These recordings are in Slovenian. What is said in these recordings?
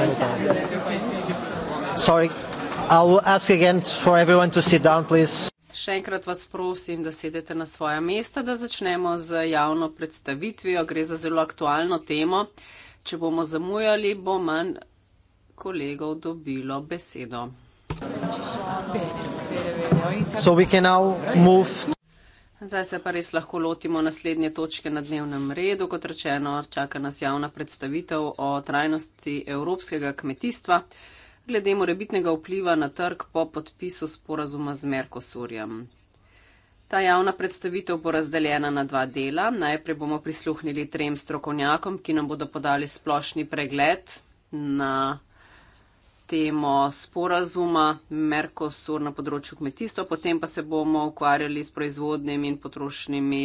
many times. Sorry, I will ask again for everyone to sit down, please. Še enkrat vas prosim, da sedete na svoje mesta, da začnemo z javno predstavitvijo. Gre za zelo aktualno temo. Če bomo zamujali, bo manj kolegov dobilo besedo. So we can now move. Zdaj se pa res lahko lotimo naslednje točke na dnevnem redu. Kot rečeno, čaka nas javna predstavitev o trajnosti evropskega kmetijstva glede morebitnega vpliva na trg po podpisu sporazuma z Merkosurjem. Ta javna predstavitev bo razdeljena na dva dela. Najprej bomo prisluhnili trem strokovnjakom, ki nam bodo podali splošni pregled na temo sporazuma Merkosur na področju kmetijstva, potem pa se bomo ukvarjali s proizvodnimi in potrošnimi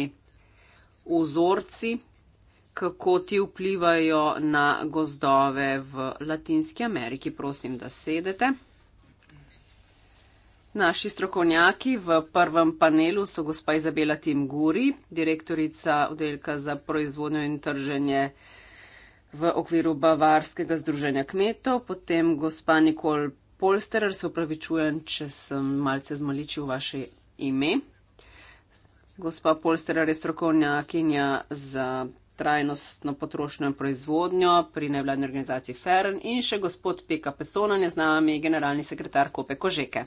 vzorci, kako ti vplivajo na gozdove v Latinski Ameriki. Prosim, da sedete. Naši strokovnjaki v prvem panelu so gospa Izabela Timguri, direktorica oddelka za proizvodnjo in trženje v okviru Bavarskega združenja kmetov, potem gospa Nikol Polsterer, se upravičujem, če sem malce zmaličil vaše ime. Gospa Polsterer je strokovnjakinja za trajnostno potrošnjo in proizvodnjo pri nevladni organizaciji FERN in še gospod Pika Pesonan je z nami, generalni sekretar Kope Kožeke.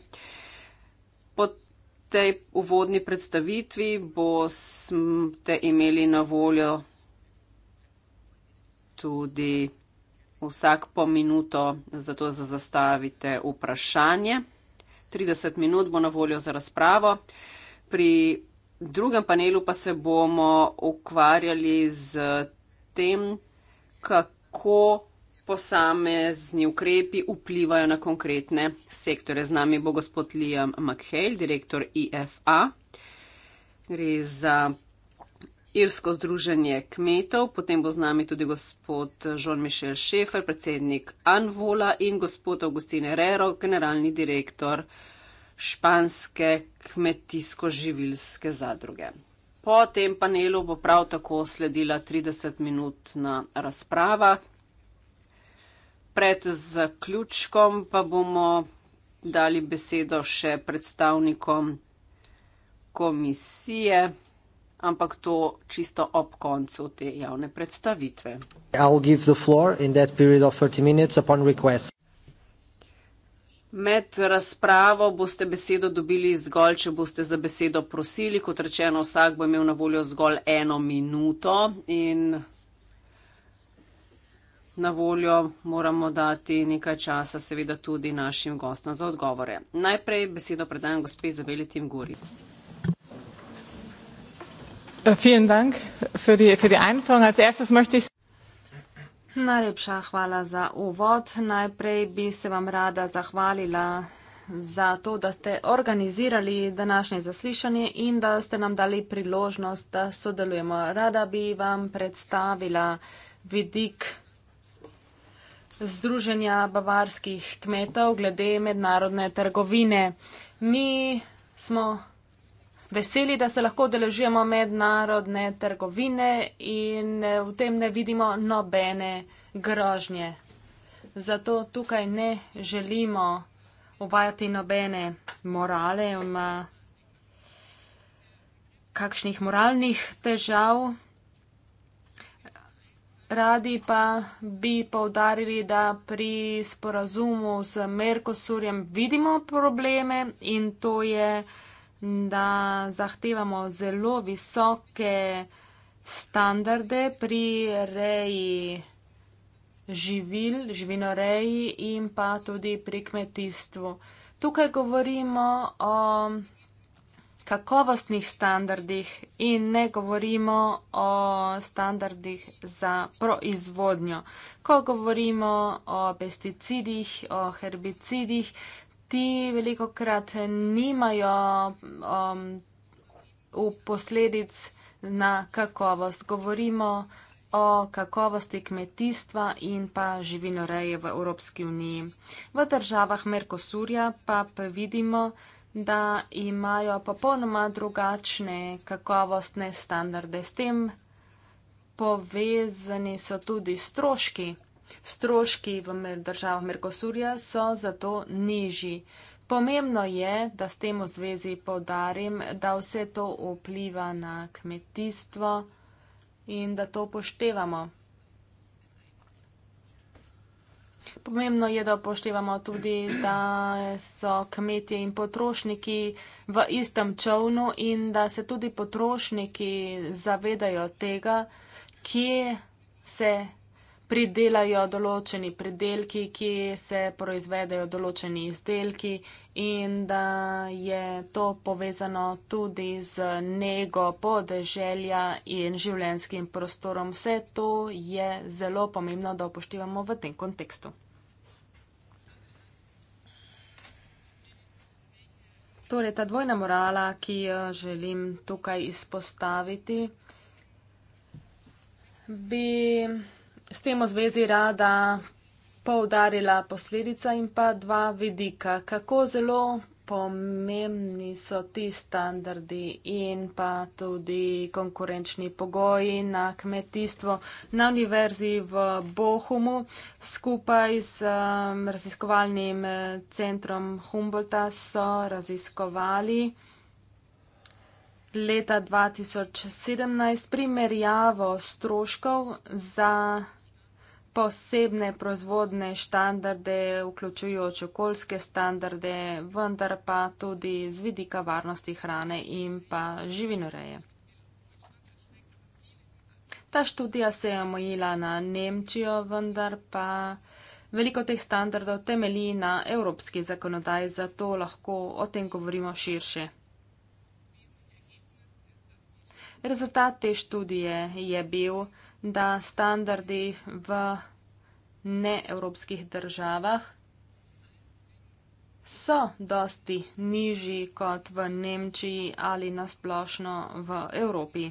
Po tej uvodni predstavitvi boste imeli na voljo tudi vsak po minuto, zato zastavite vprašanje. 30 minut bo na voljo za razpravo. Pri drugem panelu pa se bomo ukvarjali z tem, kako posamezni ukrepi vplivajo na konkretne sektore. Z nami bo gospod Liam McHale, direktor IFA. Gre za Irsko združenje kmetov, potem bo z nami tudi gospod Jean-Michel Šefer, predsednik Anvola in gospod Augustine Rero, generalni direktor španske kmetijsko-živilske zadruge. Po tem panelu bo prav tako sledila 30-minutna razprava. Pred zaključkom pa bomo dali besedo še predstavnikom komisije ampak to čisto ob koncu te javne predstavitve. Med razpravo boste besedo dobili zgolj, če boste za besedo prosili. Kot rečeno, vsak bo imel na voljo zgolj eno minuto in na voljo moramo dati nekaj časa, seveda tudi našim gostom za odgovore. Najprej besedo predajam gospe Izabeli Timgori. Äh, vielen Dank für die, für die Einführung. Als erstes möchte ich. Najlepša hvala za uvod. Najprej bi se vam rada zahvalila za to, da ste organizirali današnje zaslišanje in da ste nam dali priložnost, da sodelujemo. Rada bi vam predstavila vidik Združenja bavarskih kmetov glede mednarodne trgovine. Mi smo veseli, da se lahko deležujemo mednarodne trgovine in eh, v tem ne vidimo nobene grožnje. Zato tukaj ne želimo uvajati nobene morale, kakšnih moralnih težav. Radi pa bi povdarili, da pri sporazumu z Merkosurjem vidimo probleme in to je da zahtevamo zelo visoke standarde pri reji živil, živinoreji in pa tudi pri kmetijstvu. Tukaj govorimo o kakovostnih standardih in ne govorimo o standardih za proizvodnjo. Ko govorimo o pesticidih, o herbicidih, ti veliko krat nimajo um, posledic na kakovost. Govorimo o kakovosti kmetijstva in pa živinoreje v Evropski uniji. V državah Merkosurja pa vidimo, da imajo popolnoma drugačne kakovostne standarde. S tem povezani so tudi stroški. Stroški v državah Merkosurja so zato nižji. Pomembno je, da s tem v zvezi podarim, da vse to vpliva na kmetijstvo in da to upoštevamo. Pomembno je, da upoštevamo tudi, da so kmetje in potrošniki v istem čovnu in da se tudi potrošniki zavedajo tega, kje se pridelajo določeni predelki, kje se proizvedejo določeni izdelki in da je to povezano tudi z nego podeželja in življenskim prostorom. Vse to je zelo pomembno, da upoštevamo v tem kontekstu. Torej, ta dvojna morala, ki jo želim tukaj izpostaviti, bi s tem v zvezi rada poudarila posledica in pa dva vidika, kako zelo pomembni so ti standardi in pa tudi konkurenčni pogoji na kmetijstvo na univerzi v Bohumu skupaj z um, raziskovalnim eh, centrom Humboldta so raziskovali. Leta 2017 primerjavo stroškov za posebne proizvodne standarde, vključujoč okoljske standarde, vendar pa tudi z vidika varnosti hrane in pa živinoreje. Ta študija se je omejila na Nemčijo, vendar pa veliko teh standardov temelji na evropski zakonodaji, zato lahko o tem govorimo širše. Rezultat te študije je bil, da da standardi v neevropskih državah so dosti nižji kot v Nemčiji ali nasplošno v Evropi.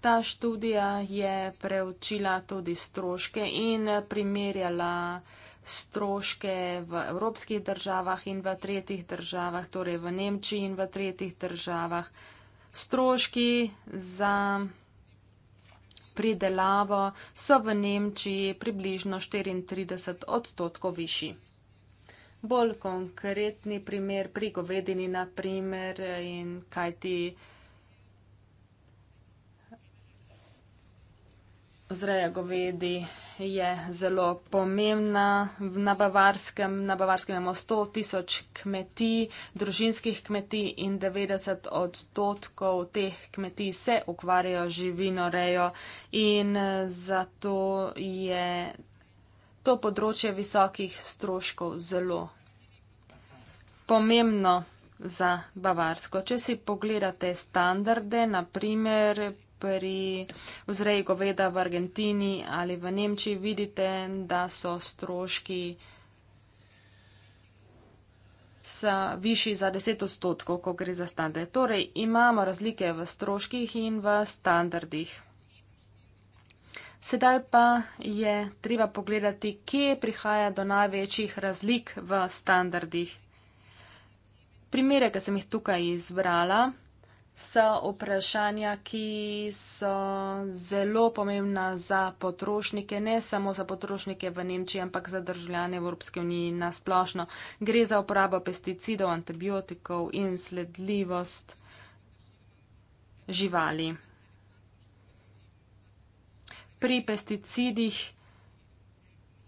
Ta študija je preučila tudi stroške in primerjala stroške v evropskih državah in v tretjih državah, torej v Nemčiji in v tretjih državah stroški za pridelavo so v Nemčiji približno 34 odstotkov višji. Bolj konkretni primer pri govedini naprimer in kaj ti vsega. Zreja govedi je zelo pomembna. Na Bavarskem, na Bavarskem imamo 100 tisoč kmetij, družinskih kmetij in 90 odstotkov teh kmetij se ukvarjajo živinorejo in eh, zato je to področje visokih stroškov zelo pomembno za Bavarsko. Če si pogledate standarde, naprimer pri vzreji goveda v Argentini ali v Nemčiji vidite, da so stroški višji za 10 odstotkov, ko gre za standard. Torej imamo razlike v stroških in v standardih. Sedaj pa je treba pogledati, kje prihaja do največjih razlik v standardih. Primere, ki sem jih tukaj izbrala, so vprašanja, ki so zelo pomembna za potrošnike, ne samo za potrošnike v Nemčiji, ampak za državljane Evropske unije na splošno. Gre za uporabo pesticidov, antibiotikov in sledljivost živali. Pri pesticidih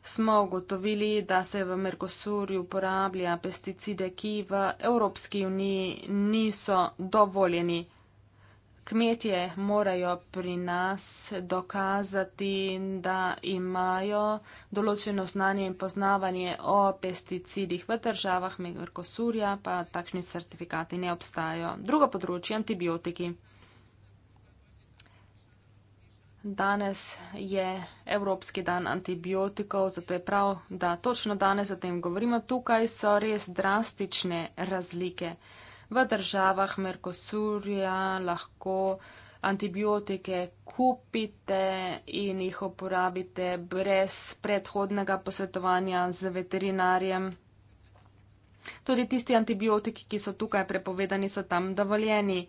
smo ugotovili, da se v Mercosurju uporablja pesticide, ki v Evropski uniji niso dovoljeni. Kmetje morajo pri nas dokazati, da imajo določeno znanje in poznavanje o pesticidih v državah Mercosurja, pa takšni certifikati ne obstajajo. Drugo področje, antibiotiki. Danes je Evropski dan antibiotikov, zato je prav, da točno danes o tem govorimo. Tukaj so res drastične razlike. V državah Merkosurja lahko antibiotike kupite in jih uporabite brez predhodnega posvetovanja z veterinarjem. Tudi tisti antibiotiki, ki so tukaj prepovedani, so tam dovoljeni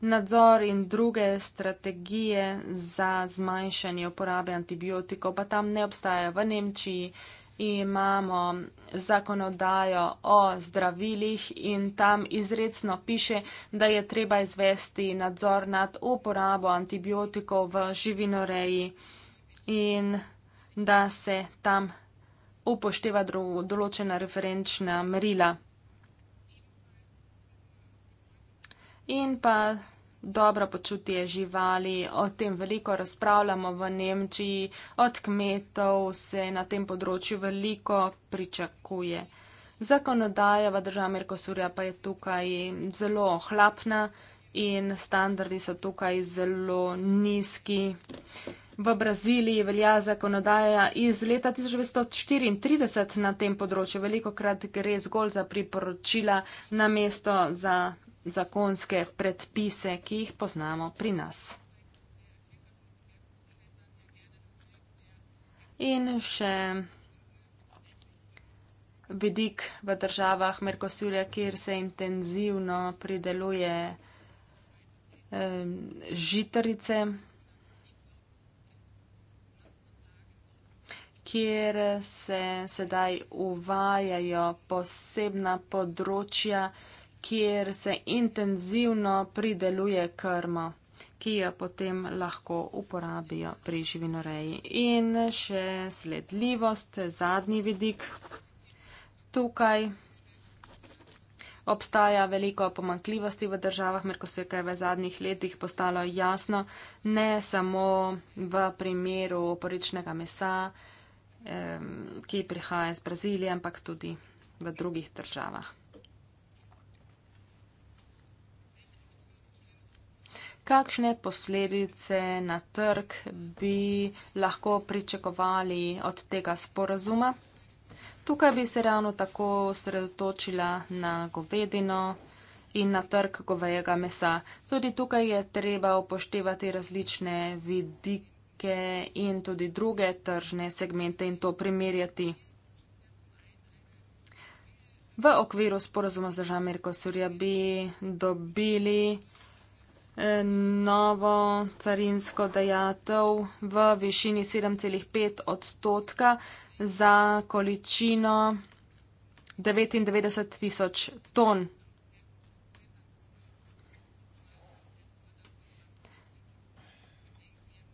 nadzor in druge strategije za zmanjšanje uporabe antibiotikov, pa tam ne obstajajo. V Nemčiji imamo zakonodajo o zdravilih in tam izredno piše, da je treba izvesti nadzor nad uporabo antibiotikov v živinoreji in da se tam upošteva določena referenčna merila. in pa dobro počutje živali. O tem veliko razpravljamo v Nemčiji, od kmetov se na tem področju veliko pričakuje. Zakonodaja v državi Merkosurja pa je tukaj zelo ohlapna in standardi so tukaj zelo nizki. V Braziliji velja zakonodaja iz leta 1934 na tem področju. Veliko krat gre zgolj za priporočila na mesto za zakonske predpise, ki jih poznamo pri nas. In še vidik v državah Merkosurja, kjer se intenzivno prideluje eh, žitarice, kjer se sedaj uvajajo posebna področja eh, kjer se intenzivno prideluje krmo, ki jo potem lahko uporabijo pri živinoreji. In še sledljivost, zadnji vidik. Tukaj obstaja veliko pomankljivosti v državah, Merkosur, kar je v zadnjih letih postalo jasno, ne samo v primeru poričnega mesa, ki prihaja iz Brazilije, ampak tudi v drugih državah. kakšne posledice na trg bi lahko pričakovali od tega sporazuma. Tukaj bi se ravno tako sredotočila na govedino in na trg govejega mesa. Tudi tukaj je treba upoštevati različne vidike in tudi druge tržne segmente in to primerjati. V okviru sporozuma z državami Mercosurja bi dobili novo carinsko dejatev v višini 7,5 odstotka za količino 99 tisoč ton.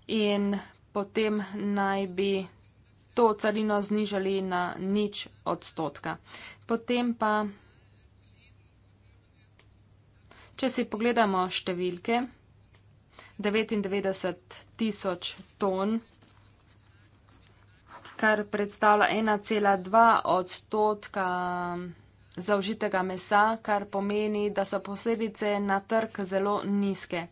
In potem naj bi to carino znižali na nič odstotka. Potem pa. Če si pogledamo številke, 99 tisoč ton, kar predstavlja 1,2 odstotka zaužitega mesa, kar pomeni, da so posledice na trg zelo nizke.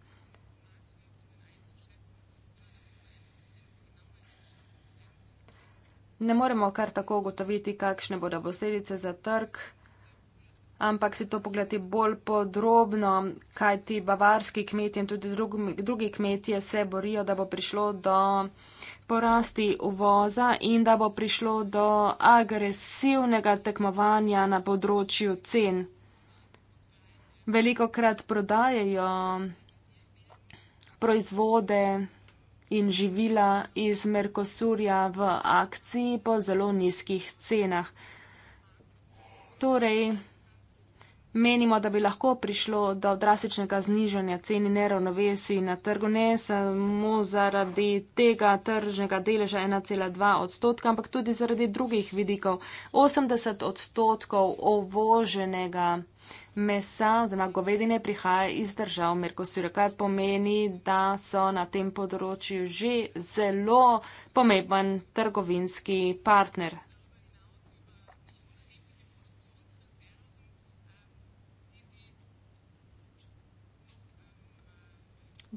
Ne moremo kar tako ugotoviti, kakšne bodo posledice za trg ampak si to pogledati bolj podrobno, kaj ti bavarski kmetje in tudi drugi, drugi kmetje se borijo, da bo prišlo do porasti uvoza in da bo prišlo do agresivnega tekmovanja na področju cen. Veliko krat prodajajo proizvode in živila iz Merkosurja v akciji po zelo nizkih cenah. Torej, Menimo, da bi lahko prišlo do drastičnega znižanja ceni neravnovesi na trgu, ne samo zaradi tega tržnega deleža 1,2 odstotka, ampak tudi zaradi drugih vidikov. 80 odstotkov ovoženega mesa oziroma govedine prihaja iz držav Merkosura, kar pomeni, da so na tem področju že zelo pomemben trgovinski partner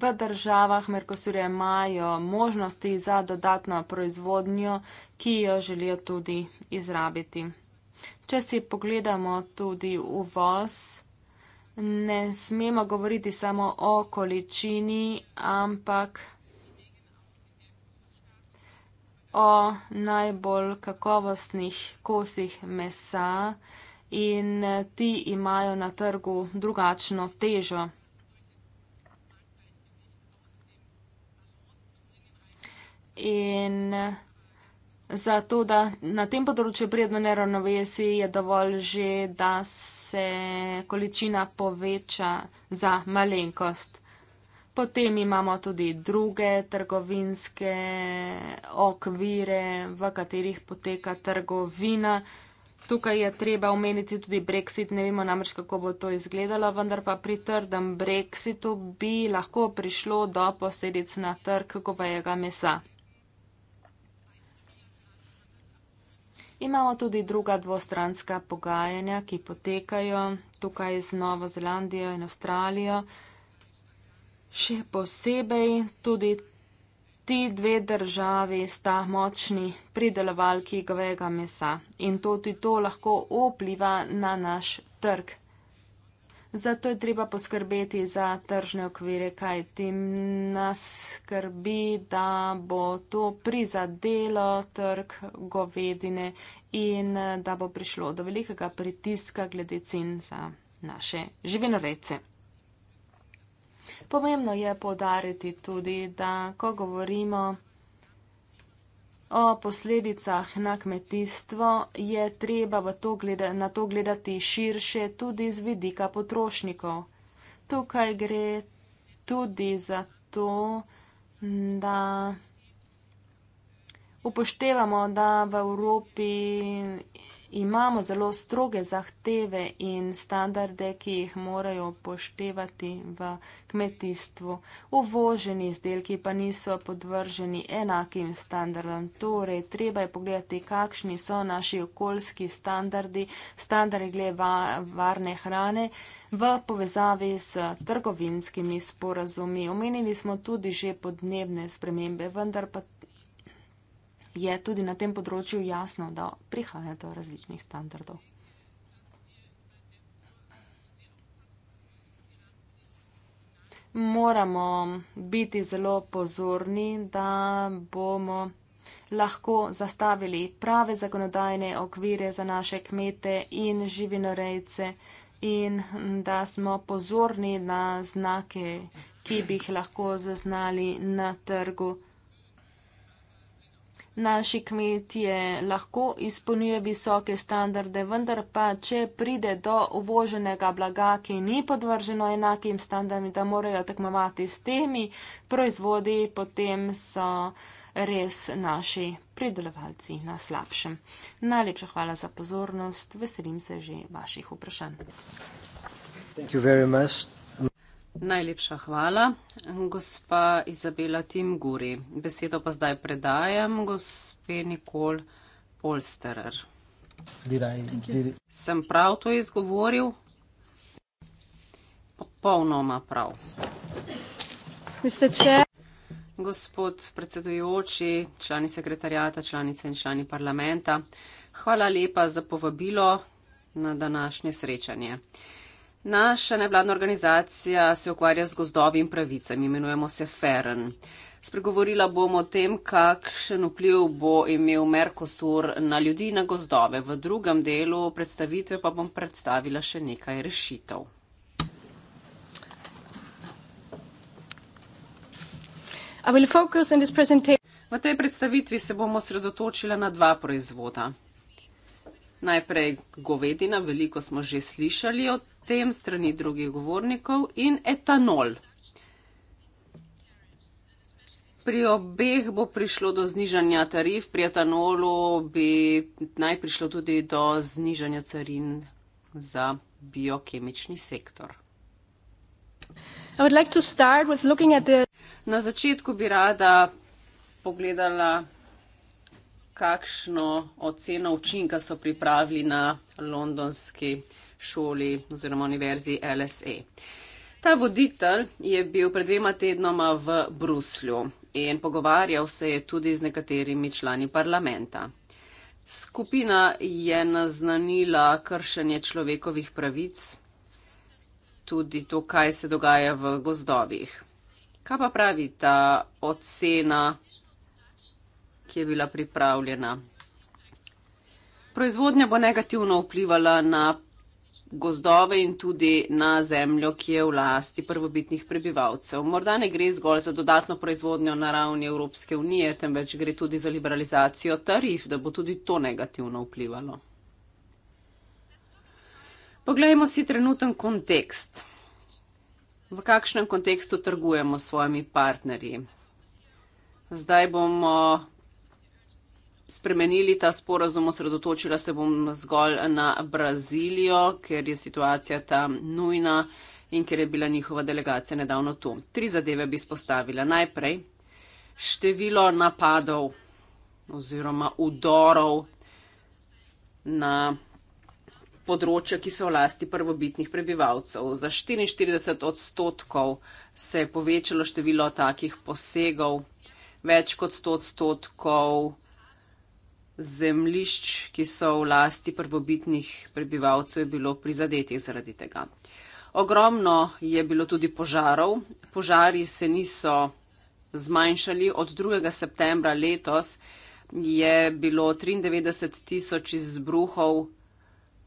v državah Merkosurja imajo možnosti za dodatno proizvodnjo, ki jo želijo tudi izrabiti. Če si pogledamo tudi uvoz, ne smemo govoriti samo o količini, ampak o najbolj kakovostnih kosih mesa in ti imajo na trgu drugačno težo. in eh, zato, da na tem področju prijedno neravnovesi je dovolj že, da se količina poveča za malenkost. Potem imamo tudi druge trgovinske okvire, v katerih poteka trgovina. Tukaj je treba omeniti tudi Brexit, ne vemo namreč, kako bo to izgledalo, vendar pa pri trdem Brexitu bi lahko prišlo do posledic na trg govejega mesa. Imamo tudi druga dvostranska pogajanja, ki potekajo tukaj z Novo Zelandijo in Avstralijo. Še posebej tudi ti dve državi sta močni pridelovalki govega mesa in tudi to lahko vpliva na naš trg. Zato je treba poskrbeti za tržne okvire, kaj tem nas skrbi, da bo to prizadelo trg govedine in da bo prišlo do velikega pritiska glede cen za naše živinorece. Pomembno je podariti tudi, da ko govorimo o posledicah na kmetijstvo, je treba to gleda, na to gledati širše tudi z vidika potrošnikov. Tukaj gre tudi za to, da upoštevamo, da v Evropi imamo zelo stroge zahteve in standarde, ki jih morajo poštevati v kmetijstvu. Uvoženi izdelki pa niso podvrženi enakim standardom. Torej, treba je pogledati, kakšni so naši okoljski standardi, standardi glede varne hrane v povezavi s trgovinskimi sporazumi. Omenili smo tudi že podnebne spremembe, vendar pa je tudi na tem področju jasno, da prihaja do različnih standardov. Moramo biti zelo pozorni, da bomo lahko zastavili prave zakonodajne okvire za naše kmete in živinorejce in da smo pozorni na znake, ki bi jih lahko zaznali na trgu. Naši kmetje lahko izpolnjuje visoke standarde, vendar pa, če pride do uvoženega blaga, ki ni podvrženo enakim standardom, da morajo tekmovati s temi proizvodi, potem so res naši pridelovalci na slabšem. Najlepša hvala za pozornost, veselim se že vaših vprašanj. Najlepša hvala, gospa Izabela Timguri. Besedo pa zdaj predajam gospe Nikol Polsterer. Sem prav to izgovoril? Popolnoma prav. Mislite, če... Gospod predsedujoči, člani sekretarjata, članice in člani parlamenta, hvala lepa za povabilo na današnje srečanje. Uh, Naša nevladna organizacija se ukvarja z gozdovi in pravicami, imenujemo se Feren. Spregovorila bom o tem, kakšen vpliv bo imel Merkosur na ljudi in na gozdove. V drugem delu predstavitve pa bom predstavila še nekaj rešitev. V tej predstavitvi se bomo sredotočila na dva proizvoda. Najprej govedina, veliko smo že slišali o tem strani drugih govornikov in etanol. Pri obeh bo prišlo do znižanja tarif, pri etanolu bi naj prišlo tudi do znižanja carin za biokemični sektor. Like the... Na začetku bi rada pogledala, kakšno oceno učinka so pripravili na londonski šoli oziroma univerzi LSE. Ta voditelj je bil pred dvema tednoma v Bruslju in pogovarjal se je tudi z nekaterimi člani parlamenta. Skupina je naznanila kršenje človekovih pravic, tudi to, kaj se dogaja v gozdovih. Kaj pa pravi ta ocena, ki je bila pripravljena? Proizvodnja bo negativno vplivala na gozdove in tudi na zemljo, ki je v lasti prvobitnih prebivalcev. Morda ne gre zgolj za dodatno proizvodnjo na ravni Evropske unije, temveč gre tudi za liberalizacijo tarif, da bo tudi to negativno vplivalo. Poglejmo si trenuten kontekst. V kakšnem kontekstu trgujemo s svojimi partnerji? Zdaj bomo spremenili ta sporazum, osredotočila se bom zgolj na Brazilijo, ker je situacija tam nujna in ker je bila njihova delegacija nedavno tu. Tri zadeve bi spostavila. Najprej število napadov oziroma udorov na področja, ki so v lasti prvobitnih prebivalcev. Za 44 odstotkov se je povečalo število takih posegov, več kot 100 odstotkov zemljišč, ki so v lasti prvobitnih prebivalcev, je bilo prizadetih zaradi tega. Ogromno je bilo tudi požarov. Požari se niso zmanjšali. Od 2. septembra letos je bilo 93 tisoč izbruhov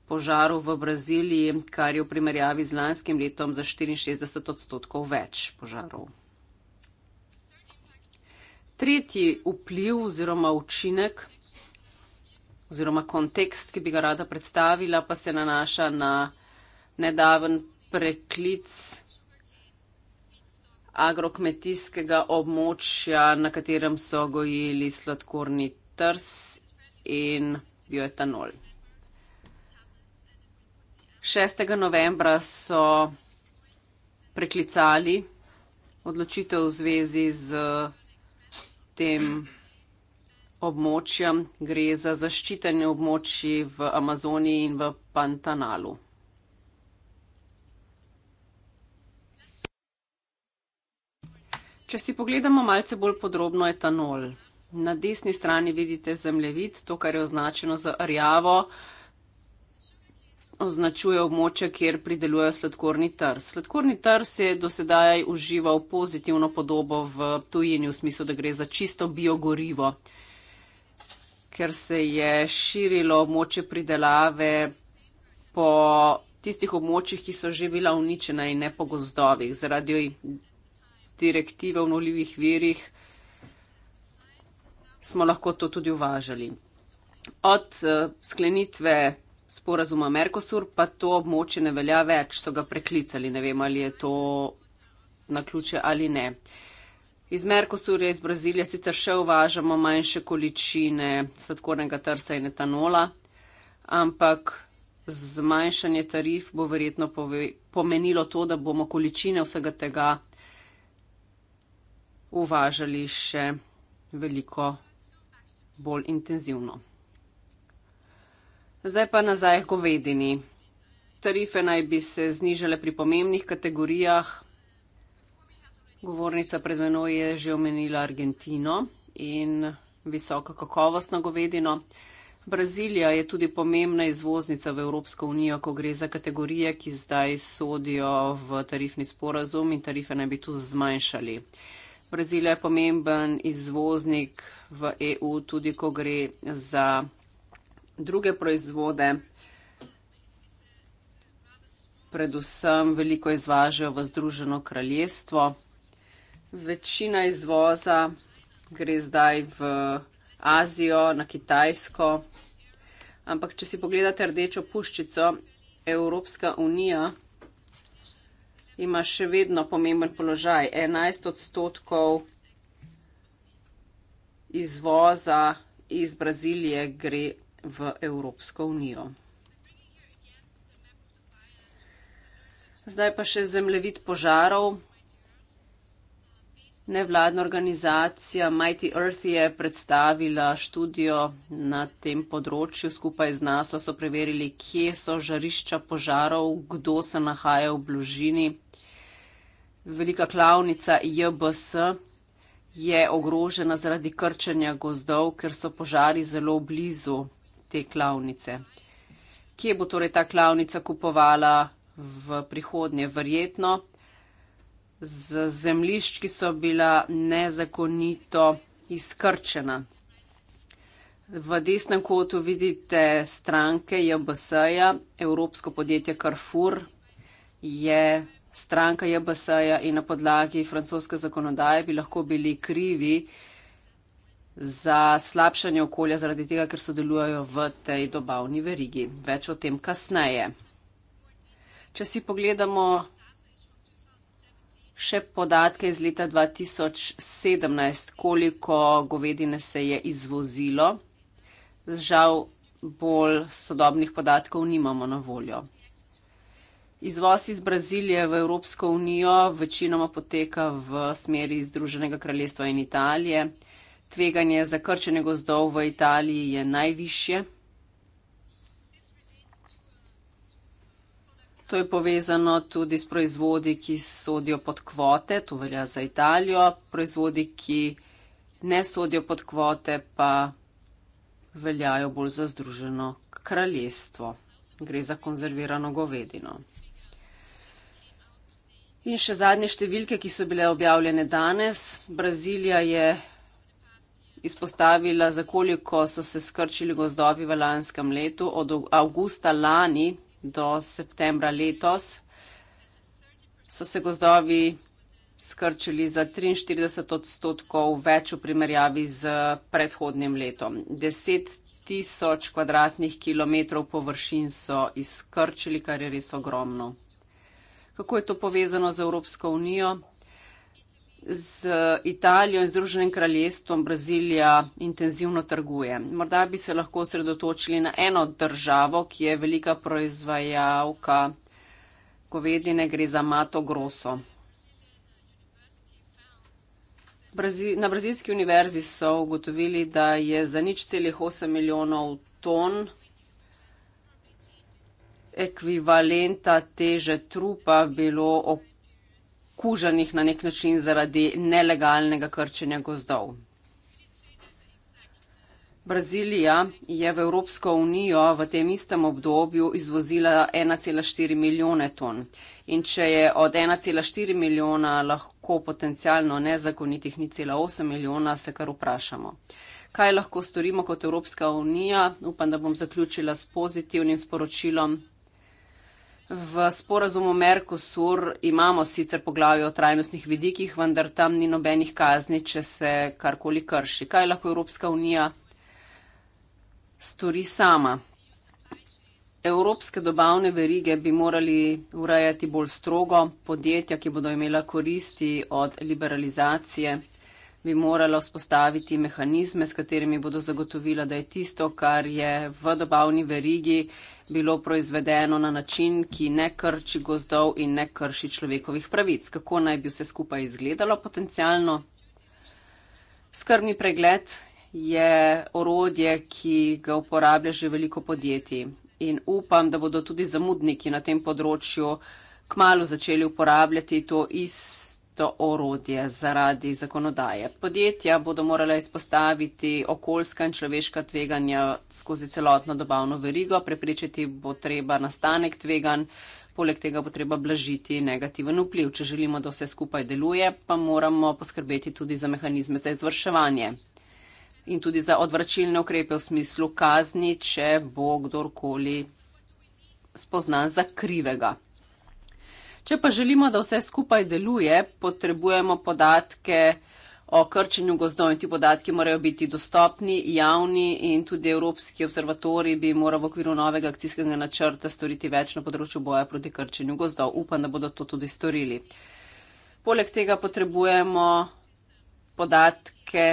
požarov v Braziliji, kar je v primerjavi z lanskim letom za 64 odstotkov več požarov. Tretji vpliv oziroma učinek oziroma kontekst, ki bi ga rada predstavila, pa se nanaša na nedaven preklic agrokmetijskega območja, na katerem so gojili sladkorni trs in bioetanol. 6. novembra so preklicali odločitev v zvezi z tem območja, gre za zaščitene območje v Amazoniji in v Pantanalu. Če si pogledamo malce bolj podrobno etanol, na desni strani vidite zemljevid, to, kar je označeno z rjavo, označuje območje, kjer pridelujejo sladkorni trs. Sladkorni trs je dosedaj užival pozitivno podobo v tujini, v smislu, da gre za čisto biogorivo ker se je širilo moče pridelave po tistih območjih, ki so že bila uničena in ne po gozdovih. Zaradi direktive v noljivih virih smo lahko to tudi uvažali. Od eh, sklenitve sporazuma Merkosur pa to območje ne velja več, so ga preklicali, ne vem ali je to na ključe ali ne. Iz Merkosurja iz Brazilije sicer še uvažamo manjše količine sladkornega trsa in etanola, ampak zmanjšanje tarif bo verjetno pove, pomenilo to, da bomo količine vsega tega uvažali še veliko bolj intenzivno. Zdaj pa nazaj k govedini. Tarife naj bi se znižale pri pomembnih kategorijah, Govornica pred menoj je že omenila Argentino in visoko kakovostno govedino. Brazilija je tudi pomembna izvoznica v Evropsko unijo, ko gre za kategorije, ki zdaj sodijo v tarifni sporazum in tarife naj bi tu zmanjšali. Brazilija je pomemben izvoznik v EU, tudi ko gre za druge proizvode. Predvsem veliko izvažajo v Združeno kraljestvo večina izvoza gre zdaj v Azijo, na Kitajsko. Ampak, če si pogledate rdečo puščico, Evropska unija ima še vedno pomemben položaj. 11 odstotkov izvoza iz Brazilije gre v Evropsko unijo. Zdaj pa še zemljevid požarov. Nevladna organizacija Mighty Earth je predstavila študijo na tem področju. Skupaj z naso so preverili, kje so žarišča požarov, kdo se nahaja v bližini. Velika klavnica JBS je ogrožena zaradi krčenja gozdov, ker so požari zelo blizu te klavnice. Kje bo torej ta klavnica kupovala v prihodnje? Verjetno z zemljišč, ki so bila nezakonito izkrčena. V desnem kotu vidite stranke JBS-ja, Evropsko podjetje Carrefour je stranka JBS-ja in na podlagi francoske zakonodaje bi lahko bili krivi za slabšanje okolja zaradi tega, ker sodelujejo v tej dobavni verigi. Več o tem kasneje. Če si pogledamo še podatke iz leta 2017, koliko govedine se je izvozilo. Žal bolj sodobnih podatkov nimamo na voljo. Izvoz iz Brazilije v Evropsko unijo večinoma poteka v smeri Združenega kraljestva in Italije. Tveganje za krčenje gozdov v Italiji je najvišje, To je povezano tudi s proizvodi, ki sodijo pod kvote, to velja za Italijo, proizvodi, ki ne sodijo pod kvote, pa veljajo bolj za združeno kraljestvo. Gre za konzervirano govedino. In še zadnje številke, ki so bile objavljene danes. Brazilija je izpostavila, zakoliko so se skrčili gozdovi v lanskem letu. Od avgusta lani do septembra letos so se gozdovi skrčili za 43 odstotkov več v primerjavi z predhodnim letom. 10 tisoč kvadratnih kilometrov površin so izkrčili, kar je res ogromno. Kako je to povezano z Evropsko unijo? z Italijo in Združenim kraljestvom Brazilija intenzivno trguje. Morda bi se lahko osredotočili na eno državo, ki je velika proizvajalka govedine, gre za Mato Grosso. Na Brazilski univerzi so ugotovili, da je za nič celih 8 milijonov ton ekvivalenta teže trupa bilo okrepljeno okuženih na nek način zaradi nelegalnega krčenja gozdov. Brazilija je v Evropsko unijo v tem istem obdobju izvozila 1,4 milijone ton in če je od 1,4 milijona lahko potencialno nezakonitih ni cela 8 milijona, se kar vprašamo. Kaj lahko storimo kot Evropska unija? Upam, da bom zaključila s pozitivnim sporočilom, V sporazumu Merkosur imamo sicer poglavje o trajnostnih vidikih, vendar tam ni nobenih kazni, če se karkoli krši. Kaj lahko Evropska unija stori sama? Evropske dobavne verige bi morali urejati bolj strogo, podjetja, ki bodo imela koristi od liberalizacije, bi morala vzpostaviti mehanizme, s katerimi bodo zagotovila, da je tisto, kar je v dobavni verigi bilo proizvedeno na način, ki ne krči gozdov in ne krši človekovih pravic. Kako naj bi vse skupaj izgledalo potencialno? Skrbni pregled je orodje, ki ga uporablja že veliko podjetij in upam, da bodo tudi zamudniki na tem področju kmalo začeli uporabljati to isto to orodje zaradi zakonodaje. Podjetja bodo morala izpostaviti okoljska in človeška tveganja skozi celotno dobavno verigo, preprečiti bo treba nastanek tvegan, poleg tega bo treba blažiti negativen vpliv. Če želimo, da vse skupaj deluje, pa moramo poskrbeti tudi za mehanizme za izvrševanje in tudi za odvračilne ukrepe v smislu kazni, če bo kdorkoli spoznan za krivega. Če pa želimo, da vse skupaj deluje, potrebujemo podatke o krčenju gozdov in ti podatki morajo biti dostopni, javni in tudi Evropski observatori bi moral v okviru novega akcijskega načrta storiti več na področju boja proti krčenju gozdov. Upam, da bodo to tudi storili. Poleg tega potrebujemo podatke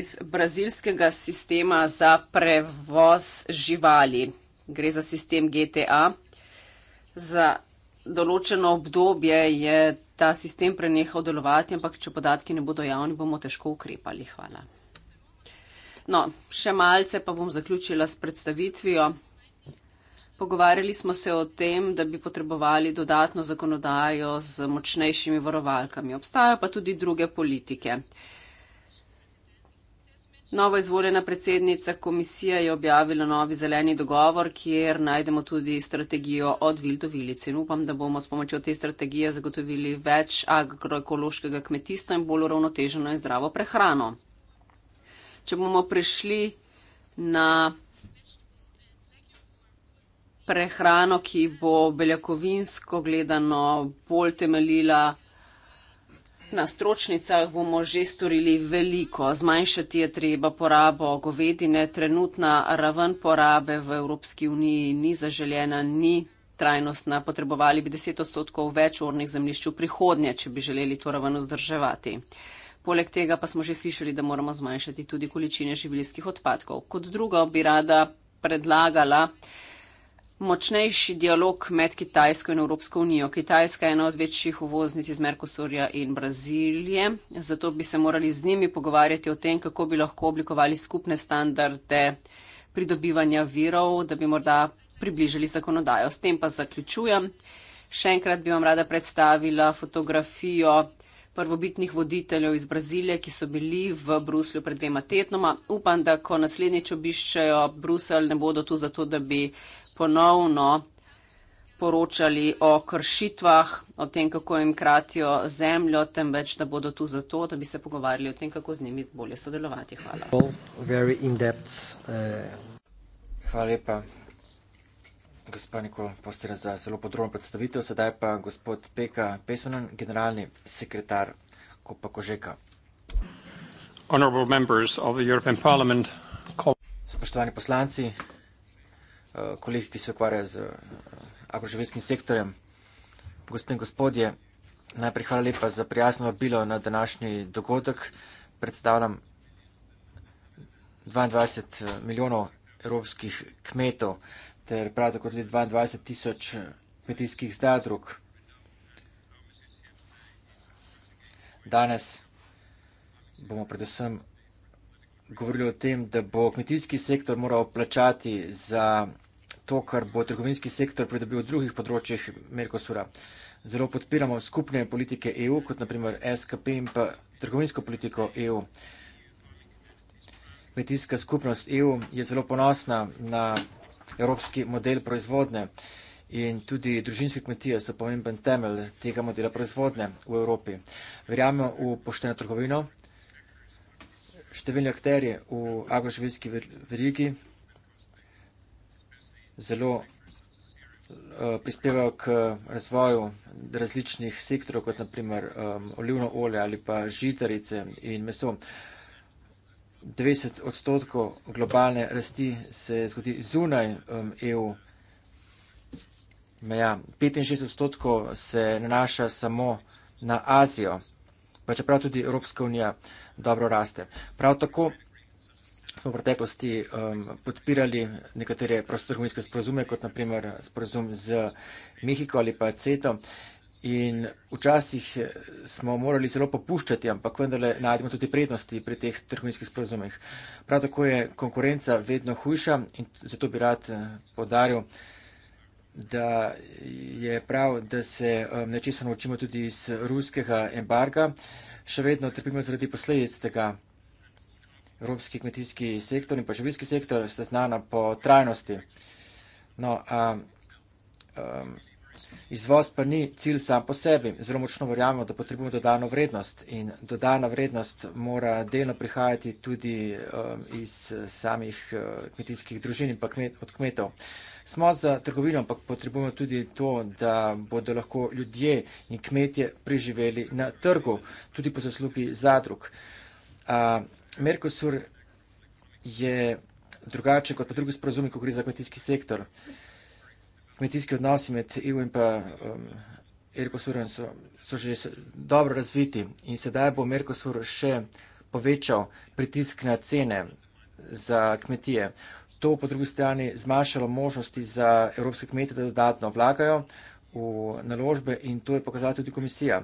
iz brazilskega sistema za prevoz živali. Gre za sistem GTA za določeno obdobje je ta sistem prenehal delovati, ampak če podatki ne bodo javni, bomo težko ukrepali. Hvala. No, še malce pa bom zaključila s predstavitvijo. Pogovarjali smo se o tem, da bi potrebovali dodatno zakonodajo z močnejšimi varovalkami. Obstajajo pa tudi druge politike. Novo izvoljena predsednica komisije je objavila novi zeleni dogovor, kjer najdemo tudi strategijo od vil do vilice. Upam, da bomo s pomočjo te strategije zagotovili več agroekološkega kmetijstva in bolj uravnoteženo in zdravo prehrano. Če bomo prišli na prehrano, ki bo beljakovinsko gledano bolj temeljila Na stročnicah bomo že storili veliko. Zmanjšati je treba porabo govedine. Trenutna raven porabe v Evropski uniji ni zaželjena, ni trajnostna. Potrebovali bi 10 odstotkov več urnih zemljišč v prihodnje, če bi želeli to raven vzdrževati. Poleg tega pa smo že slišali, da moramo zmanjšati tudi količine življenskih odpadkov. Kot drugo bi rada predlagala, Močnejši dialog med Kitajsko in Evropsko unijo. Kitajska je ena od večjih uvoznic iz Merkosurja in Brazilije, zato bi se morali z njimi pogovarjati o tem, kako bi lahko oblikovali skupne standarde pridobivanja virov, da bi morda približali zakonodajo. S tem pa zaključujem. Še enkrat bi vam rada predstavila fotografijo prvobitnih voditeljev iz Brazilije, ki so bili v Bruslju pred dvema tednoma. Upam, da ko naslednjič obiščejo Bruselj, ne bodo tu zato, da bi ponovno poročali o kršitvah, o tem, kako jim kratijo zemljo, temveč, da bodo tu zato, da bi se pogovarjali o tem, kako z njimi bolje sodelovati. Hvala. Eh, Hvala lepa, gospod Nikola Postira, za zelo podrobno predstavitev. Sedaj pa gospod Peka Pesonen, generalni sekretar Kopa Kožeka. Spoštovani poslanci, Eh, kolegi, ki se ukvarjajo z eh, agroživljenjskim sektorjem. Gospod in gospodje, najprej hvala lepa za prijazno vabilo na današnji dogodek. Predstavljam 22 eh, milijonov evropskih kmetov ter prav tako tudi 22 tisoč kmetijskih zadrug. Danes bomo predvsem govorili o tem, da bo kmetijski sektor moral plačati za to, kar bo trgovinski sektor pridobil v drugih področjih Merkosura. Zelo podpiramo skupne politike EU, kot naprimer SKP in pa trgovinsko politiko EU. Kmetijska skupnost EU je zelo ponosna na evropski model proizvodne in tudi družinske kmetije so pomemben temelj tega modela proizvodne v Evropi. Verjamemo v pošteno trgovino. Številni akteri v agroživljski verigi zelo eh, prispevajo k razvoju različnih sektorov, kot naprimer um, olivno olje ali pa žitarice in meso. 20 odstotkov globalne rasti se zgodi zunaj um, EU. Meja. 65 odstotkov se nanaša samo na Azijo, pa čeprav tudi Evropska unija dobro raste. Prav tako smo v preteklosti um, podpirali nekatere prostorhumijske sporozume, kot naprimer sporozum z Mehiko ali pa CETO. In včasih smo morali zelo popuščati, ampak vendarle najdemo tudi prednosti pri teh trgovinskih sporozumih. Prav tako je konkurenca vedno hujša in zato bi rad eh, podaril, da je prav, da se um, nečesa naučimo tudi iz ruskega embarga. Še vedno trpimo zaradi posledic tega evropski kmetijski sektor in pa živilski sektor sta znana po trajnosti. No, a, a, izvoz pa ni cilj sam po sebi. Zelo močno verjamemo, da potrebujemo dodano vrednost in dodana vrednost mora delno prihajati tudi a, iz samih a, kmetijskih družin in pa kmet, od kmetov. Smo za trgovino, ampak potrebujemo tudi to, da bodo lahko ljudje in kmetje preživeli na trgu, tudi po zaslugi zadrug. A, Merkosur je drugače kot pa drugi sporozumi, ko gre za kmetijski sektor. Kmetijski odnosi med EU in pa um, Erkosurom so, so že dobro razviti in sedaj bo Merkosur še povečal pritisk na cene za kmetije. To po drugi strani zmanjšalo možnosti za evropske kmete, da dodatno vlagajo v naložbe in to je pokazala tudi komisija.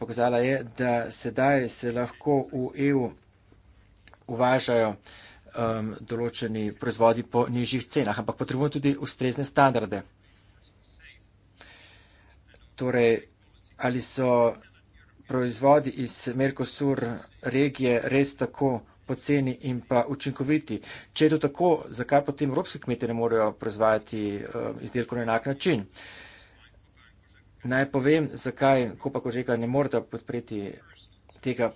Pokazala je, da sedaj se lahko v EU uvažajo um, določeni proizvodi po nižjih cenah, ampak potrebujemo tudi ustrezne standarde. Torej, ali so proizvodi iz Mercosur regije res tako poceni in pa učinkoviti? Če je to tako, zakaj potem evropski kmetje ne morejo proizvajati um, izdelkov na enak način? Naj povem, zakaj Kopa Kožega ne more podpreti tega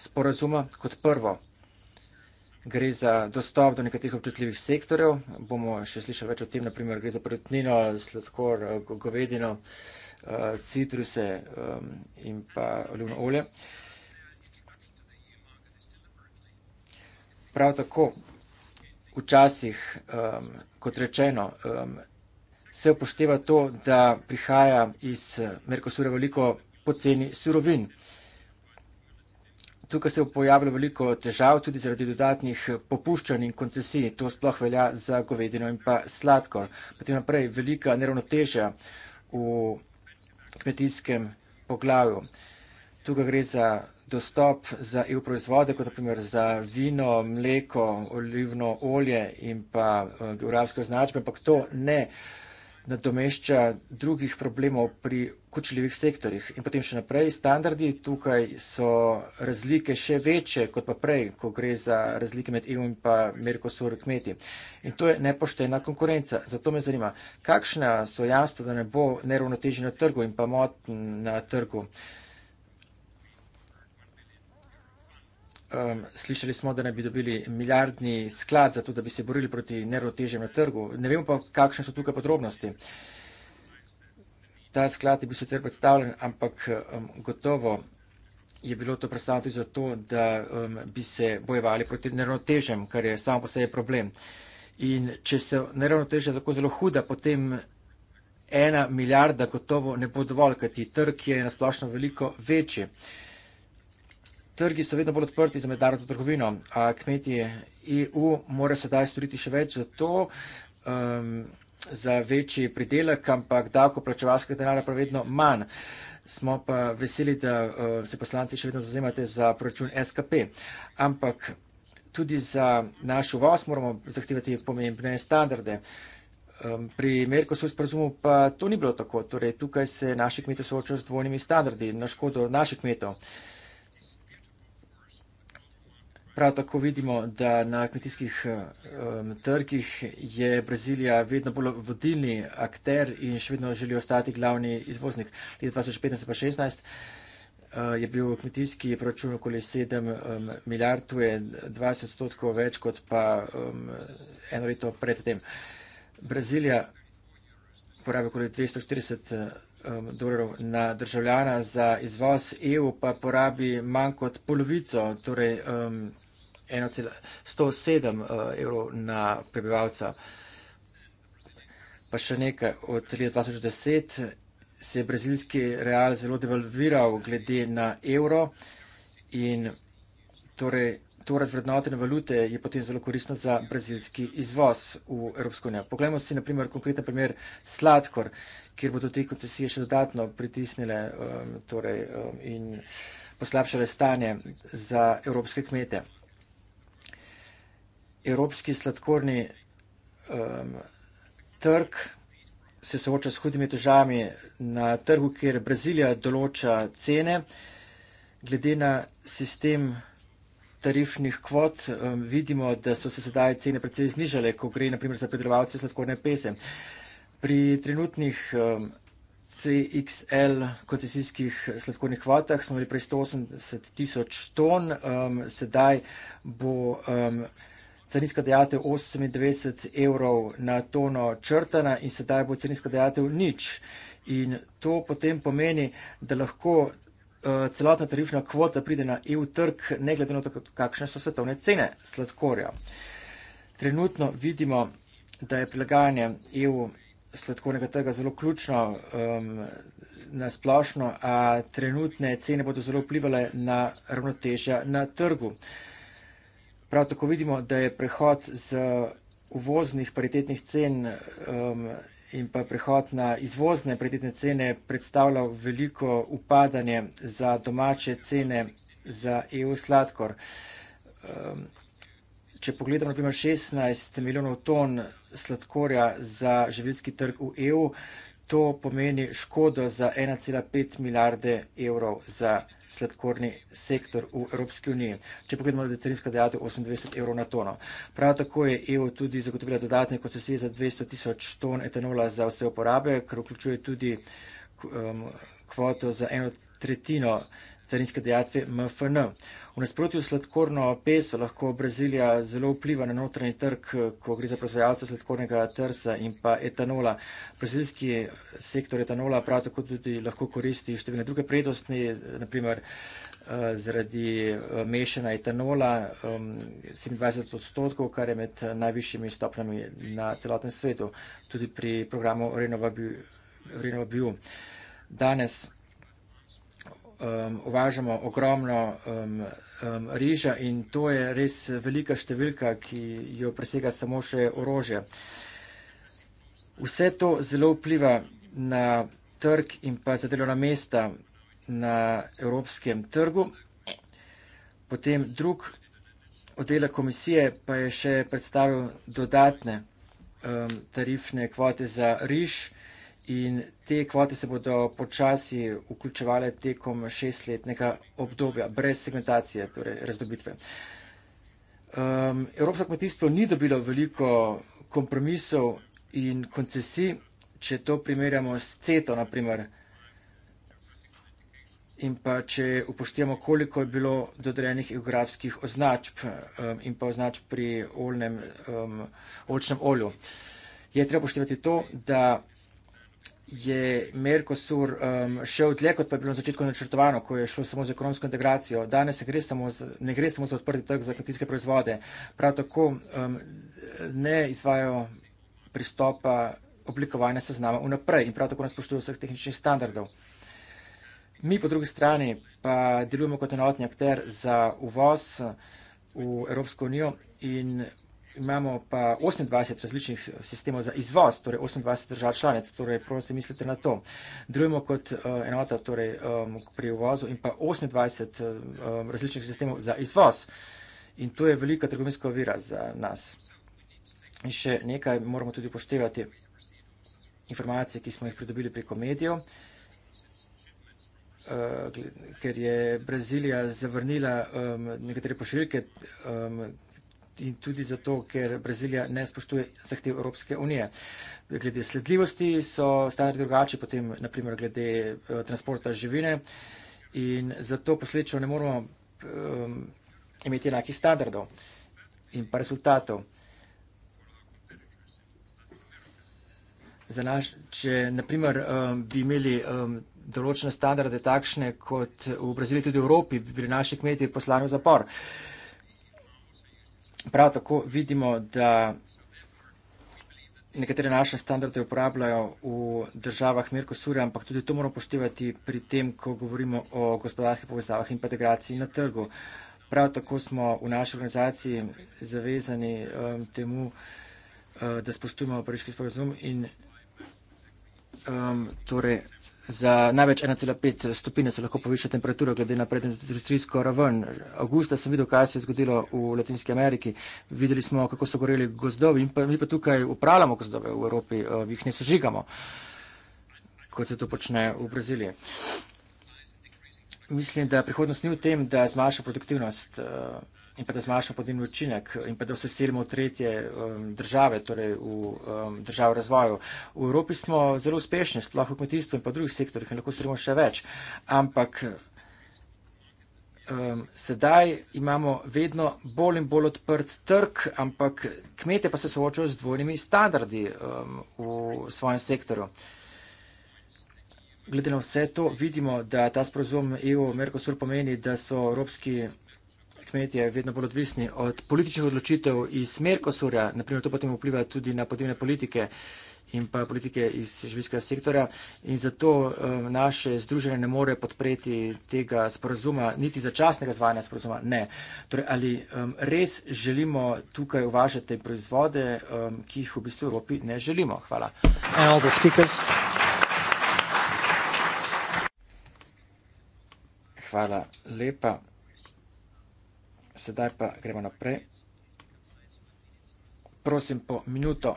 sporazuma kot prvo gre za dostop do nekaterih občutljivih sektorjev. Bomo še slišali več o tem, naprimer gre za prutnino, sladkor, govedino, eh, citruse ehm, in pa olivno olje. Prav tako, včasih, ehm, kot rečeno, ehm, se upošteva to, da prihaja iz Merkosura veliko poceni surovin. Tukaj se je pojavilo veliko težav, tudi zaradi dodatnih popuščanj in koncesij. To sploh velja za govedino in pa sladkor. Potem naprej velika neravnotežja v kmetijskem poglavju. Tukaj gre za dostop za EU proizvode, kot naprimer za vino, mleko, olivno olje in pa eh, geografske označbe, ampak to ne. Uh, nadomešča drugih problemov pri kočljivih sektorjih. In potem še naprej, standardi tukaj so razlike še večje kot pa prej, ko gre za razlike med EU in pa Merkosur kmeti. In to je nepoštena konkurenca. Zato me zanima, kakšna so jamstva, da ne bo neravnoteženja na trgu in pa mot na trgu. um, slišali smo, da naj bi dobili milijardni sklad za to, da bi se borili proti nerotežem na trgu. Ne vemo pa, kakšne so tukaj podrobnosti. Ta sklad je bil sicer predstavljen, ampak um, gotovo je bilo to predstavljeno tudi zato, da um, bi se bojevali proti nerotežem, kar je samo po sebi problem. In če se neravnoteže tako zelo huda, potem ena milijarda gotovo ne bo dovolj, kajti trg je nasplošno veliko večji. Uh, trgi so vedno bolj odprti za mednarodno trgovino, a kmeti EU mora sedaj storiti še več za to, um, za večji pridelek, ampak davkoplačevalskega denarja pa vedno manj. Smo pa veseli, da uh, se poslanci še vedno zazemate za proračun SKP. Ampak tudi za naš uvoz moramo zahtevati pomembne standarde. Um, pri Merkosur sporozumu pa to ni bilo tako. Torej, tukaj se naši kmeti soočajo z dvojnimi standardi na škodo naših kmetov. Prav tako vidimo, da na kmetijskih um, trgih je Brazilija vedno bolj vodilni akter in še vedno želi ostati glavni izvoznik. Leta 2015 pa 2016 uh, je bil kmetijski proračun okoli 7 um, milijard, to je 20 odstotkov več kot pa um, eno leto predtem. Brazilija porabi okoli 240 um, dolarov na državljana za izvoz, EU pa porabi manj kot polovico, torej um, 107 eh, evrov na prebivalca. Pa še nekaj, od leta 2010 se je brazilski real zelo devalviral glede na evro in torej to razvrednotenje valute je potem zelo koristno za brazilski izvoz v Evropsko unijo. Poglejmo si naprimer konkreten primer sladkor, kjer bodo te koncesije še dodatno pritisnile um, torej, um, in poslabšale stanje za evropske kmete evropski sladkorni um, trg se sooča s hudimi težavami na trgu, kjer Brazilija določa cene. Glede na sistem tarifnih kvot um, vidimo, da so se sedaj cene precej znižale, ko gre naprimer za predelovalce sladkorne pese. Pri trenutnih um, CXL koncesijskih sladkornih kvotah smo imeli prej 180 tisoč ton, um, sedaj bo um, carinska dejatev 28 evrov na tono črtana in sedaj bo carinska dejatev nič. In to potem pomeni, da lahko uh, celotna tarifna kvota pride na EU trg, ne glede na to, kakšne so svetovne cene sladkorja. Trenutno vidimo, da je prilagajanje EU sladkornega trga zelo ključno um, na splošno, a trenutne cene bodo zelo vplivali na ravnotežja na trgu. Uh, Prav tako vidimo, da je prehod z uvoznih paritetnih cen um, in pa prehod na izvozne paritetne cene predstavljal veliko upadanje za domače cene za EU sladkor. Um, če pogledamo naprimer 16 milijonov ton sladkorja za življenski trg v EU, to pomeni škodo za 1,5 milijarde evrov za sladkorni sektor v Evropski uniji. Če pogledamo, da je carinska dejavnost 28 evrov na tono. Prav tako je EU tudi zagotovila dodatne koncesije za 200 tisoč ton etanola za vse uporabe, kar vključuje tudi um, kvoto za eno tretjino carinske dejavnosti MFN. V nasprotju s sladkorno peso lahko Brazilija zelo vpliva na notranji trg, ko gre za proizvajalce sladkornega trsa in pa etanola. Brazilski sektor etanola prav tako tudi lahko koristi številne druge prednosti, naprimer eh, zaradi eh, mešana etanola 27 um, odstotkov, kar je med najvišjimi stopnami na celotnem svetu, tudi pri programu Renova Bio. Danes um, uvažamo ogromno um, um, riža in to je res velika številka, ki jo presega samo še orožje. Vse to zelo vpliva na trg in pa za delovna mesta na evropskem trgu. Potem drug oddelek komisije pa je še predstavil dodatne um, tarifne kvote za riž. In te kvote se bodo počasi vključevale tekom šestletnega obdobja, brez segmentacije, torej razdobitve. Um, Evropsko kmetijstvo ni dobilo veliko kompromisov in koncesij, če to primerjamo s CETO, naprimer, in pa če upoštevamo, koliko je bilo dodrenih geografskih označb um, in pa označb pri oljnem, um, oljčnem olju. Je treba upoštevati to, da je Mercosur um, šel dlje, kot pa je bilo na začetku načrtovano, ko je šlo samo za ekonomsko integracijo. Danes gre z, ne gre samo za odprti trg za kmetijske proizvode. Prav tako um, ne izvajo pristopa oblikovanja seznama vnaprej in prav tako ne spoštujejo vseh tehničnih standardov. Mi po drugi strani pa delujemo kot enotni akter za uvoz v Evropsko unijo in imamo pa 28 različnih sistemov za izvoz, torej 28 držav članic, torej prosim se mislite na to. Drujemo kot uh, enota torej, um, pri uvozu in pa 28 uh, različnih sistemov za izvoz. In to je velika trgovinska ovira za nas. In še nekaj moramo tudi upoštevati informacije, ki smo jih pridobili preko medijev. Uh, ker je Brazilija zavrnila um, nekatere pošiljke um, in tudi zato, ker Brazilija ne spoštuje zahtev Evropske unije. Glede sledljivosti so standardi drugače, potem naprimer glede eh, transporta živine in zato posledično ne moramo um, ehm, imeti enakih standardov in pa rezultatov. Za naš, če naprimer um, ehm, bi imeli um, določene standarde takšne kot v Braziliji, tudi v Evropi, bi bili naši kmetje poslani v zapor. Uh, Prav tako vidimo, da nekatere naše standarde uporabljajo v državah Mercosura, ampak tudi to moramo poštevati pri tem, ko govorimo o gospodarskih povezavah in integraciji na trgu. Prav tako smo v naši organizaciji zavezani um, temu, uh, da spoštujemo pariški sporozum in um, torej Za največ 1,5 stopinje se lahko poviša temperatura glede na predindustrijsko raven. Augusta sem videl, kaj se je zgodilo v Latinski Ameriki. Videli smo, kako so goreli gozdovi in pa, mi pa tukaj upravljamo gozdove v Evropi, uh, jih ne sežigamo, kot se to počne v Braziliji. Mislim, da prihodnost ni v tem, da zmanjša produktivnost. Uh, in pa da zmanjša podnebni učinek in pa da vse selimo v tretje um, države, torej v um, državo razvoju. V Evropi smo zelo uspešni, sploh v kmetijstvu in pa drugih sektorjih in lahko storimo še več, ampak. Um, sedaj imamo vedno bolj in bolj odprt trg, ampak kmete pa se soočajo z dvojnimi standardi um, v svojem sektoru. Glede na vse to, vidimo, da ta sporozum EU-Merkosur pomeni, da so evropski kmetje vedno bolj odvisni od političnih odločitev iz Merkosurja, naprimer to potem vpliva tudi na podnebne politike in pa politike iz živilskega sektorja in zato um, naše združenje ne more podpreti tega sporazuma, niti začasnega zvanja sporazuma, ne. Torej, ali um, res želimo tukaj uvažati proizvode, um, ki jih v bistvu v Evropi ne želimo? Hvala. Hvala lepa. Sedaj pa gremo naprej. Prosim po minuto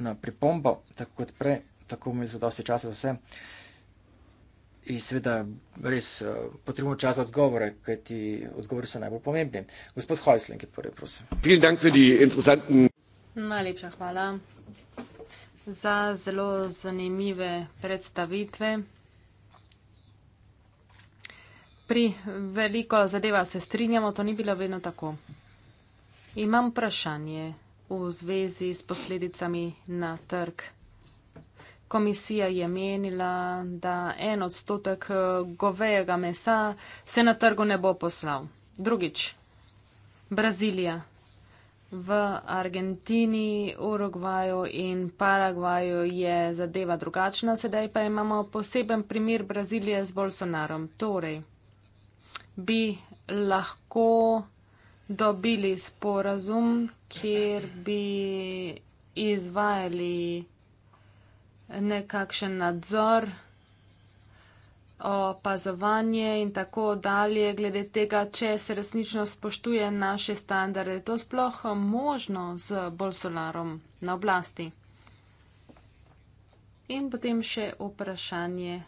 na pripombo, tako kot prej, tako imeli so dosti časa za vse. In seveda res eh, potrebujemo čas odgovore, ker ti odgovori so najbolj pomembni. Gospod Hojsling, prej prosim. Najlepša hvala za zelo zanimive predstavitve pri veliko zadeva se strinjamo, to ni bilo vedno tako. Imam vprašanje v zvezi s posledicami na trg. Komisija je menila, da en odstotek eh, govejega mesa se na trgu ne bo poslal. Drugič, Brazilija. V Argentini, Urugvaju in Paragvaju je zadeva drugačna, sedaj pa imamo poseben primer Brazilije z Bolsonarom. Torej, bi lahko dobili sporazum, kjer bi izvajali nekakšen nadzor, opazovanje in tako dalje, glede tega, če se resnično spoštuje naše standarde. To sploh možno z Bolsonarom na oblasti. In potem še vprašanje.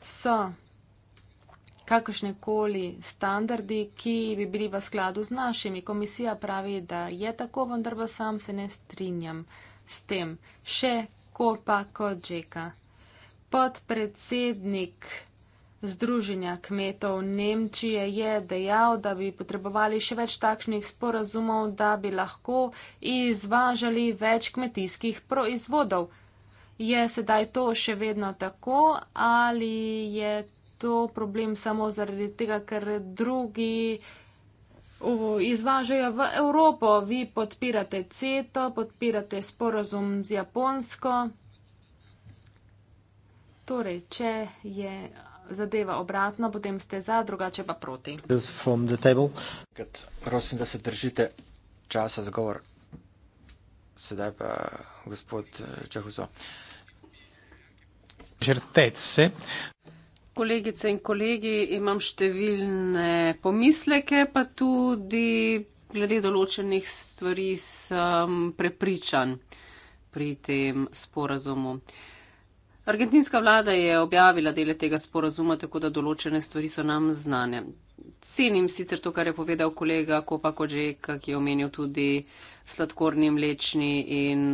So kakršne koli standardi, ki bi bili v skladu z našimi. Komisija pravi, da je tako, vendar pa sam se ne strinjam s tem. Še ko pa kot žeka. Podpredsednik Združenja kmetov Nemčije je dejal, da bi potrebovali še več takšnih sporazumov, da bi lahko izvažali več kmetijskih proizvodov. Je sedaj to še vedno tako ali je to problem samo zaradi tega, ker drugi izvažajo v Evropo. Vi podpirate CETO, podpirate sporozum z Japonsko. Torej, če je zadeva obratno, potem ste za, drugače pa proti. Prosim, da se držite časa za govor. Sedaj pa gospod eh, Čehuzo. Žrtece. Kolegice in kolegi, imam številne pomisleke, pa tudi glede določenih stvari sem prepričan pri tem sporazumu. Argentinska vlada je objavila dele tega sporazuma, tako da določene stvari so nam znane. Cenim sicer to, kar je povedal kolega Kopa Kođeka, ki je omenil tudi sladkorni mlečni in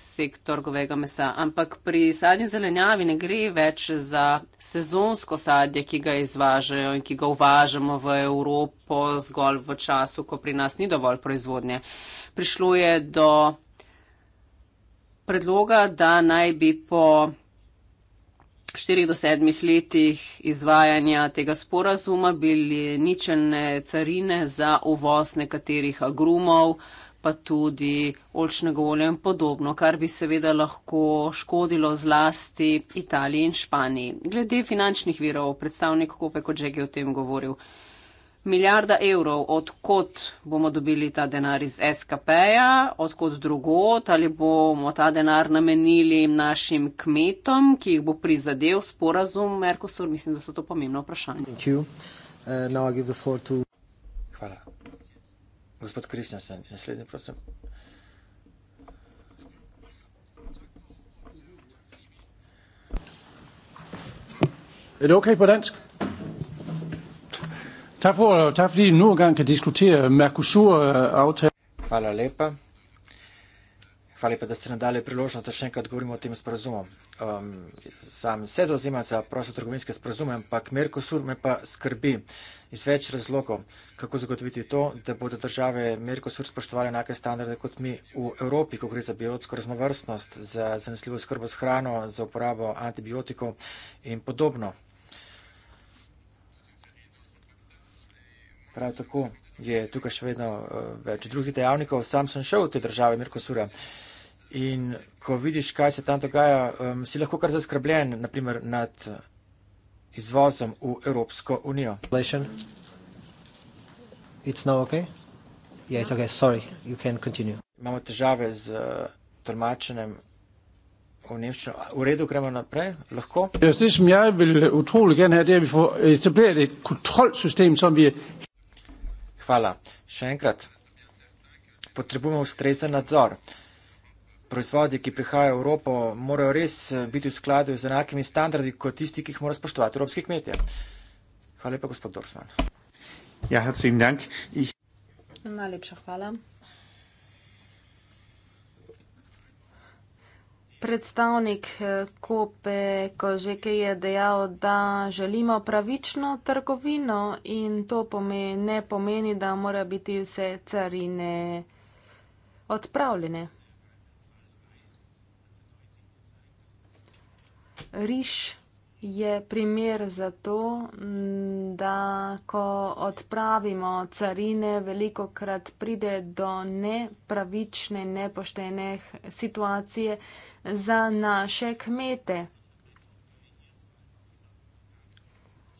sektor govega mesa. Ampak pri sadni zelenjavi ne gre več za sezonsko sadje, ki ga izvažajo in ki ga uvažamo v Evropo zgolj v času, ko pri nas ni dovolj proizvodnje. Prišlo je do predloga, da naj bi po 4 do 7 letih izvajanja tega sporazuma bili ničelne carine za uvoz nekaterih agrumov, pa tudi olčnega olja in podobno, kar bi seveda lahko škodilo zlasti Italiji in Španiji. Glede finančnih virov, predstavnik Kope, kot že je o tem govoril, milijarda evrov, odkot bomo dobili ta denar iz SKP-ja, odkot drugot, ali bomo ta denar namenili našim kmetom, ki jih bo prizadel sporazum Merkosur, mislim, da so to pomembno vprašanje. Uh, Hvala. Gospod Kristjansen, naslednji, prosim. Er det okay på dansk? Tak for, tak fordi vi nu engang kan diskutere Mercosur-aftalen. Hvala lepa. Hvala lepa, da ste nam dali priložnost, da še enkrat govorimo o tem sporazumu. Um, sam se zauzemam za prostotrgovinske sporazume, ampak Merkosur me pa skrbi iz več razlogov, kako zagotoviti to, da bodo države Merkosur spoštovali enake standarde kot mi v Evropi, ko gre za biotsko raznovrstnost, za zanesljivo skrbo s hrano, za uporabo antibiotikov in podobno. Prav tako je tukaj še vedno uh, več drugih dejavnikov. Sam sem šel v te države Mirkosura. Uh, In ko vidiš, kaj se tam dogaja, um, si lahko kar zaskrbljen, naprimer, nad izvozom v Evropsko unijo. Yeah, okay. okay. Imamo težave z uh, tolmačenjem v Nemčijo. V redu, gremo naprej, lahko. Jaz mislim, da bi utrolo gen, da er, bi etablirali kontrol sistem, ki bi. Hvala. Še enkrat. Potrebujemo ustrezen nadzor proizvodi, ki prihajajo v Evropo, morajo res eh, biti v skladu z enakimi standardi kot tisti, ki jih morajo spoštovati evropski kmetje. Hvala lepa, gospod Dorsman. Ja, ich... Najlepša hvala. Predstavnik eh, Kope Kožeke je dejal, da želimo pravično trgovino in to pomeni, ne pomeni, da mora biti vse carine odpravljene. riž je primer za to, da ko odpravimo carine, veliko krat pride do nepravične, nepoštene situacije za naše kmete.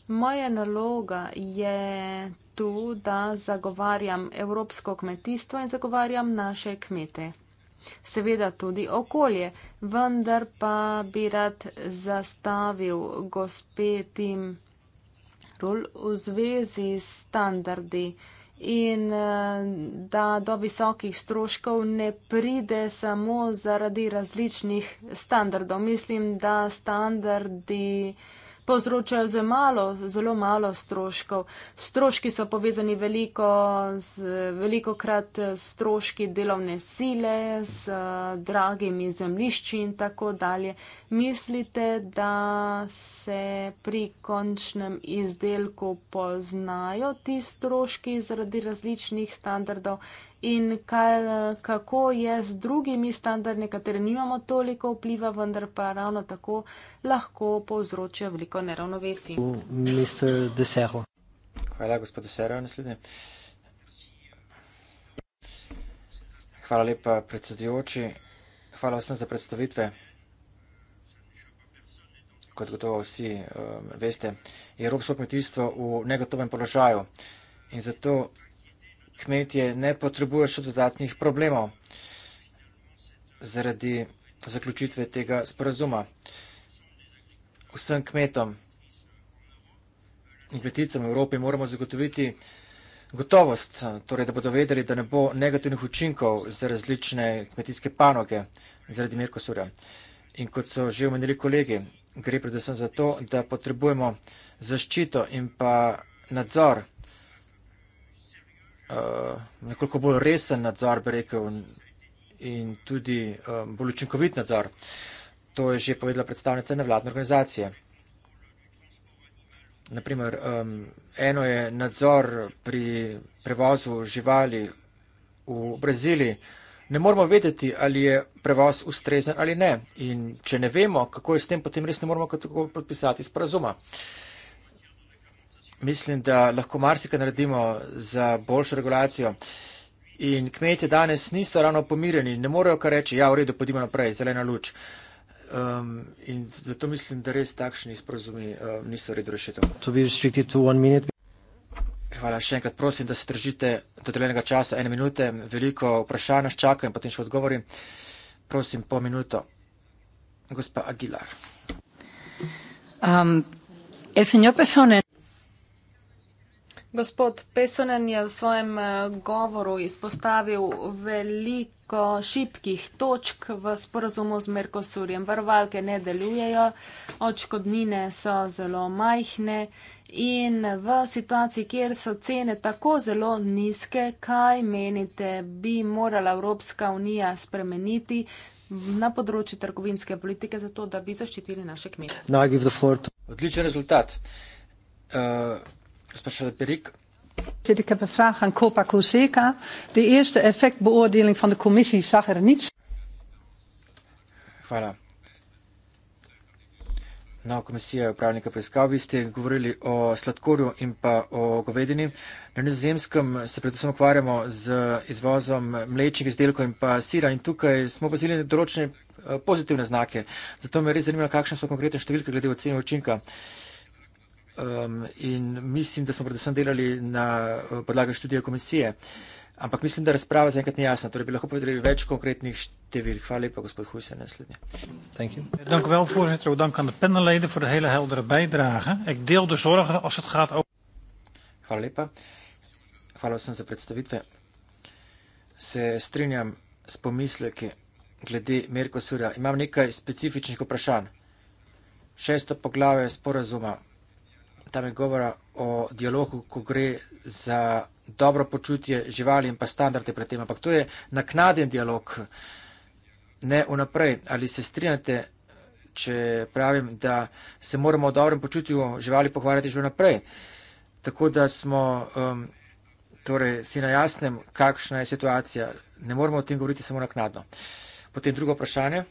Moja naloga je tu, da zagovarjam evropsko kmetijstvo in zagovarjam naše kmete seveda tudi okolje, vendar pa bi rad zastavil gospetim rol v zvezi s standardi in eh, da do visokih stroškov ne pride samo zaradi različnih standardov. Mislim, da standardi povzročajo zelo malo, zelo malo stroškov. Stroški so povezani veliko, z, veliko krat stroški delovne sile, s dragimi zemlišči in tako dalje. Mislite, da se pri končnem izdelku poznajo ti stroški zaradi različnih standardov in kaj, kako je z drugimi standardi, nekateri nimamo toliko vpliva, vendar pa ravno tako lahko povzročajo veliko neravnovesij. Hvala, gospod Deserov, naslednje. Hvala lepa, predsedujoči. Hvala vsem za predstavitve. Kot gotovo vsi um, veste, je evropsko kmetijstvo v negotovem položaju in zato kmetje ne potrebujejo še dodatnih problemov zaradi zaključitve tega sporazuma. Vsem kmetom in kmeticam v Evropi moramo zagotoviti gotovost, torej da bodo vedeli, da ne bo negativnih učinkov za različne kmetijske panoge zaradi Merkosurja. In kot so že omenili kolegi, gre predvsem za to, da potrebujemo zaščito in pa nadzor Eh, nekoliko bolj resen nadzor, bi rekel, in tudi um, bolj učinkovit nadzor. To je že povedala predstavnica nevladne organizacije. Naprimer, um, eno je nadzor pri prevozu živali v Braziliji. Ne moramo vedeti, ali je prevoz ustrezen ali ne. In če ne vemo, kako je s tem, potem res ne moramo tako podpisati sporazuma. Uh, mislim, da lahko marsikaj naredimo za boljšo regulacijo. In kmetje danes niso ravno pomirjeni, ne morejo kar reči, ja, v redu, podimo naprej, zelena luč. Um, in zato mislim, da res takšni sporozumi um, niso redo rešitev. Hvala še enkrat, prosim, da se držite dodeljenega časa ene minute. Veliko vprašanj nas čaka in potem še odgovori. Prosim, po minuto. Gospa Aguilar. Um, el señor Pesone. Gospod Pesonen je v svojem eh, govoru izpostavil veliko šibkih točk v sporazumu z Merkosurjem. Varovalke ne delujejo, očkodnine so zelo majhne in v situaciji, kjer so cene tako zelo nizke, kaj menite, bi morala Evropska unija spremeniti na področju trgovinske politike, zato da bi zaščitili naše kmete? Odličen rezultat. Uh zit ik heb een vraag aan Copacoseca. De eerste effectbeoordeling van de commissie zag er niets. Voilà. Na no, komisijo upravnika preiskav, vi ste govorili o sladkorju in pa o govedini. Na nizozemskem se predvsem ukvarjamo z izvozom mlečnih izdelkov in pa sira in tukaj smo opazili določene eh, pozitivne znake. Zato me res zanima, kakšne so konkretne številke glede ocene učinka. Uh, Um, in mislim, da smo predvsem delali na eh, podlagi študije komisije. Ampak mislim, da razprava zaenkrat ni jasna. Torej bi lahko povedali več konkretnih številk. Hvala lepa, gospod Hujsen, naslednji. Hvala lepa. Hvala vsem za predstavitve. Se strinjam s pomisleki glede Merkosura. Imam nekaj specifičnih vprašanj. Šesto poglavje sporazuma tam je govora o dialogu, ko gre za dobro počutje živali in pa standarde pred tem, ampak to je naknaden dialog, ne vnaprej. Ali se strinjate, če pravim, da se moramo o dobrem počutju živali pohvarjati že vnaprej? Tako da smo um, torej, si na jasnem, kakšna je situacija. Ne moramo o tem govoriti samo naknadno. Potem drugo vprašanje.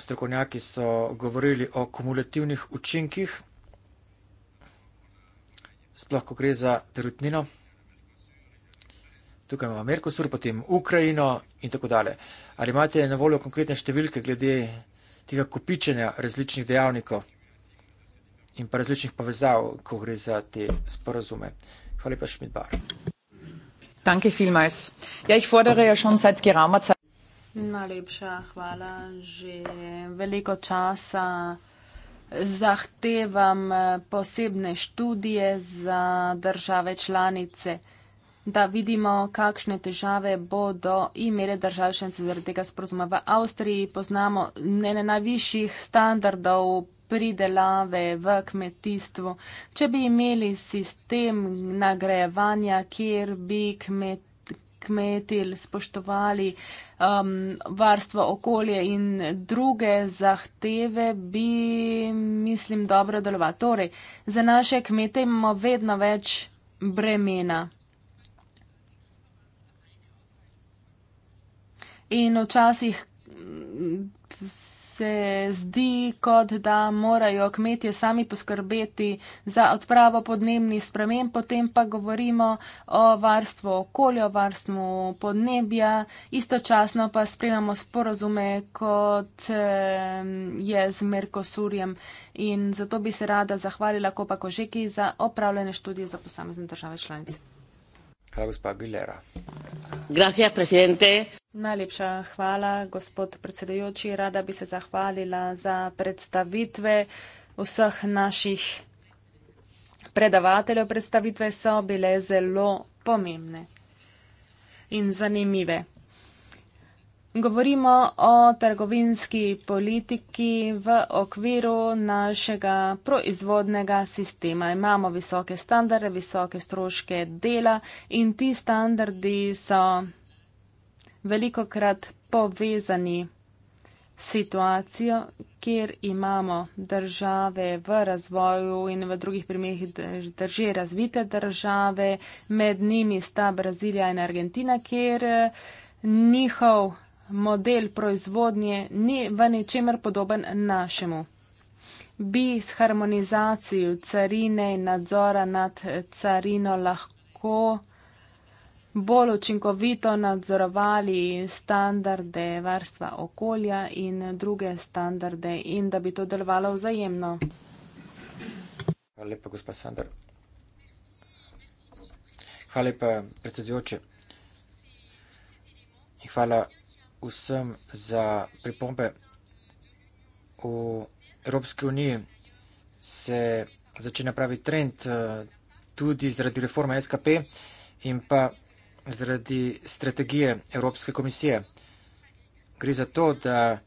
Strokovnjaki so govorili o kumulativnih učinkih sploh ko gre za perutnino. Tukaj imamo Merkosur, potem Ukrajino in tako dalje. Ali imate na voljo konkretne številke glede tega kopičenja različnih dejavnikov in pa različnih povezav, ko gre za te sporazume? Hvala lepa, Šmitbar. Danke, Filmars. Ja, jih fordere je šon sajt, ki ramaca. Najlepša hvala, že veliko časa zahtevam eh, posebne študije za države članice, da vidimo, kakšne težave bodo imele države članice zaradi tega sporozuma. V Avstriji poznamo ene najvišjih standardov pridelave v kmetijstvu. Če bi imeli sistem nagrajevanja, kjer bi kmetijstvo kmetil, spoštovali um, varstvo okolje in druge zahteve, bi, mislim, dobro deloval. Torej, za naše kmete imamo vedno več bremena. In včasih se zdi, kot da morajo kmetje sami poskrbeti za odpravo podnebnih sprememb, potem pa govorimo o varstvu okolja, varstvu podnebja, istočasno pa sprejemamo sporozume kot je z Merkosurjem in zato bi se rada zahvalila Kopa Kožeki za opravljene študije za posamezne države članice. Najlepša hvala, gospod predsedujoči. Rada bi se zahvalila za predstavitve vseh naših predavateljev. Predstavitve so bile zelo pomembne in zanimive. Govorimo o trgovinski politiki v okviru našega proizvodnega sistema. Imamo visoke standarde, visoke stroške dela in ti standardi so veliko krat povezani s situacijo, kjer imamo države v razvoju in v drugih primerjih drži razvite države, med njimi sta Brazilija in Argentina, kjer eh, njihov model proizvodnje ni v ničemer podoben našemu. Bi s harmonizacijo carine in nadzora nad carino lahko bolj učinkovito nadzorovali standarde varstva okolja in druge standarde in da bi to delovalo vzajemno. Hvala lepa, gospod Sandar. Hvala lepa, predsedujoče. Hvala vsem za pripombe. V Evropski uniji se začne pravi trend eh, tudi zaradi reforme SKP in pa zaradi strategije Evropske komisije. Gre za to, da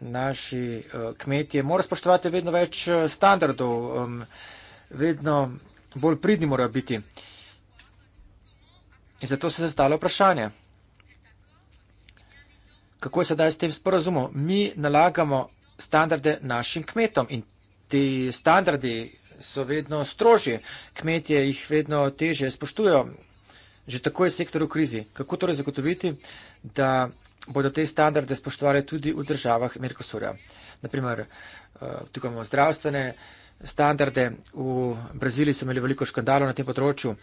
naši eh, kmetje morajo spoštovati vedno več eh, standardov, vedno bolj pridni morajo biti. In zato se je zastalo vprašanje kako je sedaj s tem sporozumom. Mi nalagamo standarde našim kmetom in ti standardi so vedno strožji, kmetje jih vedno teže spoštujo. Že tako je sektor v krizi. Kako torej zagotoviti, da bodo te standarde spoštovali tudi v državah Merkosurja? Naprimer, eh, tukaj imamo zdravstvene standarde, v Braziliji so imeli veliko škandalo na tem področju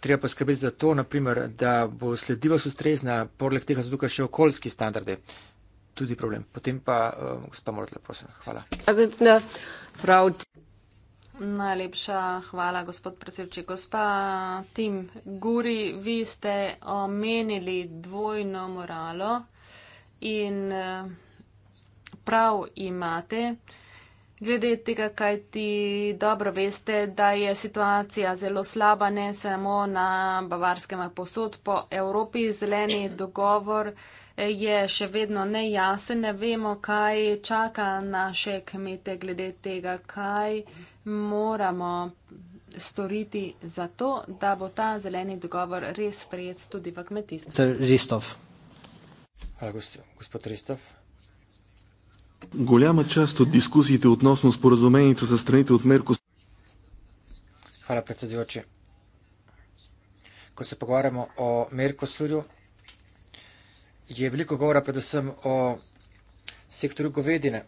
treba poskrbeti za to, naprimer, da bo sledljivost ustrezna, poleg tega so tukaj še okoljski standardi. Tudi problem. Potem pa, eh, gospa Morotla, prosim. Hvala. Najlepša hvala, gospod predsedče. Gospa Tim Guri, vi ste omenili dvojno moralo in eh, prav imate glede tega, kaj ti dobro veste, da je situacija zelo slaba, ne samo na bavarskem, ampak posod po Evropi. Zeleni dogovor eh, je še vedno nejasen, ne vemo, kaj čaka naše kmete glede tega, kaj moramo storiti za to, da bo ta zeleni dogovor res sprejet tudi v kmetijstvu. Hvala, gospod Ristov. Голяма част от дискусиите относно споразумението за страните от Меркос... Hvala, predsedujoči. Ko se pogovarjamo o Merkosurju, je veliko govora predvsem o sektorju govedine.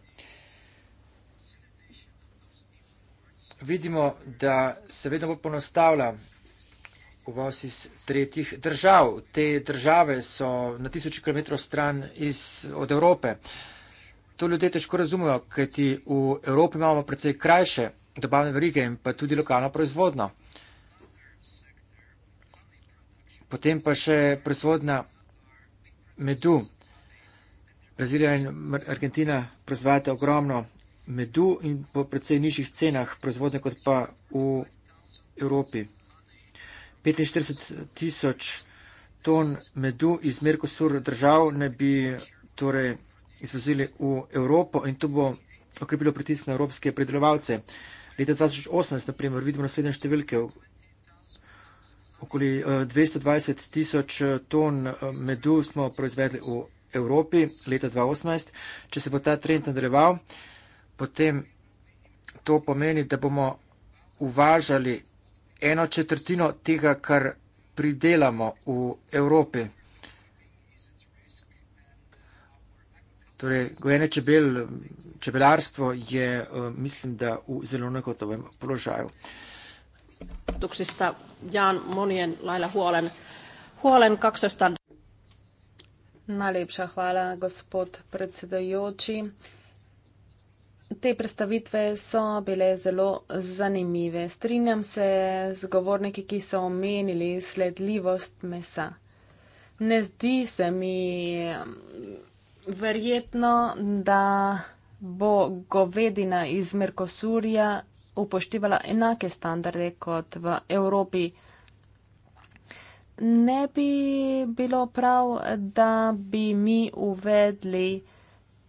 Vidimo, da se vedno bolj ponostavlja uvoz iz tretjih držav. Te države so na tisoč kilometrov stran iz, od Evrope. Uh, to ljudje težko razumejo, ker ti v Evropi imamo precej krajše dobavne verige in pa tudi lokalno proizvodno. Potem pa še proizvodna medu. Brazilija in Argentina proizvajate ogromno medu in po precej nižjih cenah proizvodne kot pa v Evropi. 45 tisoč ton medu iz Mercosur držav ne bi torej izvozili v Evropo in to bo okrepilo pritisk na evropske predelovalce. Leta 2018, na primer, vidimo naslednje številke, okoli 220 eh, tisoč eh, ton eh, medu smo proizvedli v Evropi leta 2018. Če se bo ta trend nadaljeval, potem to pomeni, da bomo uvažali eno četrtino tega, kar pridelamo v Evropi. Torej, gojene čebel, čebelarstvo je, eh, mislim, da v zelo negotovem položaju. Najlepša hvala, gospod predsedojoči. Te predstavitve so bile zelo zanimive. Strinjam se z govorniki, ki so omenili sledljivost mesa. Ne zdi se mi verjetno, da bo govedina iz Merkosurja upoštevala enake standarde kot v Evropi. Ne bi bilo prav, da bi mi uvedli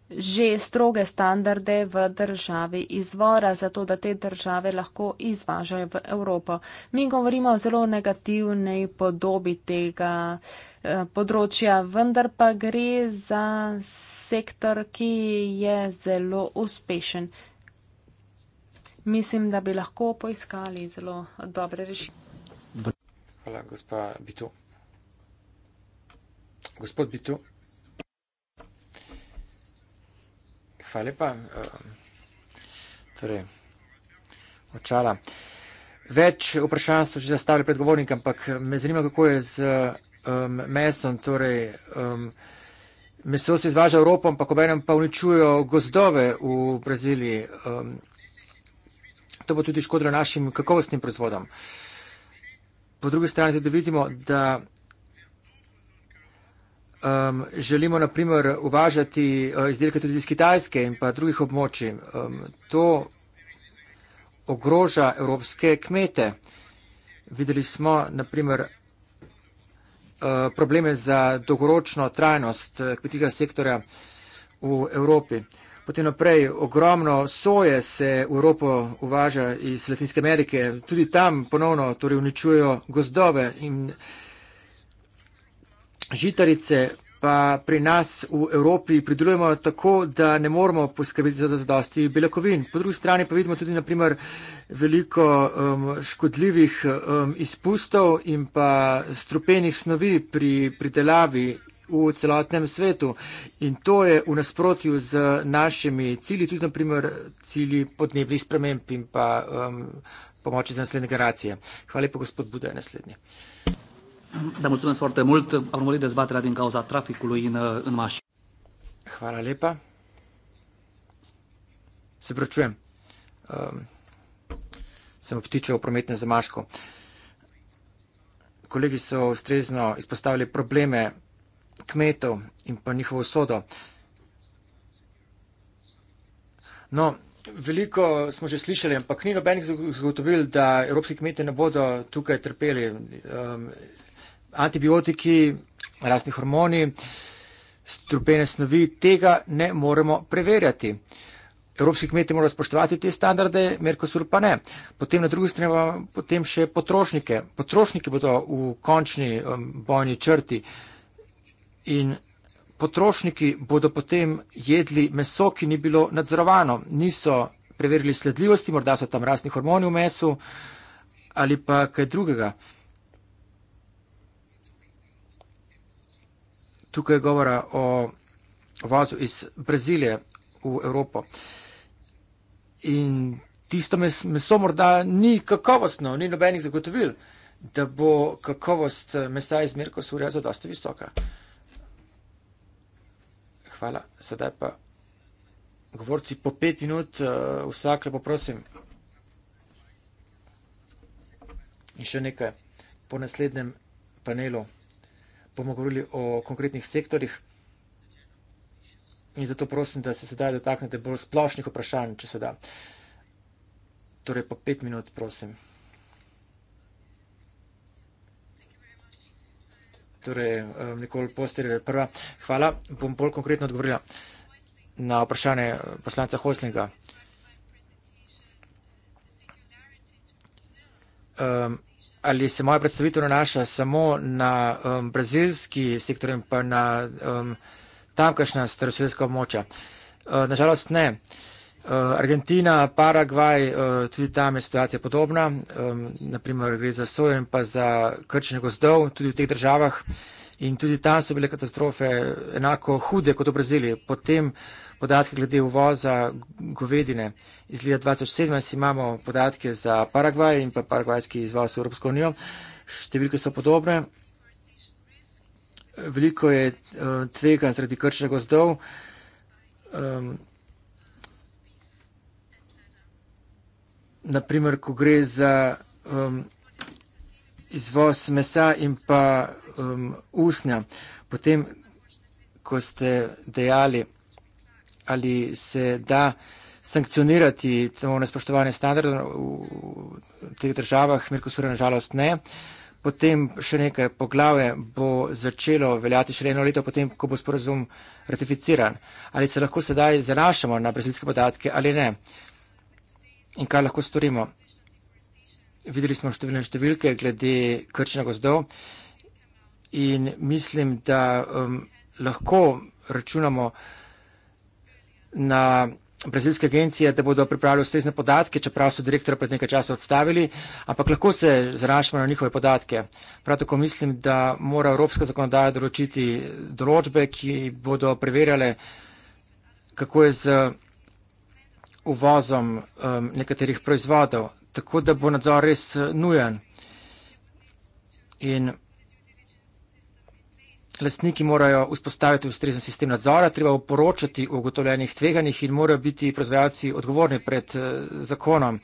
že stroge standarde v državi izvora, zato da te države lahko izvažajo v Evropo. Mi govorimo o zelo negativnej podobi tega eh, področja, vendar pa gre za sektor, ki je zelo uspešen. Mislim, da bi lahko poiskali zelo dobre rešitve. Hvala, gospa Bitu. Gospod Bitu. hvala lepa. Eh, torej, očala. Več vprašanj so že zastavili predgovornik, ampak me zanima, kako je z um, mesom. Torej, um, meso se izvaža Evropo, ampak obenem pa uničujo gozdove v Braziliji. Um, to bo tudi škodilo našim kakovostnim proizvodom. Po drugi strani tudi vidimo, da um, želimo naprimer uvažati uh, izdelke tudi iz Kitajske in pa drugih območij. Um, to ogroža evropske kmete. Videli smo naprimer uh, eh, probleme za dolgoročno trajnost eh, kmetijskega sektorja v Evropi. Potem naprej, ogromno soje se v Evropo uvaža iz Latinske Amerike, tudi tam ponovno torej uničujo gozdove in uh, žitarice pa pri nas v Evropi pridelujemo tako, da ne moramo poskrbeti za zadosti beljakovin. Po drugi strani pa vidimo tudi naprimer veliko um, škodljivih um, izpustov in pa strupenih snovi pri pridelavi v celotnem svetu. In to je v nasprotju z našimi cili, tudi naprimer cili podnebnih sprememb in pa um, pomoči za naslednje generacije. Hvala lepa, gospod Buda, naslednji. Da, mulțumesc foarte mult. Am urmărit dezbaterea din cauza traficului în, în mașină. Hvala lepa. Se pročujem. Um, ehm, sem obtičal v prometnem zamašku. Kolegi so ustrezno izpostavili probleme kmetov in pa njihovo sodo. No, veliko smo že slišali, ampak ni nobenih zagotovil, da evropski kmete ne bodo tukaj trpeli. Um, antibiotiki, razni hormoni, strupene snovi, tega ne moremo preverjati. Evropski kmeti morajo spoštovati te standarde, Merkosur pa ne. Potem na drugi strani imamo potem še potrošnike. Potrošniki bodo v končni um, bojni črti in potrošniki bodo potem jedli meso, ki ni bilo nadzorovano. Niso preverili sledljivosti, morda so tam rasni hormoni v mesu ali pa kaj drugega. tukaj govora o vazu iz Brazilije v Evropo. In tisto meso morda ni kakovostno, ni nobenih zagotovil, da bo kakovost eh, mesa iz Mirkosurja zadosti visoka. Hvala, sedaj pa govorci po pet minut, eh, vsak lepo prosim. In še nekaj po naslednjem panelu bomo govorili o konkretnih sektorjih. In zato prosim, da se sedaj dotaknete bolj splošnih vprašanj, če se da. Torej, po pet minut, prosim. Torej, eh, Nikol Poster je prva. Hvala. Bom bolj konkretno odgovorila na vprašanje eh, poslanca Hoslinga. Um, Ali se moja predstavitev nanaša samo na um, brazilski sektor in pa na um, tamkajšnja staroseljska območja? Uh, nažalost ne. Uh, Argentina, Paragvaj, uh, tudi tam je situacija podobna, um, naprimer gre za sojo in pa za krčne gozdov, tudi v teh državah in tudi tam so bile katastrofe enako hude kot v Braziliji. Potem podatki glede uvoza govedine iz leta 2017 imamo podatke za Paragvaj in pa paragvajski izvoz v Evropsko unijo. Številke so podobne. Veliko je eh, tvega zaradi krčnega gozdov. Um, ehm, naprimer, ko gre za um, izvoz mesa in pa um, usnja, potem, ko ste dejali, ali se da sankcionirati to nespoštovanje standardov v teh državah, Mirkosura nažalost ne. Potem še nekaj poglavje bo začelo veljati še eno leto, potem, ko bo sporozum ratificiran. Ali se lahko sedaj zanašamo na brazilske podatke ali ne? In kaj lahko storimo? Videli smo številne številke glede krčnega gozdov in mislim, da um, lahko računamo na brazilske agencije, da bodo pripravili ustrezne podatke, čeprav so direktora pred nekaj časa odstavili, ampak lahko se zarašamo na njihove podatke. Prav tako mislim, da mora evropska zakonodaja določiti določbe, ki bodo preverjale, kako je z uvozom um, nekaterih proizvodov, tako da bo nadzor res uh, nujen. In Lastniki morajo vzpostaviti ustrezen sistem nadzora, treba bo poročati o ugotovljenih tveganjih in morajo biti proizvajalci odgovorni pred eh, zakonom.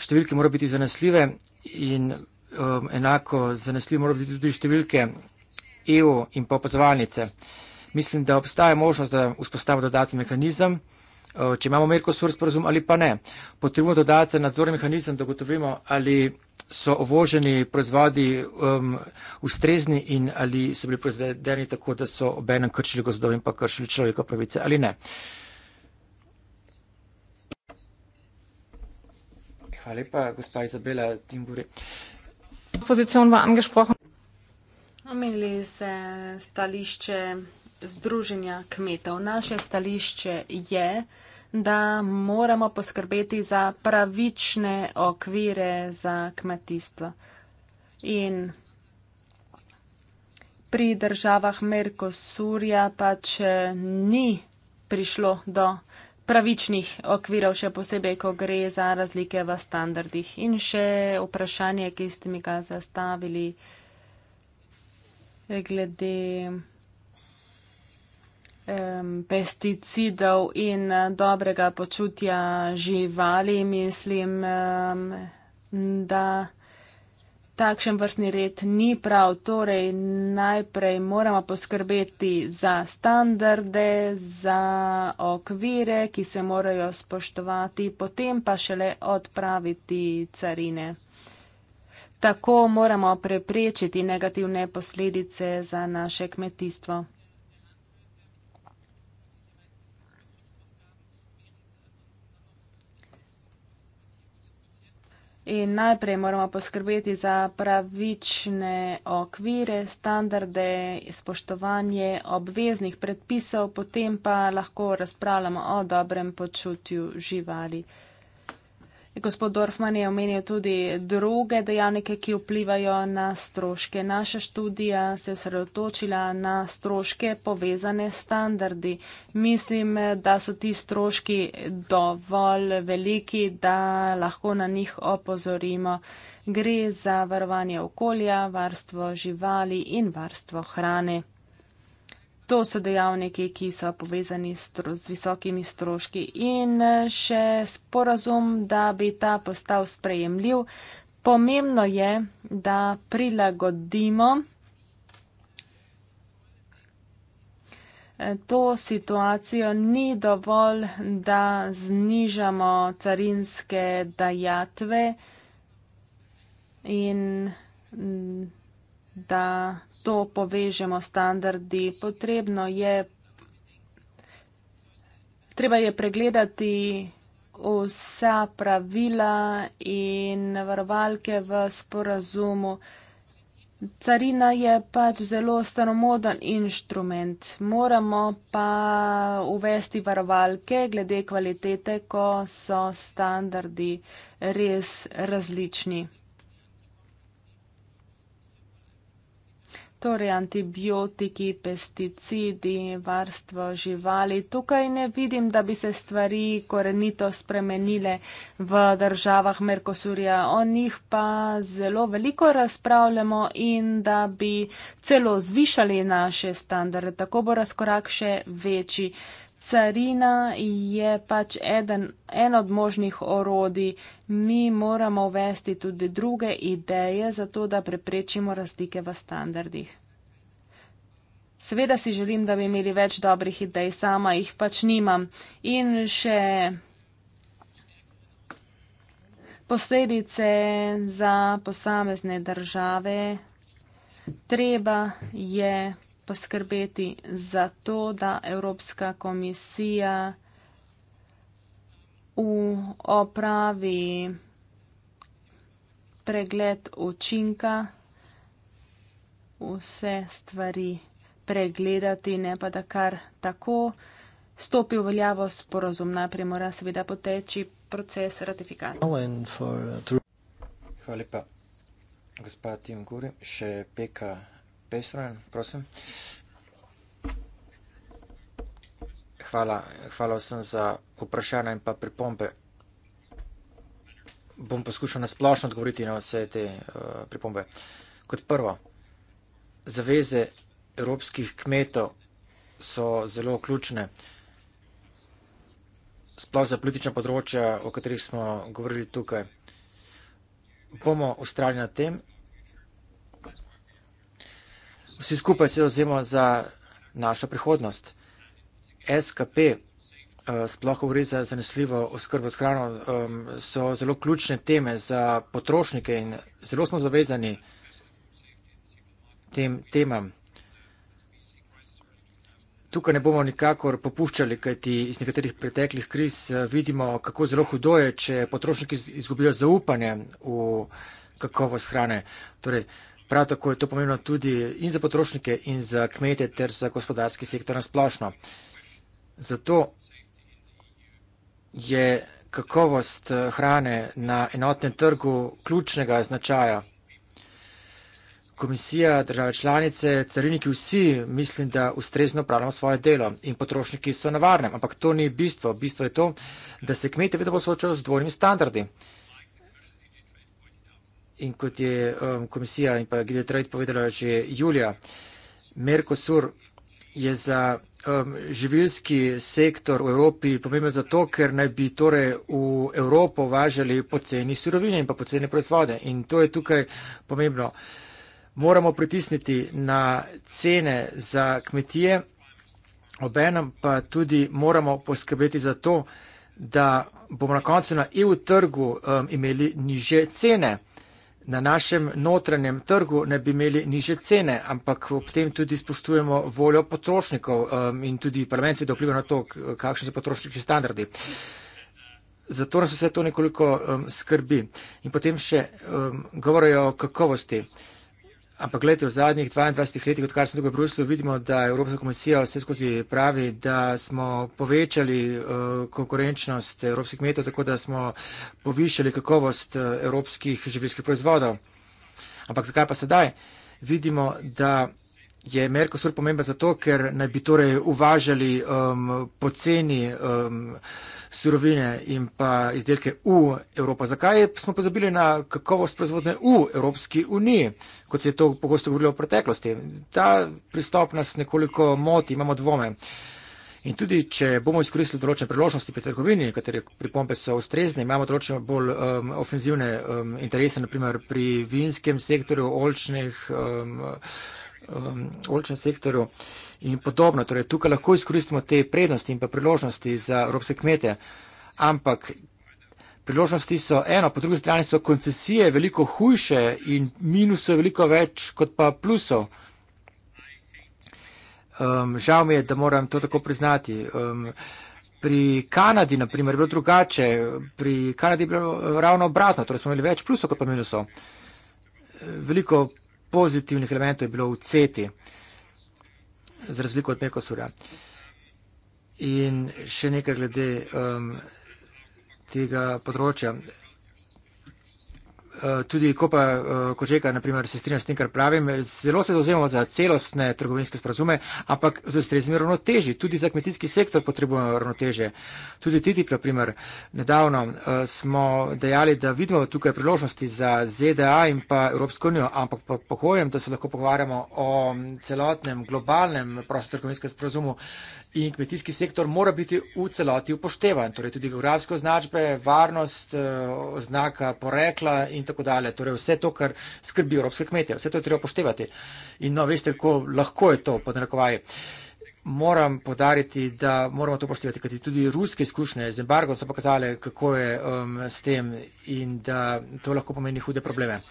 Številke morajo biti zanesljive in um, enako zanesljive morajo biti tudi številke EU in pa opazovalnice. Mislim, da obstaja možnost, da vzpostavimo dodatni mehanizem. Eh, če imamo Merkosur sporozum ali pa ne. Potrebno je dodati nadzorni mehanizem, da gotovimo, ali so ovoženi proizvodi um, ustrezni in ali so bili proizvedeni tako, da so obenem kršili gozdov in pa kršili človeka pravice ali ne. Hvala lepa, gospa Izabela Timburi. Pozicijo vam angažprohom. Omenili ste stališče. Združenja kmetov. Naše stališče je, da moramo poskrbeti za pravične okvire za kmetijstvo. In pri državah Merkosurja pač eh, ni prišlo do pravičnih okvirov, še posebej, ko gre za razlike v standardih. In še vprašanje, ki ste mi ga zastavili eh, glede um, pesticidov in eh, dobrega počutja živali, mislim, um, da takšen vrstni red ni prav. Torej, najprej moramo poskrbeti za standarde, za okvire, ki se morajo spoštovati, potem pa šele odpraviti carine. Tako moramo preprečiti negativne posledice za naše kmetijstvo. In najprej moramo poskrbeti za pravične okvire, standarde, spoštovanje obveznih predpisov, potem pa lahko razpravljamo o dobrem počutju živali. Gospod Dorfman je omenil tudi druge dejavnike, ki vplivajo na stroške. Naša študija se je osredotočila na stroške povezane s standardi. Mislim, da so ti stroški dovolj veliki, da lahko na njih opozorimo. Gre za varovanje okolja, varstvo živali in varstvo hrane. To so dejavniki, ki so povezani s, z visokimi stroški in še sporazum, da bi ta postal sprejemljiv. Pomembno je, da prilagodimo eh, to situacijo. Ni dovolj, da znižamo carinske dajatve in mm, da to povežemo standardi. Potrebno je, treba je pregledati vsa pravila in varovalke v sporazumu. Carina je pač zelo stanomoden inštrument. Moramo pa uvesti varovalke glede kvalitete, ko so standardi res različni. torej antibiotiki, pesticidi, varstvo živali. Tukaj ne vidim, da bi se stvari korenito spremenile v državah Merkosurja. O njih pa zelo veliko razpravljamo in da bi celo zvišali naše standarde. Tako bo razkorak še večji. Carina je pač eden, en od možnih orodij. Mi moramo uvesti tudi druge ideje, zato da preprečimo razlike v standardih. Seveda si želim, da bi imeli več dobrih idej, sama jih pač nimam. In še posledice za posamezne države. Treba je poskrbeti za to, da Evropska komisija upravi pregled učinka, vse stvari pregledati, ne pa da kar tako stopi v veljavo sporozum. Najprej mora seveda poteči proces ratifikacije. Hvala uh, lepa, gospod Tim Gurim, še peka. Pejstran, prosim. Hvala, hvala vsem za vprašanje in pa pripombe. Bom poskušal nasplošno odgovoriti na vse te uh, pripombe. Kot prvo, zaveze evropskih kmetov so zelo ključne, sploh za politična področja, o katerih smo govorili tukaj. Bomo ustrajali na tem, Vsi skupaj se ozemo za našo prihodnost. SKP, eh, sploh govori za zanesljivo oskrbo s hrano, so zelo ključne teme za potrošnike in zelo smo zavezani tem temam. Tukaj ne bomo nikakor popuščali, kajti iz nekaterih preteklih kriz eh, vidimo, kako zelo hudo je, če potrošniki izgubijo zaupanje v kakovost hrane. Torej, Prav tako je to pomembno tudi in za potrošnike, in za kmete, ter za gospodarski sektor nasplošno. Zato je kakovost eh, hrane na enotnem trgu ključnega značaja. Komisija, države članice, cariniki, vsi mislim, da ustrezno upravljamo svoje delo in potrošniki so na varnem, ampak to ni bistvo. Bistvo je to, da se kmete vedno bo soočal z dvojnimi standardi in kot je um, komisija in pa Gide Trajt povedala že julija, Mercosur je za um, živilski sektor v Evropi pomemben zato, ker naj bi torej v Evropo važali poceni surovine in pa poceni proizvode. In to je tukaj pomembno. Moramo pritisniti na cene za kmetije, obenem pa tudi moramo poskrbeti za to, da bomo na koncu na EU trgu um, imeli niže cene na našem notranjem trgu ne bi imeli niže cene, ampak ob tem tudi spoštujemo voljo potrošnikov um, in tudi parlament seveda vpliva na to, kakšni so potrošniki standardi. Zato nas vse to nekoliko um, skrbi. In potem še um, govorijo o kakovosti. Ampak gledajte, v zadnjih 22 letih, odkar sem tukaj v Bruslu, vidimo, da Evropska komisija vse skozi pravi, da smo povečali uh, konkurenčnost evropskih kmetov, tako da smo povišali kakovost eh, evropskih živilskih proizvodov. Ampak zakaj pa sedaj? Vidimo, da je Merkosur pomemben zato, ker naj bi torej uvažali um, poceni. Um, surovine in pa izdelke v Evropo. Zakaj smo pozabili na kakovost proizvodne v Evropski uniji, kot se je to pogosto govorilo v preteklosti? Ta pristop nas nekoliko moti, imamo dvome. In tudi, če bomo izkoristili določene priložnosti pri trgovini, katere pripombe so ustrezne, imamo določene bolj um, ofenzivne um, interese, naprimer pri vinskem sektorju, olčnih, um, um, olčnem sektorju in podobno. Torej, tukaj lahko izkoristimo te prednosti in pa priložnosti za evropske kmete, ampak priložnosti so eno, po drugi strani so koncesije veliko hujše in minusov veliko več kot pa plusov. Um, žal mi je, da moram to tako priznati. Um, pri Kanadi, na primer, je bilo drugače. Pri Kanadi je bilo uh, ravno obratno, torej smo imeli več plusov kot pa minusov. Veliko pozitivnih elementov je bilo v CETI. Uh, z razliko od Mekosura. In še nekaj glede um, tega področja. Eh, tudi ko pa eh, Kočeka, naprimer, se strinja s tem, kar pravim, zelo se zauzemamo za celostne trgovinske sprazume, ampak z ustreznimi ravnoteži, tudi za kmetijski sektor potrebujemo ravnoteže. Tudi TTIP, na primer, nedavno eh, smo dejali, da vidimo tukaj priložnosti za ZDA in pa Evropsko unijo, ampak pohojem, da se lahko pogovarjamo o mm, celotnem globalnem prostotrgovinskem sprazumu, In kmetijski sektor mora biti v celoti upoštevan, torej tudi geografske označbe, varnost, eh, oznaka porekla in tako dalje. Torej vse to, kar skrbi evropske kmetije, vse to je treba upoštevati. In no, veste, kako lahko je to podnarekovaje. Moram podariti, da moramo to upoštevati, kajti tudi ruske izkušnje z embargom so pokazale, kako je um, s tem in da to lahko pomeni hude probleme.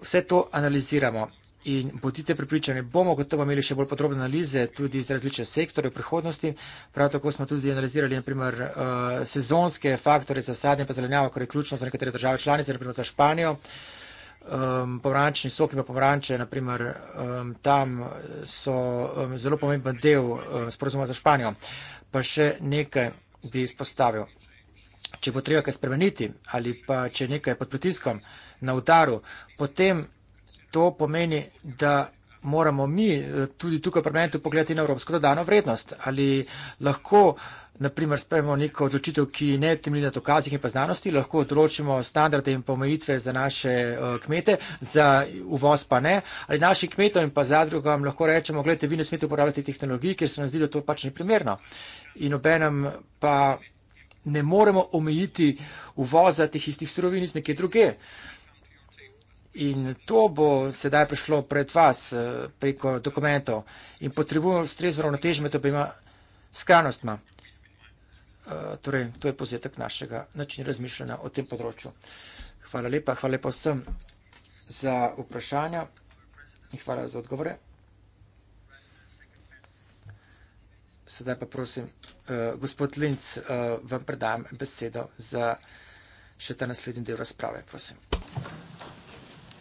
Vse to analiziramo In bodite pripričani, bomo gotovo imeli še bolj podrobne analize tudi iz različnih sektorjev prihodnosti. Prav tako smo tudi analizirali naprimer, eh, sezonske faktore za sadje in zelenjavo, kar je ključno za nekatere države članice, naprimer za Španijo. Um, ehm, pomarančni sok in pomaranče, naprimer, um, ehm, tam so um, zelo pomemben del um, sporozuma za Španijo. Pa še nekaj bi izpostavil. Če bo treba kaj spremeniti ali pa če nekaj je pod pritiskom na udaru, potem to pomeni, da moramo mi eh, tudi tukaj v parlamentu pogledati na evropsko dodano vrednost. Ali lahko, naprimer, sprememo neko odločitev, ki ne temelji na dokazih in pa znanosti, lahko odločimo standarde in pomejitve za naše uh, kmete, za uvoz pa ne. Ali našim kmetom in pa zadrugam lahko rečemo, gledajte, vi ne smete uporabljati tehnologij, ker se nam zdi, da to pač ni primerno. In obenem pa ne moremo omejiti uvoza teh istih surovin iz neke druge. Uh, In to bo sedaj prišlo pred vas eh, preko dokumentov in potrebujemo ustrezno ravnotežje med obema skrajnostma. Eh, torej, to je pozetek našega načina razmišljanja o tem področju. Hvala lepa, hvala lepa vsem za vprašanja in hvala za odgovore. Sedaj pa prosim, uh, gospod Linc, uh, vam predam besedo za še ta naslednji del razprave. Prosim.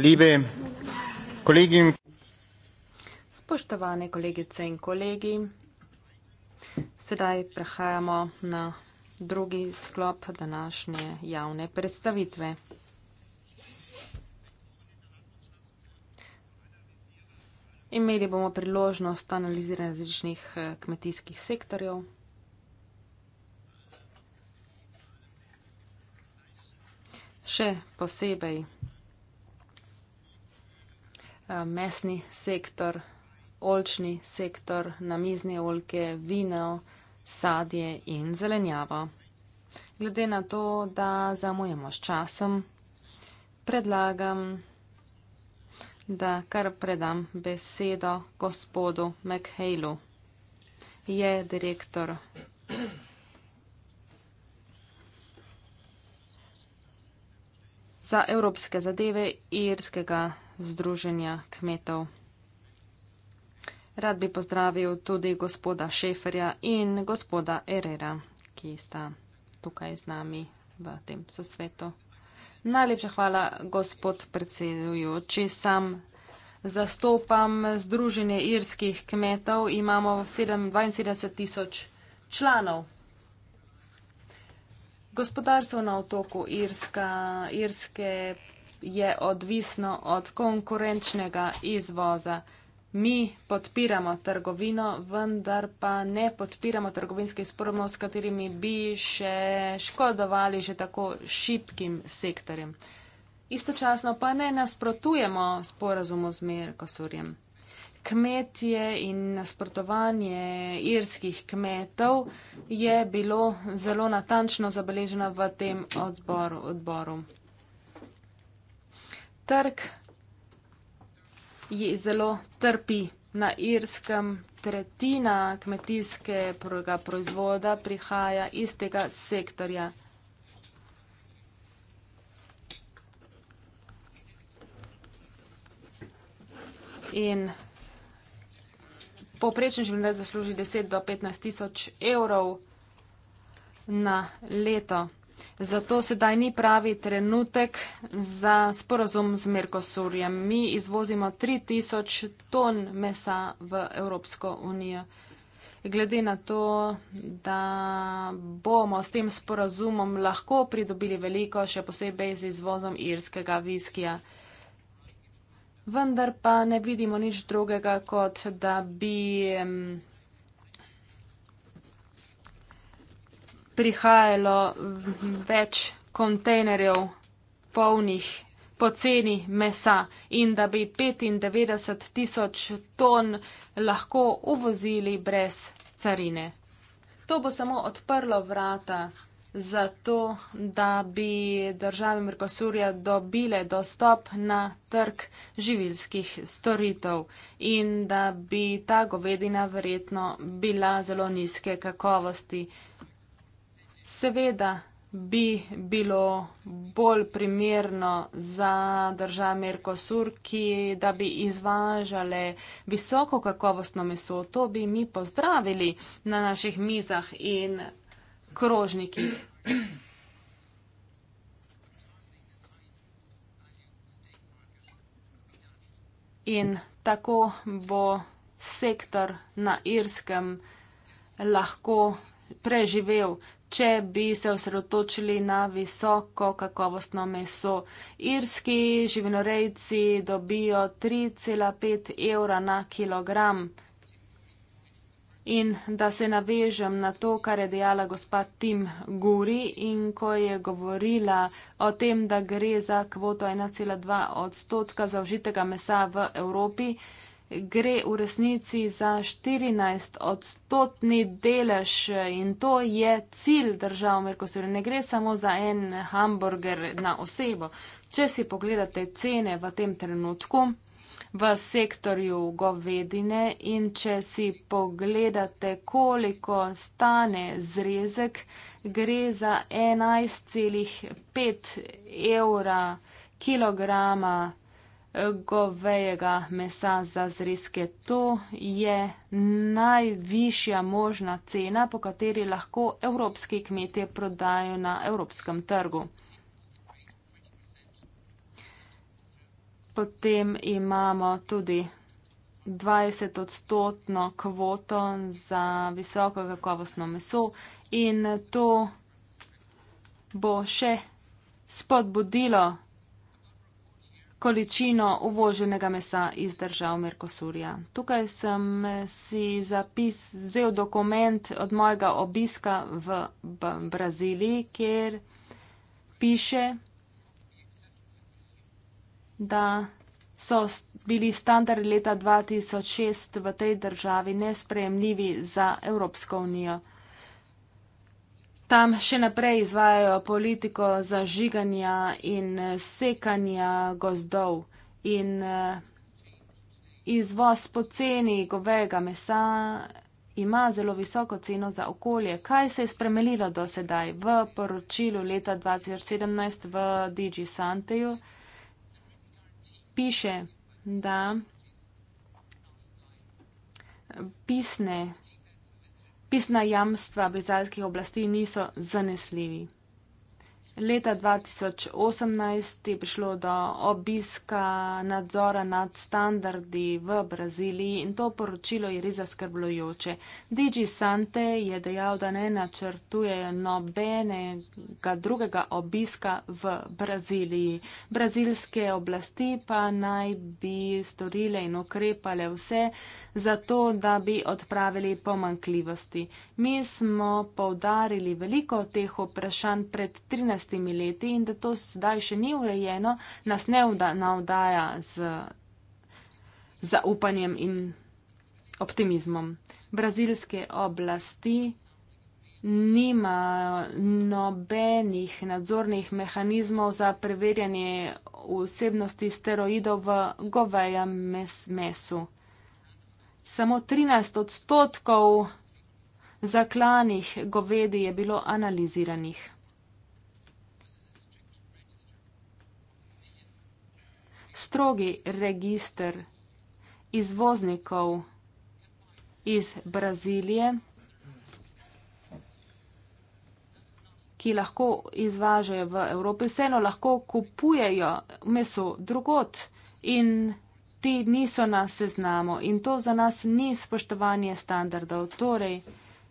ljubi. Kolegi. Spoštovane kolegice in kolegi, sedaj prehajamo na drugi sklop današnje javne predstavitve. Imeli bomo priložnost analizirati različnih eh, kmetijskih sektorjev. Še posebej Eh, mesni sektor, olčni sektor, namizne olke, vino, sadje in zelenjavo. Glede na to, da zamujemo s časom, predlagam, da kar predam besedo gospodu McHale-u. Je direktor za evropske zadeve irskega Združenja kmetov. Rad bi pozdravil tudi gospoda Šeferja in gospoda Erera, ki sta tukaj z nami v tem sosvetu. Najlepša hvala, gospod predsedujoči. Sam zastopam Združenje irskih kmetov. Imamo 72 tisoč članov. Gospodarstvo na otoku Irska, Irske je odvisno od konkurenčnega izvoza. Mi podpiramo trgovino, vendar pa ne podpiramo trgovinskih sporomov, s katerimi bi še škodovali že tako šipkim sektorjem. Istočasno pa ne nasprotujemo sporazumu z Merkosurjem. Kmetje in nasprotovanje irskih kmetov je bilo zelo natančno zabeleženo v tem odboru. odboru trg zelo trpi. Na Irskem tretjina kmetijskega proizvoda prihaja iz tega sektorja. In povprečen življenj zasluži 10 do 15 tisoč evrov na leto. Zato sedaj ni pravi trenutek za sporazum z Merkosurjem. Mi izvozimo 3000 ton mesa v Evropsko unijo. Glede na to, da bomo s tem sporazumom lahko pridobili veliko, še posebej z izvozom irskega viskija. Vendar pa ne vidimo nič drugega, kot da bi. Um, prihajalo več kontejnerjev polnih poceni mesa in da bi 95 tisoč ton lahko uvozili brez carine. To bo samo odprlo vrata za to, da bi države Mercosurja dobile dostop na trg živilskih storitev in da bi ta govedina verjetno bila zelo nizke kakovosti. Seveda bi bilo bolj primerno za država Mercosur, ki da bi izvažale visoko kakovostno meso, to bi mi pozdravili na naših mizah in krožnikih. In tako bo sektor na Irskem lahko preživel če bi se osredotočili na visoko kakovostno meso. Irski živinorejci dobijo 3,5 evra na kilogram. In da se navežem na to, kar je dejala gospa Tim Guri in ko je govorila o tem, da gre za kvoto 1,2 odstotka zaužitega mesa v Evropi, gre v resnici za 14 odstotni delež in to je cilj držav Merkosur. Ne gre samo za en hamburger na osebo. Če si pogledate cene v tem trenutku v sektorju govedine in če si pogledate, koliko stane zrezek, gre za 11,5 evra kilograma govejega mesa za zrezke. To je najvišja možna cena, po kateri lahko evropski kmetje prodajo na evropskem trgu. Potem imamo tudi 20 odstotno kvoto za visoko kakovostno meso in to bo še spodbudilo količino uvoženega mesa iz držav Merkosurja. Tukaj sem si zapis, vzel dokument od mojega obiska v B Braziliji, kjer piše, da so bili standardi leta 2006 v tej državi nespremljivi za Evropsko unijo tam še naprej izvajajo politiko zažiganja in eh, sekanja gozdov in eh, izvoz poceni govega mesa ima zelo visoko ceno za okolje. Kaj se je spremenilo do sedaj v poročilu leta 2017 v Digi Santeju? Piše, da pisne pisna jamstva brazilskih oblasti niso zanesljivi. Leta 2018 je prišlo do obiska nadzora nad standardi v Braziliji in to poročilo je res zaskrbljujoče. DG Sante je dejal, da ne načrtuje nobenega drugega obiska v Braziliji. Brazilske oblasti pa naj bi storile in ukrepale vse za to, da bi odpravili pomankljivosti. Mi smo poudarili veliko teh vprašanj pred 13. 15 leti in da to sedaj še ni urejeno, nas ne navdaja z zaupanjem in optimizmom. Brazilske oblasti nimajo nobenih nadzornih mehanizmov za preverjanje vsebnosti steroidov v govejem mes mesu. Samo 13 odstotkov zaklanih govedi je bilo analiziranih. strogi registr izvoznikov iz Brazilije, ki lahko izvažajo v Evropi, vseeno lahko kupujejo meso drugot in ti niso na seznamu in to za nas ni spoštovanje standardov, torej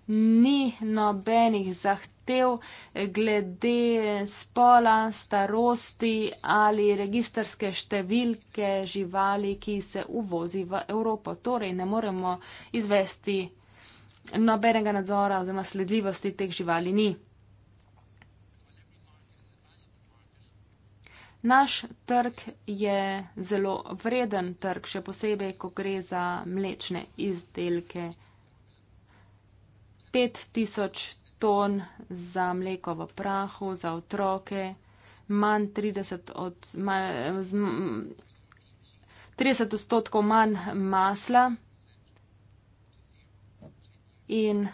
ni nobenih zahtev zahtev eh, glede spola, starosti ali registerske številke živali, ki se uvozi v Evropo. Torej ne moremo izvesti nobenega nadzora oziroma sledljivosti teh živali ni. Naš trg je zelo vreden trg, še posebej, ko gre za mlečne izdelke. 5000 ton za mleko v prahu, za otroke, manj 30, od, manj, 30 odstotkov manj masla in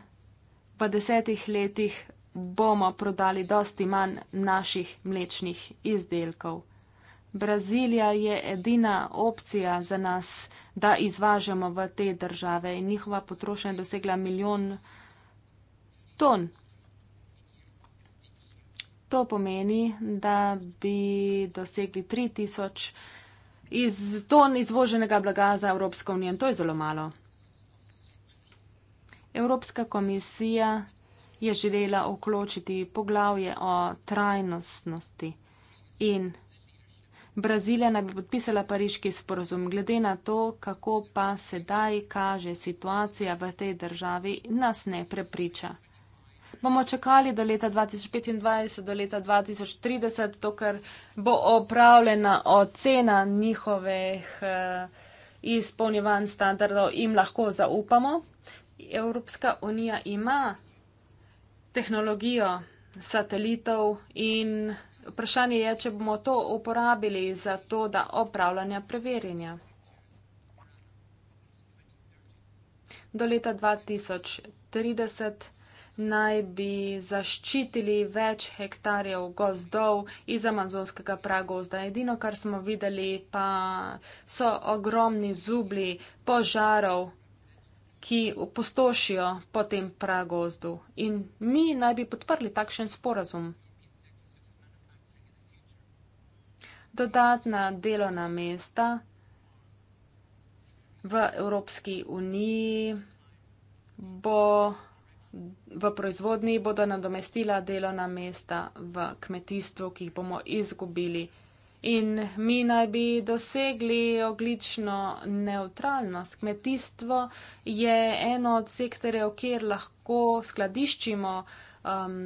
v desetih letih bomo prodali dosti manj naših mlečnih izdelkov. Brazilija je edina opcija za nas, da izvažamo v te države in njihova potrošnja je dosegla milijon. Ton. To pomeni, da bi dosegli 3000 iz ton izvoženega blaga za Evropsko unijo. To je zelo malo. Evropska komisija je želela okločiti poglavje o trajnostnosti in Brazilija naj bi podpisala pariški sporozum. Glede na to, kako pa sedaj kaže situacija v tej državi, nas ne prepriča bomo čakali do leta 2025, do leta 2030, dokler bo opravljena ocena njihovih eh, izpolnjevanj standardov, jim lahko zaupamo. Evropska unija ima tehnologijo satelitov in vprašanje je, če bomo to uporabili za to, da opravljanja preverjenja. Do leta 2030 naj bi zaščitili več hektarjev gozdov iz amazonskega pragozda. Edino, kar smo videli, pa so ogromni zubli požarov, ki upostošijo po tem pragozdu. In mi naj bi podprli takšen sporazum. Dodatna delovna mesta v Evropski uniji bo v proizvodni bodo nadomestila delovna mesta v kmetijstvu, ki jih bomo izgubili. In mi naj bi dosegli oglično neutralnost. Kmetijstvo je eno od sektorjev, kjer lahko skladiščimo um,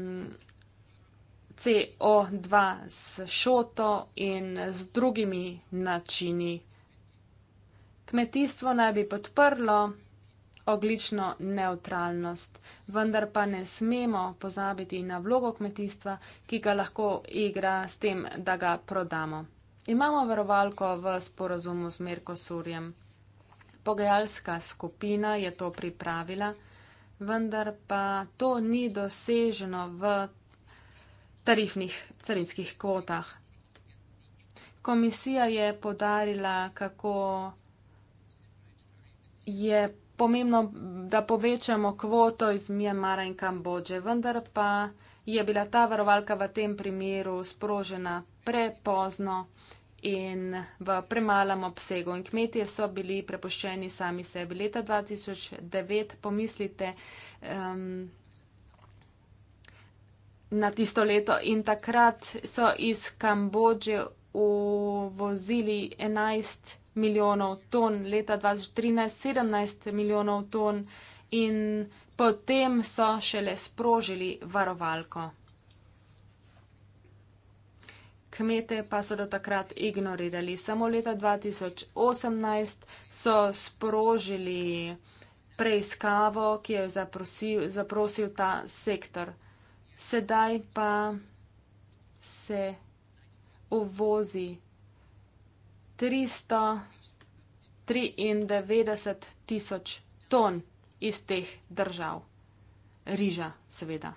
CO2 s šoto in z drugimi načini. Kmetijstvo naj bi podprlo oglično neutralnost, vendar pa ne smemo pozabiti na vlogo kmetijstva, ki ga lahko igra s tem, da ga prodamo. Imamo verovalko v sporozumu z Merkosurjem. Pogajalska skupina je to pripravila, vendar pa to ni doseženo v tarifnih carinskih kvotah. Komisija je podarila, kako je pomembno, da povečamo kvoto iz Mjanmara in Kambodže, vendar pa je bila ta varovalka v tem primeru sprožena prepozno in v premalem obsegu. In kmetije so bili prepuščeni sami sebi. Leta 2009, pomislite um, na tisto leto, in takrat so iz Kambodže uvozili 11 milijonov ton, leta 2013 17 milijonov ton in potem so šele sprožili varovalko. Kmete pa so do takrat ignorirali. Samo leta 2018 so sprožili preiskavo, ki jo je zaprosil, zaprosil ta sektor. Sedaj pa se uvozi tristo triindevetdeset tisoč ton iz teh držav. Riža, seveda.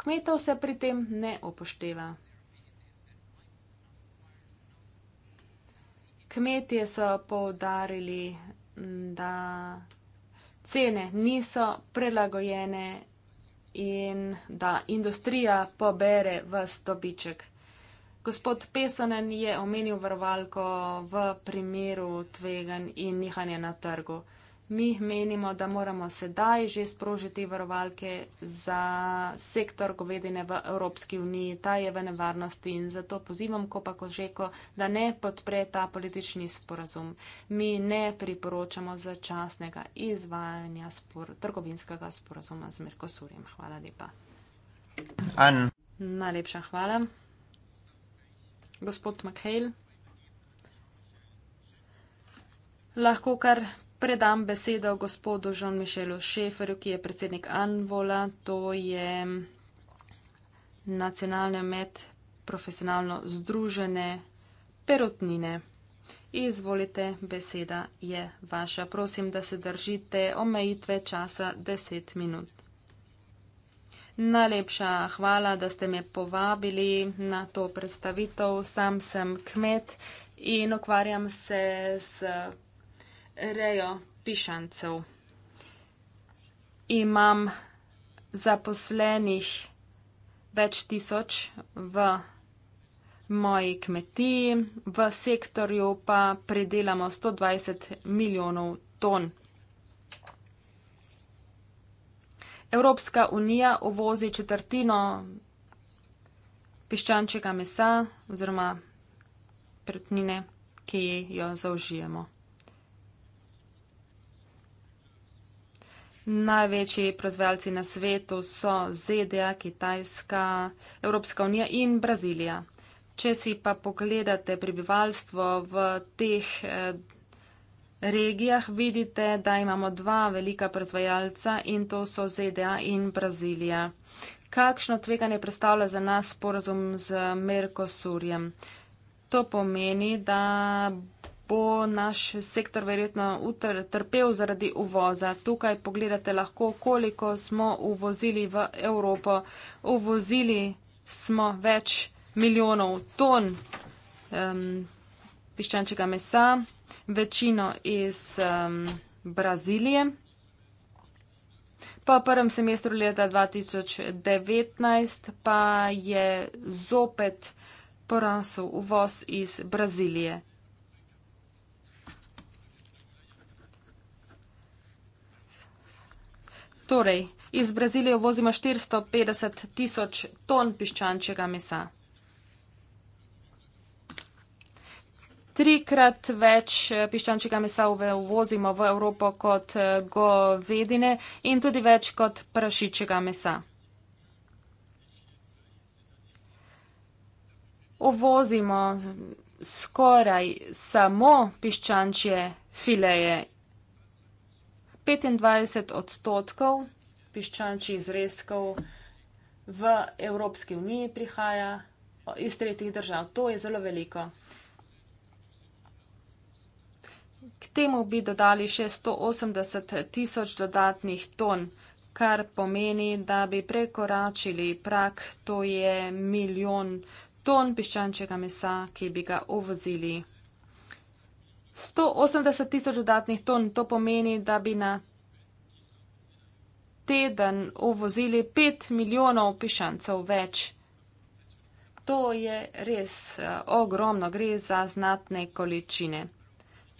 Kmetov se pri tem ne upošteva. Kmetje so poudarili, da cene niso prilagojene in da industrija pobere ves dobiček. Gospod Pesanen je omenil varovalko v primeru tvegan in nihanja na trgu. Mi menimo, da moramo sedaj že sprožiti varovalke za sektor govedine v Evropski uniji. Ta je v nevarnosti in zato pozivam Kopa Kožeko, da ne podpre ta politični sporazum. Mi ne priporočamo začasnega izvajanja spor, trgovinskega sporazuma z Merkosurjem. Hvala lepa. An. Najlepša hvala gospod Makhail. Lahko kar predam besedo gospodu Jean-Michelu Šeferju, ki je predsednik Anvola, to je nacionalne med profesionalno združene perutnine. Izvolite, beseda je vaša. Prosim, da se držite omejitve časa 10 minut. Najlepša hvala, da ste me povabili na to predstavitev. Sam sem kmet in okvarjam se z rejo pišancev. Imam zaposlenih več tisoč v moji kmetiji, v sektorju pa predelamo 120 milijonov ton. Evropska unija uvozi četrtino piščančjega mesa oziroma pretnine, ki jo zaužijemo. Največji proizvajalci na svetu so ZDA, Kitajska, Evropska unija in Brazilija. Če si pa pogledate prebivalstvo v teh eh, regijah vidite, da imamo dva velika proizvajalca in to so ZDA in Brazilija. Kakšno tveganje predstavlja za nas sporozum z Merkosurjem? To pomeni, da bo naš sektor verjetno utrpel zaradi uvoza. Tukaj pogledate lahko, koliko smo uvozili v Evropo. Uvozili smo več milijonov ton um, ehm, piščančega mesa, večino iz um, Brazilije. Po prvem semestru leta 2019 pa je zopet porasel uvoz iz Brazilije. Torej, iz Brazilije uvozimo 450 tisoč ton piščančjega mesa. trikrat več eh, piščančjega mesa uvozimo v Evropo kot eh, govedine in tudi več kot prašičjega mesa. Uvozimo skoraj samo piščančje fileje. 25 odstotkov piščančjih zrezkov v Evropski uniji prihaja iz tretjih držav. To je zelo veliko k temu bi dodali še 180 tisoč dodatnih ton, kar pomeni, da bi prekoračili prak, to je milijon ton piščančega mesa, ki bi ga uvozili. 180 tisoč dodatnih ton, to pomeni, da bi na teden uvozili 5 milijonov pišancev več. To je res eh, ogromno, gre za znatne količine.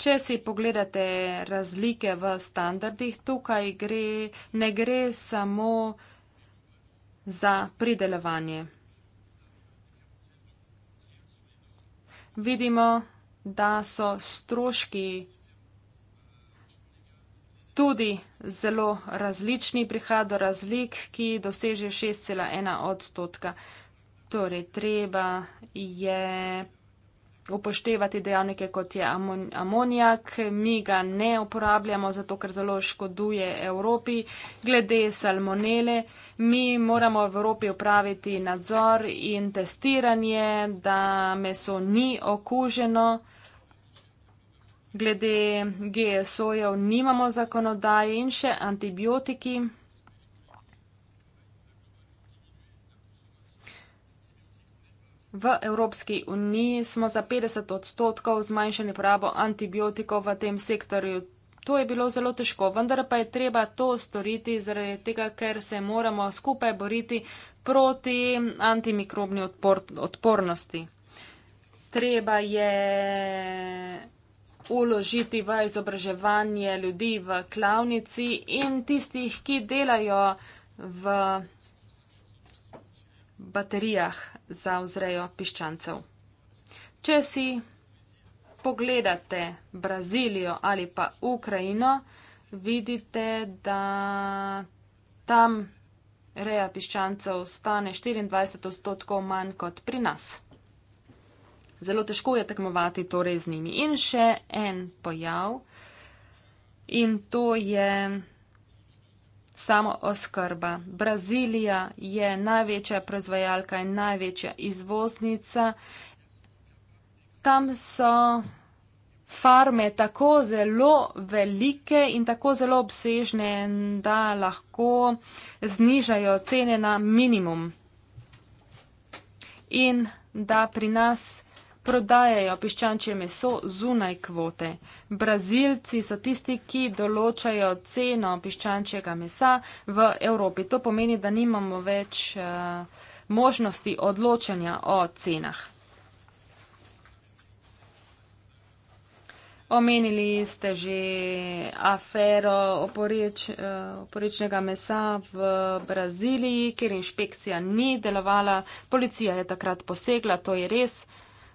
Če si pogledate razlike v standardih, tukaj gre, ne gre samo za pridelovanje. Vidimo, da so stroški tudi zelo različni, prihaja do razlik, ki doseže 6,1 odstotka. Torej, treba je upoštevati dejavnike, kot je amon, amonijak. Mi ga ne uporabljamo, zato ker zelo škoduje Evropi. Glede salmonele, mi moramo v Evropi upraviti nadzor in testiranje, da meso ni okuženo. Glede GSO-jev nimamo zakonodaje in še antibiotiki. V Evropski uniji smo za 50 odstotkov zmanjšali porabo antibiotikov v tem sektorju. To je bilo zelo težko, vendar pa je treba to storiti zaradi tega, ker se moramo skupaj boriti proti antimikrobni odpor odpornosti. Treba je uložiti v izobraževanje ljudi v klavnici in tistih, ki delajo v baterijah za vzrejo piščancev. Če si pogledate Brazilijo ali pa Ukrajino, vidite, da tam reja piščancev stane 24 odstotkov manj kot pri nas. Zelo težko je tekmovati torej z njimi. In še en pojav, in to je samooskrba. Brazilija je največja proizvajalka in največja izvoznica. Tam so farme tako zelo velike in tako zelo obsežne, da lahko znižajo cene na minimum. In da pri nas prodajajo piščančje meso zunaj kvote. Brazilci so tisti, ki določajo ceno piščančjega mesa v Evropi. To pomeni, da nimamo več uh, možnosti odločanja o cenah. Omenili ste že afero oporeč, eh, oporečnega mesa v Braziliji, kjer inšpekcija ni delovala, policija je takrat posegla, to je res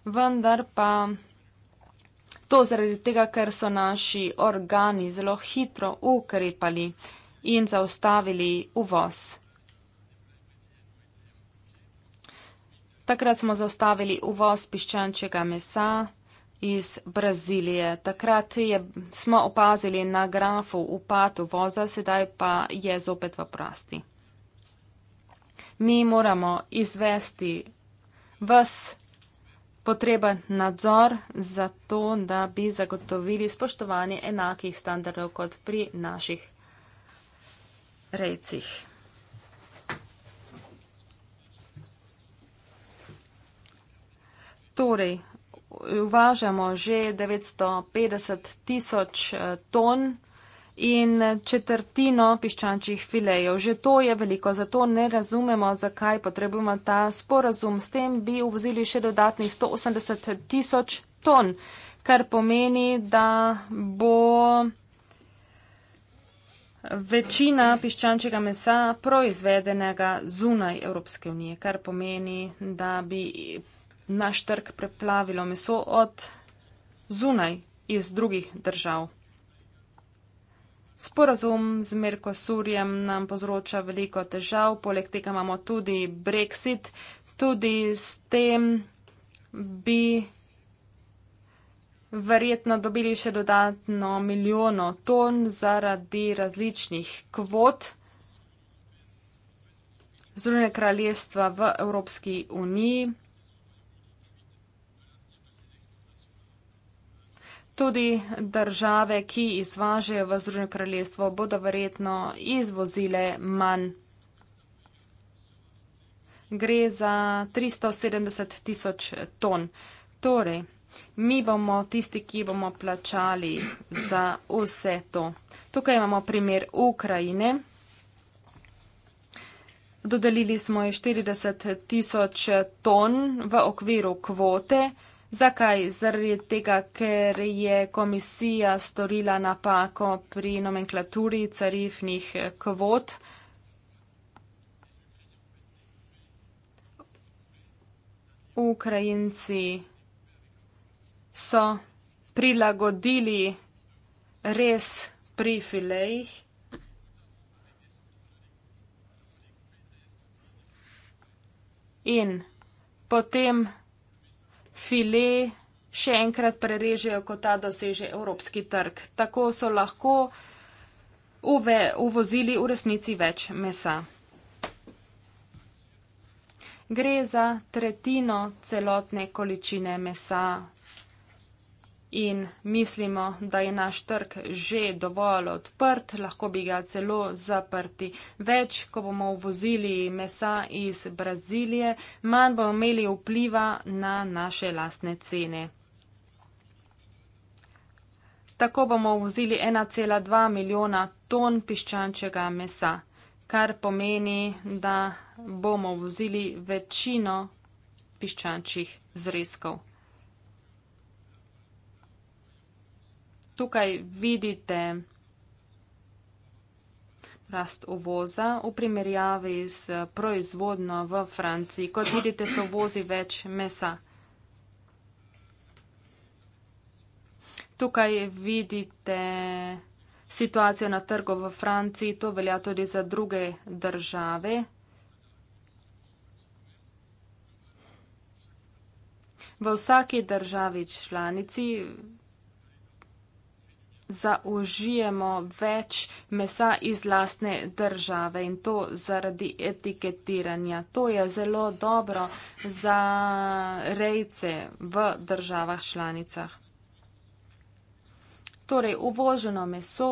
vendar pa to zaradi tega, ker so naši organi zelo hitro ukrepali in zaustavili uvoz. Takrat smo zaustavili uvoz piščančjega mesa iz Brazilije. Takrat je, smo opazili na grafu upad uvoza, sedaj pa je zopet v prasti. Mi moramo izvesti vse potreben nadzor za to, da bi zagotovili spoštovanje enakih standardov kot pri naših rejcih. Torej, uvažamo že 950 tisoč eh, ton in četrtino piščančjih filejev. Že to je veliko, zato ne razumemo, zakaj potrebujemo ta sporazum. S tem bi uvozili še dodatnih 180 tisoč ton, kar pomeni, da bo večina piščančjega mesa proizvedenega zunaj Evropske unije, kar pomeni, da bi naš trg preplavilo meso od zunaj iz drugih držav. Sporazum z Mercosurjem nam povzroča veliko težav, poleg tega imamo tudi Brexit, tudi s tem bi verjetno dobili še dodatno milijono ton zaradi različnih kvot Združene kraljestva v Evropski uniji. Tudi države, ki izvažajo v Združeno kraljestvo, bodo verjetno izvozile manj. Gre za 370 tisoč ton. Torej, mi bomo tisti, ki bomo plačali za vse to. Tukaj imamo primer Ukrajine. Dodelili smo ji 40 tisoč ton v okviru kvote. Zakaj? Zaradi tega, ker je komisija storila napako pri nomenklaturi tarifnih kvot. Ukrajinci so prilagodili res privilej. In potem file še enkrat prerežejo, ko ta doseže evropski trg. Tako so lahko uve, uvozili v resnici več mesa. Gre za tretjino celotne količine mesa in mislimo, da je naš trg že dovolj odprt, lahko bi ga celo zaprti. Več, ko bomo uvozili mesa iz Brazilije, manj bomo imeli vpliva na naše lastne cene. Tako bomo uvozili 1,2 milijona ton piščančega mesa, kar pomeni, da bomo uvozili večino piščančjih zrezkov. tukaj vidite rast uvoza v primerjavi s proizvodno v Franciji. Kot vidite, so vozi več mesa. Tukaj vidite situacijo na trgu v Franciji, to velja tudi za druge države. V vsaki državi članici zaužijemo več mesa iz lastne države in to zaradi etiketiranja. To je zelo dobro za rejce v državah članicah. Torej, uvoženo meso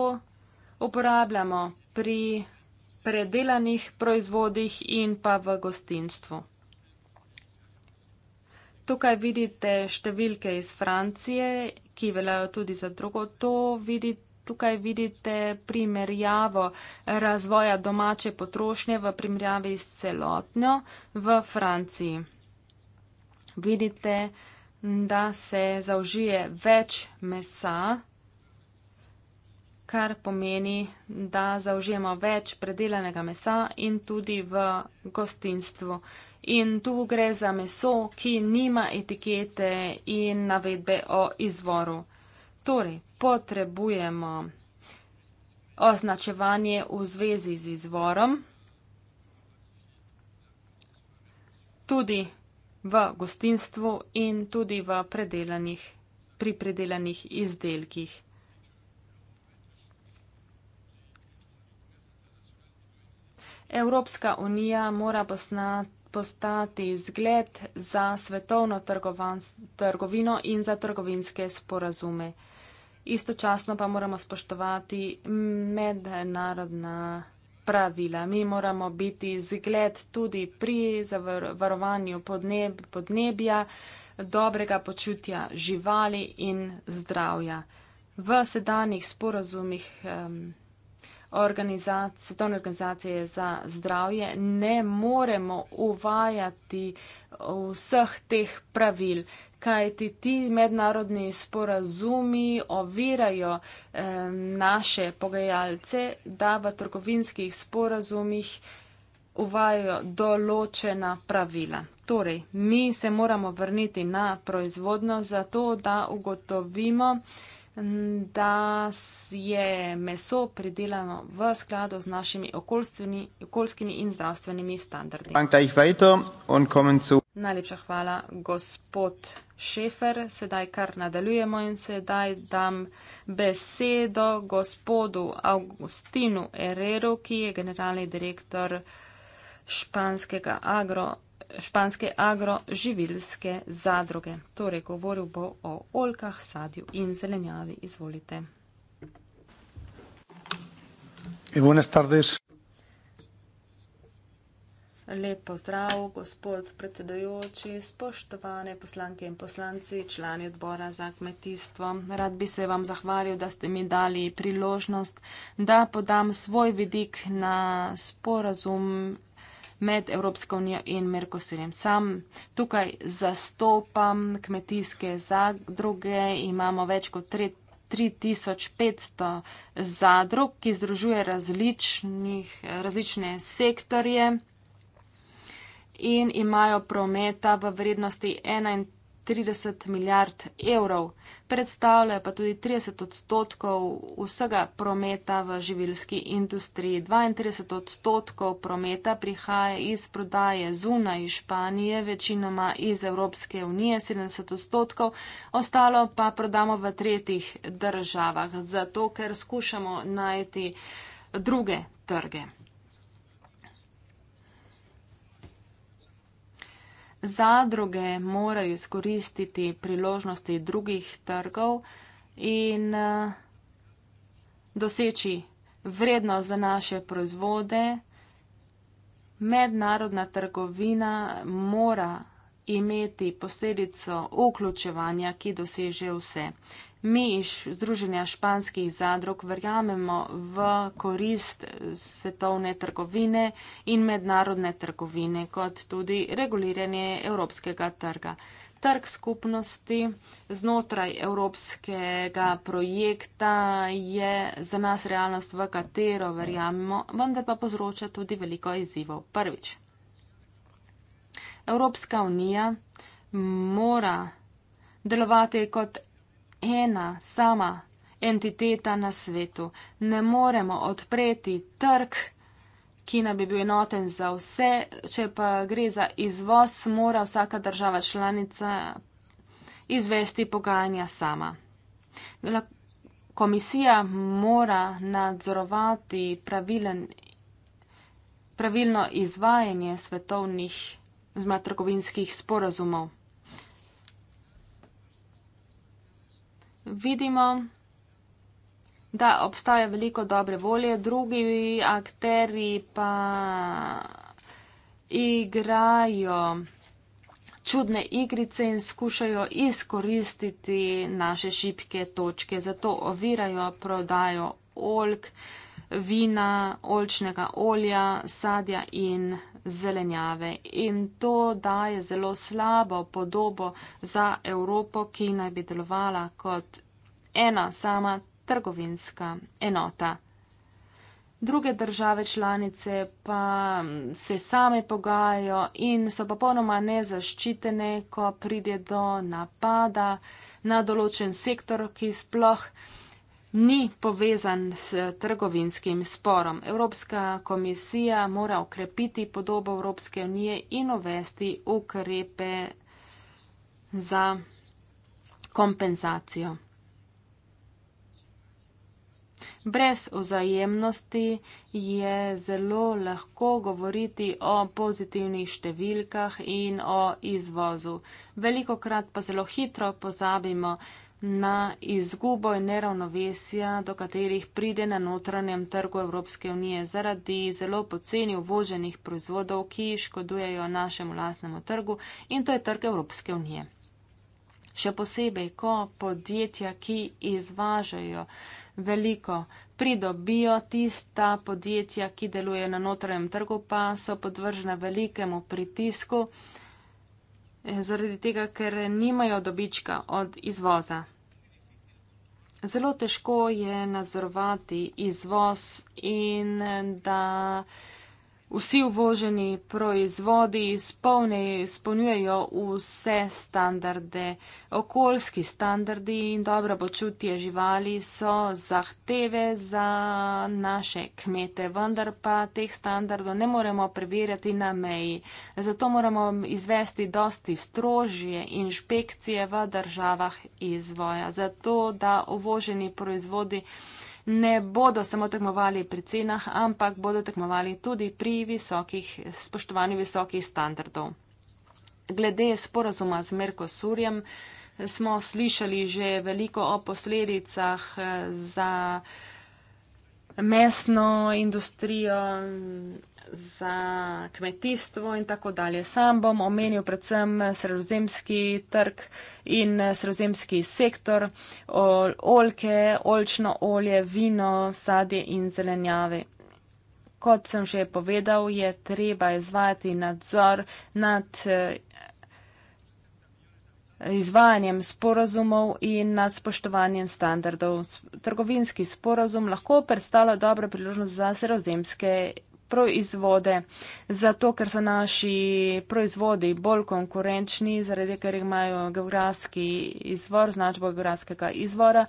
uporabljamo pri predelanih proizvodih in pa v gostinstvu. Tukaj vidite številke iz Francije, ki veljajo tudi za drugo. To vidi, tukaj vidite primerjavo razvoja domače potrošnje v primerjavi s celotno v Franciji. Vidite, da se zaužije več mesa, kar pomeni, da zaužijemo več predelanega mesa in tudi v gostinstvu. Uh, In tu gre za meso, ki nima etikete in navedbe o izvoru. Torej, potrebujemo označevanje v zvezi z izvorom, tudi v gostinstvu in tudi v predelanih, pri predelanih izdelkih. Evropska unija mora posnati postati zgled za svetovno trgovino in za trgovinske sporazume. Istočasno pa moramo spoštovati mednarodna pravila. Mi moramo biti zgled tudi pri zavarovanju podneb, podnebja, dobrega počutja živali in zdravja. V sedanjih sporazumih um, organizacije, svetovne organizacije za zdravje, ne moremo uvajati vseh teh pravil, kajti ti mednarodni sporazumi ovirajo eh, naše pogajalce, da v trgovinskih sporazumih uvajajo določena pravila. Torej, mi se moramo vrniti na proizvodno zato, da ugotovimo, eh, da je meso predelano v skladu z našimi okoljskimi in zdravstvenimi standardi. Najlepša hvala, gospod Šefer. Sedaj kar nadaljujemo in sedaj dam besedo gospodu Augustinu Herreru, ki je generalni direktor španskega agro španske agroživilske zadruge. Torej, govoril bo o oljkah, sadju in zelenjavi. Izvolite. Eh, Lepo zdrav, gospod predsedujoči, spoštovane poslanke in poslanci, člani odbora za kmetijstvo. Rad bi se vam zahvalil, da ste mi dali priložnost, da podam svoj vidik na sporazum med Evropsko unijo in Merkosirjem. Sam tukaj zastopam kmetijske zadruge, imamo več kot 3500 zadrug, ki združuje različnih, različne sektorje in imajo prometa v vrednosti 31. 30 milijard evrov, predstavlja pa tudi 30 odstotkov vsega prometa v živilski industriji. 32 odstotkov prometa prihaja iz prodaje zunaj Španije, večinoma iz Evropske unije, 70 odstotkov, ostalo pa prodamo v tretjih državah, zato ker skušamo najti druge trge. zadruge morajo izkoristiti priložnosti drugih trgov in eh, doseči vredno za naše proizvode. Mednarodna trgovina mora imeti posledico vključevanja, ki doseže vse. Mi iz Združenja španskih zadrug verjamemo v korist svetovne trgovine in mednarodne trgovine, kot tudi reguliranje evropskega trga. Trg skupnosti znotraj evropskega projekta je za nas realnost, v katero verjamemo, vendar pa povzroča tudi veliko izzivov. Prvič. Evropska unija mora delovati kot ena sama entiteta na svetu. Ne moremo odpreti trg, ki naj bi bil enoten za vse, če pa gre za izvoz, mora vsaka država članica izvesti pogajanja sama. Komisija mora nadzorovati pravilen, pravilno izvajanje svetovnih trgovinskih sporazumov. vidimo, da obstaja veliko dobre volje, drugi akteri pa igrajo čudne igrice in skušajo izkoristiti naše šipke točke, zato ovirajo prodajo olk, vina, olčnega olja, sadja in zelenjave in to daje zelo slabo podobo za Evropo, ki naj bi delovala kot ena sama trgovinska enota. Druge države članice pa mm, se same pogajajo in so popolnoma nezaščitene, ko pride do napada na določen sektor, ki sploh ni povezan s trgovinskim sporom. Evropska komisija mora ukrepiti podobo Evropske unije in uvesti ukrepe za kompenzacijo. Brez vzajemnosti je zelo lahko govoriti o pozitivnih številkah in o izvozu. Veliko krat pa zelo hitro pozabimo, na izgubo neravnovesja, do katerih pride na notranjem trgu Evropske unije zaradi zelo poceni uvoženih proizvodov, ki škodujejo našemu lastnemu trgu in to je trg Evropske unije. Še posebej, ko podjetja, ki izvažajo veliko, pridobijo tista podjetja, ki delujejo na notranjem trgu, pa so podvržena velikemu pritisku, Eh, zaradi tega, ker nimajo dobička od izvoza. Zelo težko je nadzorovati izvoz in eh, da. Vsi uvoženi proizvodi izpolnjujejo vse standarde. Okoljski standardi in dobro počutje živali so zahteve za naše kmete, vendar pa teh standardov ne moremo preverjati na meji. Zato moramo izvesti dosti strožje inšpekcije v državah izvoja, zato da uvoženi proizvodi ne bodo samo tekmovali pri cenah, ampak bodo tekmovali tudi pri visokih, spoštovanju visokih standardov. Glede sporazuma z Merkosurjem smo slišali že veliko o posledicah eh, za mesno industrijo za kmetijstvo in tako dalje. Sam bom omenil predvsem sredozemski trg in eh, sredozemski sektor, oljke, oljčno olje, vino, sadje in zelenjave. Kot sem že povedal, je treba izvajati nadzor nad eh, izvajanjem sporazumov in nad spoštovanjem standardov. Trgovinski sporazum lahko predstavlja dobro priložnost za sredozemske proizvode, zato ker so naši proizvodi bolj konkurenčni, zaradi ker imajo geografski izvor, značbo geografskega izvora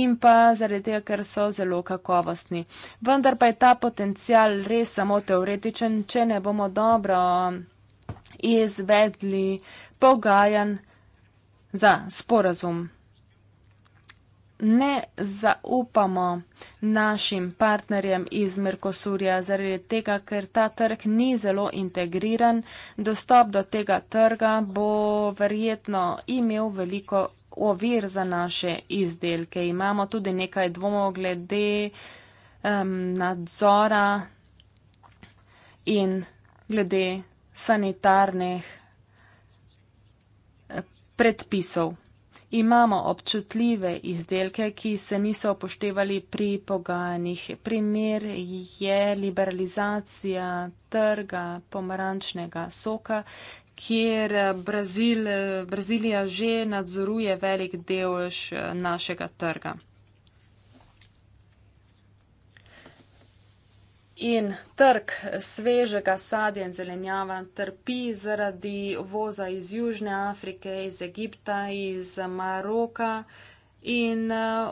in pa zaradi tega, ker so zelo kakovostni. Vendar pa je ta potencial res samo teoretičen, če ne bomo dobro izvedli pogajanj za sporazum ne zaupamo našim partnerjem iz Merkosurja, zaradi tega, ker ta trg ni zelo integriran. Dostop do tega trga bo verjetno imel veliko ovir za naše izdelke. Imamo tudi nekaj dvomov glede um, nadzora in glede sanitarnih eh, predpisov. Imamo občutljive izdelke, ki se niso upoštevali pri pogajanjih. Primer je liberalizacija trga pomarančnega soka, kjer Brazil, Brazilija že nadzoruje velik delž našega trga. In trg svežega sadja in zelenjava trpi zaradi voza iz Južne Afrike, iz Egipta, iz Maroka. In eh,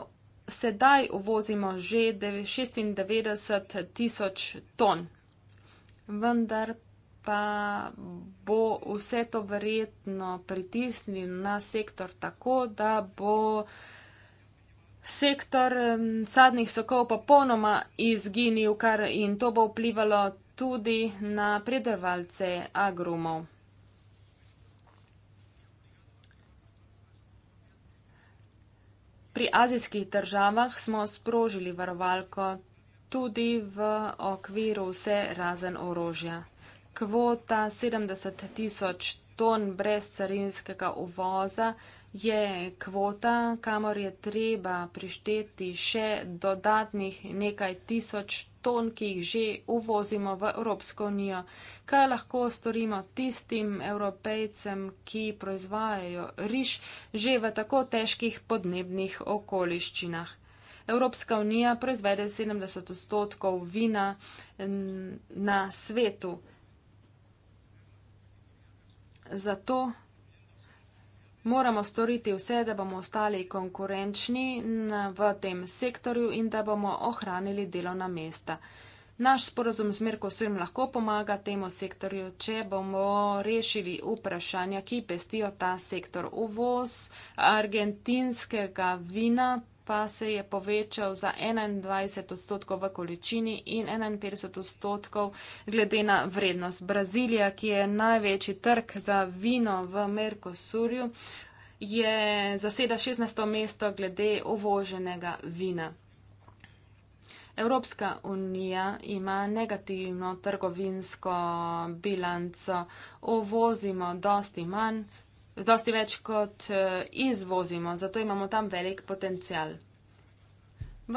sedaj uvozimo že 96 tisoč ton. Vendar pa bo vse to verjetno pritisnil na sektor tako, da bo sektor sadnih sokov popolnoma izginil, kar in to bo vplivalo tudi na predrvalce agrumov. Pri azijskih državah smo sprožili varovalko tudi v okviru vse razen orožja. Kvota 70 tisoč ton brez carinskega uvoza je je kvota, kamor je treba prišteti še dodatnih nekaj tisoč ton, ki jih že uvozimo v Evropsko unijo. Kaj lahko storimo tistim evropejcem, ki proizvajajo riž že v tako težkih podnebnih okoliščinah? Evropska unija proizvede 70 odstotkov vina na svetu. Zato moramo storiti vse, da bomo ostali konkurenčni v tem sektorju in da bomo ohranili delovna mesta. Naš sporozum z Merkosurjem lahko pomaga temu sektorju, če bomo rešili vprašanja, ki pestijo ta sektor. Uvoz argentinskega vina pa se je povečal za 21 odstotkov v količini in 51 odstotkov glede na vrednost. Brazilija, ki je največji trg za vino v Mercosurju, je zaseda 16. mesto glede uvoženega vina. Evropska unija ima negativno trgovinsko bilanco, uvozimo dosti manj, Zlosti več kot eh, izvozimo, zato imamo tam velik potencial.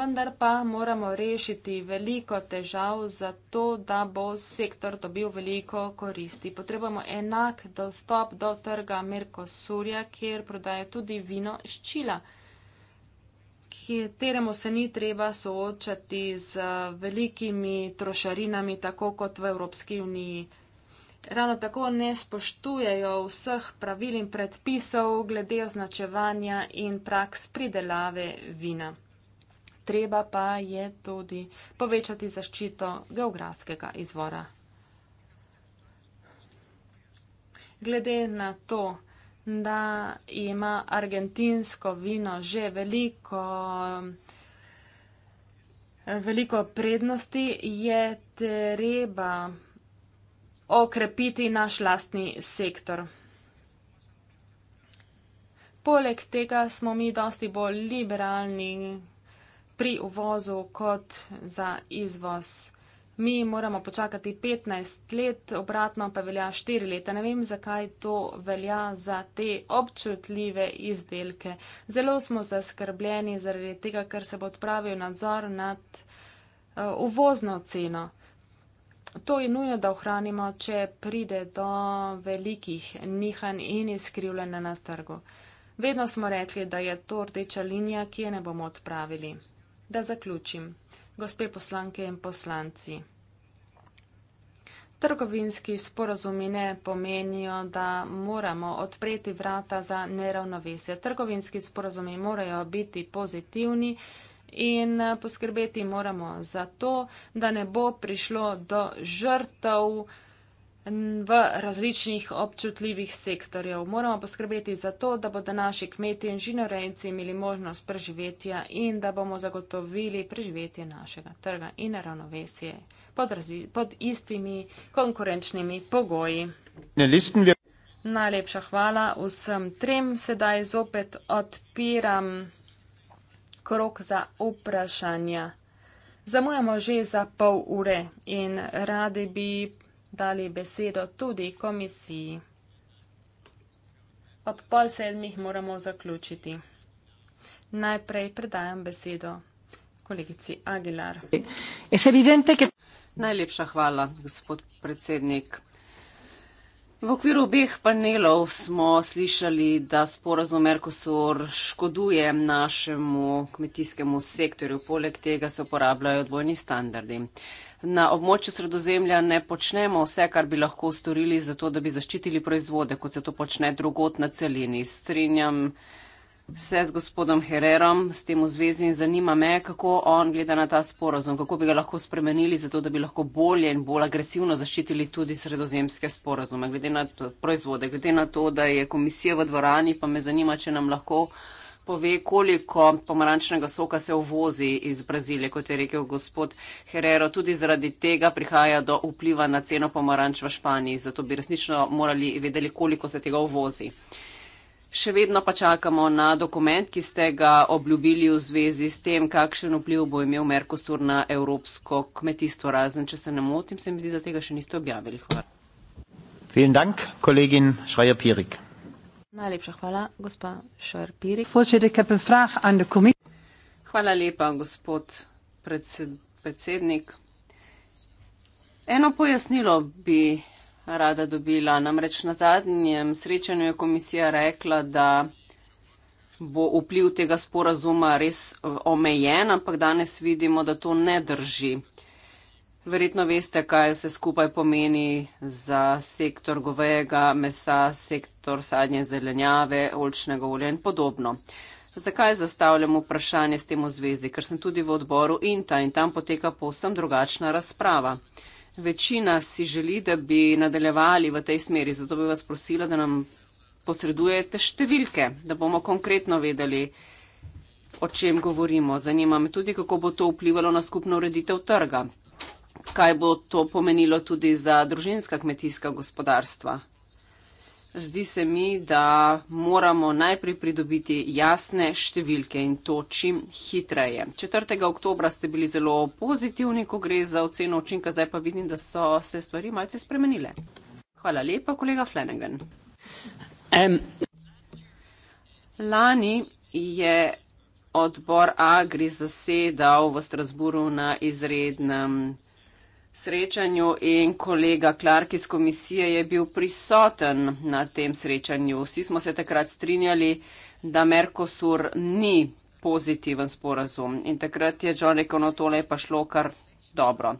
Vendar pa moramo rešiti veliko težav za to, da bo sektor dobil veliko koristi. Potrebujemo enak dostop do trga Merkosurja, kjer prodaje tudi vino iz Čila, kateremu se ni treba soočati z velikimi trošarinami, tako kot v Evropski uniji ravno tako ne spoštujejo vseh pravil in predpisov glede označevanja in praks pridelave vina. Treba pa je tudi povečati zaščito geografskega izvora. Glede na to, da ima argentinsko vino že veliko, veliko prednosti, je treba okrepiti naš lastni sektor. Poleg tega smo mi dosti bolj liberalni pri uvozu kot za izvoz. Mi moramo počakati 15 let, obratno pa velja 4 leta. Ne vem, zakaj to velja za te občutljive izdelke. Zelo smo zaskrbljeni zaradi tega, ker se bo odpravil nadzor nad uh, uvozno ceno. To je nujno, da ohranimo, če pride do velikih nihanj in izkrivljene na trgu. Vedno smo rekli, da je to rdeča linija, ki je ne bomo odpravili. Da zaključim. Gospe poslanke in poslanci. Trgovinski sporozumi ne pomenijo, da moramo odpreti vrata za neravnovesje. Trgovinski sporozumi morajo biti pozitivni in eh, poskrbeti moramo za to, da ne bo prišlo do žrtev v različnih občutljivih sektorjev. Moramo poskrbeti za to, da bodo naši kmeti in žinorejci imeli možnost preživetja in da bomo zagotovili preživetje našega trga in ravnovesje pod, pod istimi konkurenčnimi pogoji. Najlepša hvala vsem trem. Sedaj zopet odpiram krok za vprašanja. Zamujamo že za pol ure in radi bi dali besedo tudi komisiji. Ob pol sedmih moramo zaključiti. Najprej predajam besedo kolegici Aguilar. Najlepša hvala, gospod predsednik. V okviru obeh panelov smo slišali, da sporazum Mercosur škoduje našemu kmetijskemu sektorju, poleg tega se uporabljajo dvojni standardi. Na območju sredozemlja ne počnemo vse, kar bi lahko storili, zato da bi zaščitili proizvode, kot se to počne drugot na celini. Strinjam se z gospodom Hererom, s tem v zvezi in zanima me, kako on gleda na ta sporozum, kako bi ga lahko spremenili, zato da bi lahko bolje in bolj agresivno zaščitili tudi sredozemske sporozume, glede na to, proizvode, glede na to, da je komisija v dvorani, pa me zanima, če nam lahko pove, koliko pomarančnega soka se uvozi iz Brazilije, kot je rekel gospod Herero, tudi zaradi tega prihaja do vpliva na ceno pomaranč v Španiji, zato bi resnično morali vedeli, koliko se tega uvozi. Še vedno pa čakamo na dokument, ki ste ga obljubili v zvezi s tem, kakšen vpliv bo imel Merkosur na evropsko kmetijstvo. Razen, če se ne motim, se mi zdi, da tega še niste objavili. Hvala. Dank, kolegin Šrajer-Pirik. Najlepša hvala, gospa Šrajer-Pirik. Hvala lepa, gospod predsednik. Eno pojasnilo bi rada dobila. Namreč na zadnjem srečanju je komisija rekla, da bo vpliv tega sporazuma res omejen, ampak danes vidimo, da to ne drži. Verjetno veste, kaj vse skupaj pomeni za sektor govejega mesa, sektor sadnje zelenjave, olčnega olja in podobno. Zakaj zastavljam vprašanje s tem v zvezi? Ker sem tudi v odboru INTA in tam poteka povsem drugačna razprava. Večina si želi, da bi nadaljevali v tej smeri, zato bi vas prosila, da nam posredujete številke, da bomo konkretno vedeli, o čem govorimo. Zanima me tudi, kako bo to vplivalo na skupno ureditev trga. Kaj bo to pomenilo tudi za družinska kmetijska gospodarstva? Zdi se mi, da moramo najprej pridobiti jasne številke in to čim hitreje. 4. oktober ste bili zelo pozitivni, ko gre za oceno učinka, zdaj pa vidim, da so se stvari malce spremenile. Hvala lepa, kolega Flanagan. Um. Lani je odbor Agri zasedal v Strasburu na izrednem srečanju in kolega Clark iz komisije je bil prisoten na tem srečanju. Vsi smo se takrat strinjali, da Mercosur ni pozitiven sporazum in takrat je John rekel, no tole je pa šlo kar dobro.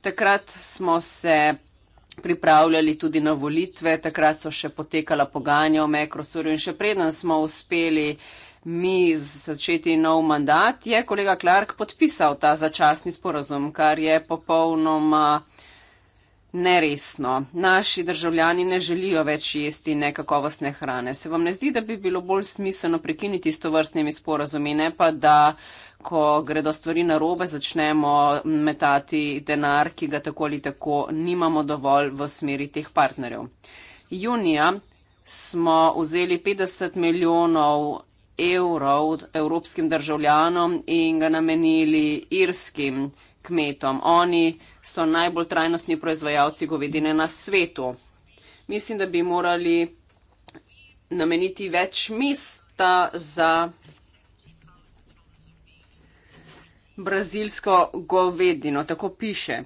Takrat smo se pripravljali tudi na volitve, takrat so še potekala pogajanja o Mercosuru in še preden smo uspeli mi začeti nov mandat, je kolega Clark podpisal ta začasni sporozum, kar je popolnoma neresno. Naši državljani ne želijo več jesti nekakovostne hrane. Se vam ne zdi, da bi bilo bolj smiselno prekiniti s tovrstnimi sporozumi, ne pa da, ko gredo stvari na robe, začnemo metati denar, ki ga tako ali tako nimamo dovolj v smeri teh partnerjev. Junija smo vzeli 50 milijonov evrov evropskim državljanom in ga namenili irskim kmetom. Oni so najbolj trajnostni proizvajalci govedine na svetu. Mislim, da bi morali nameniti več mesta za brazilsko govedino. Tako piše.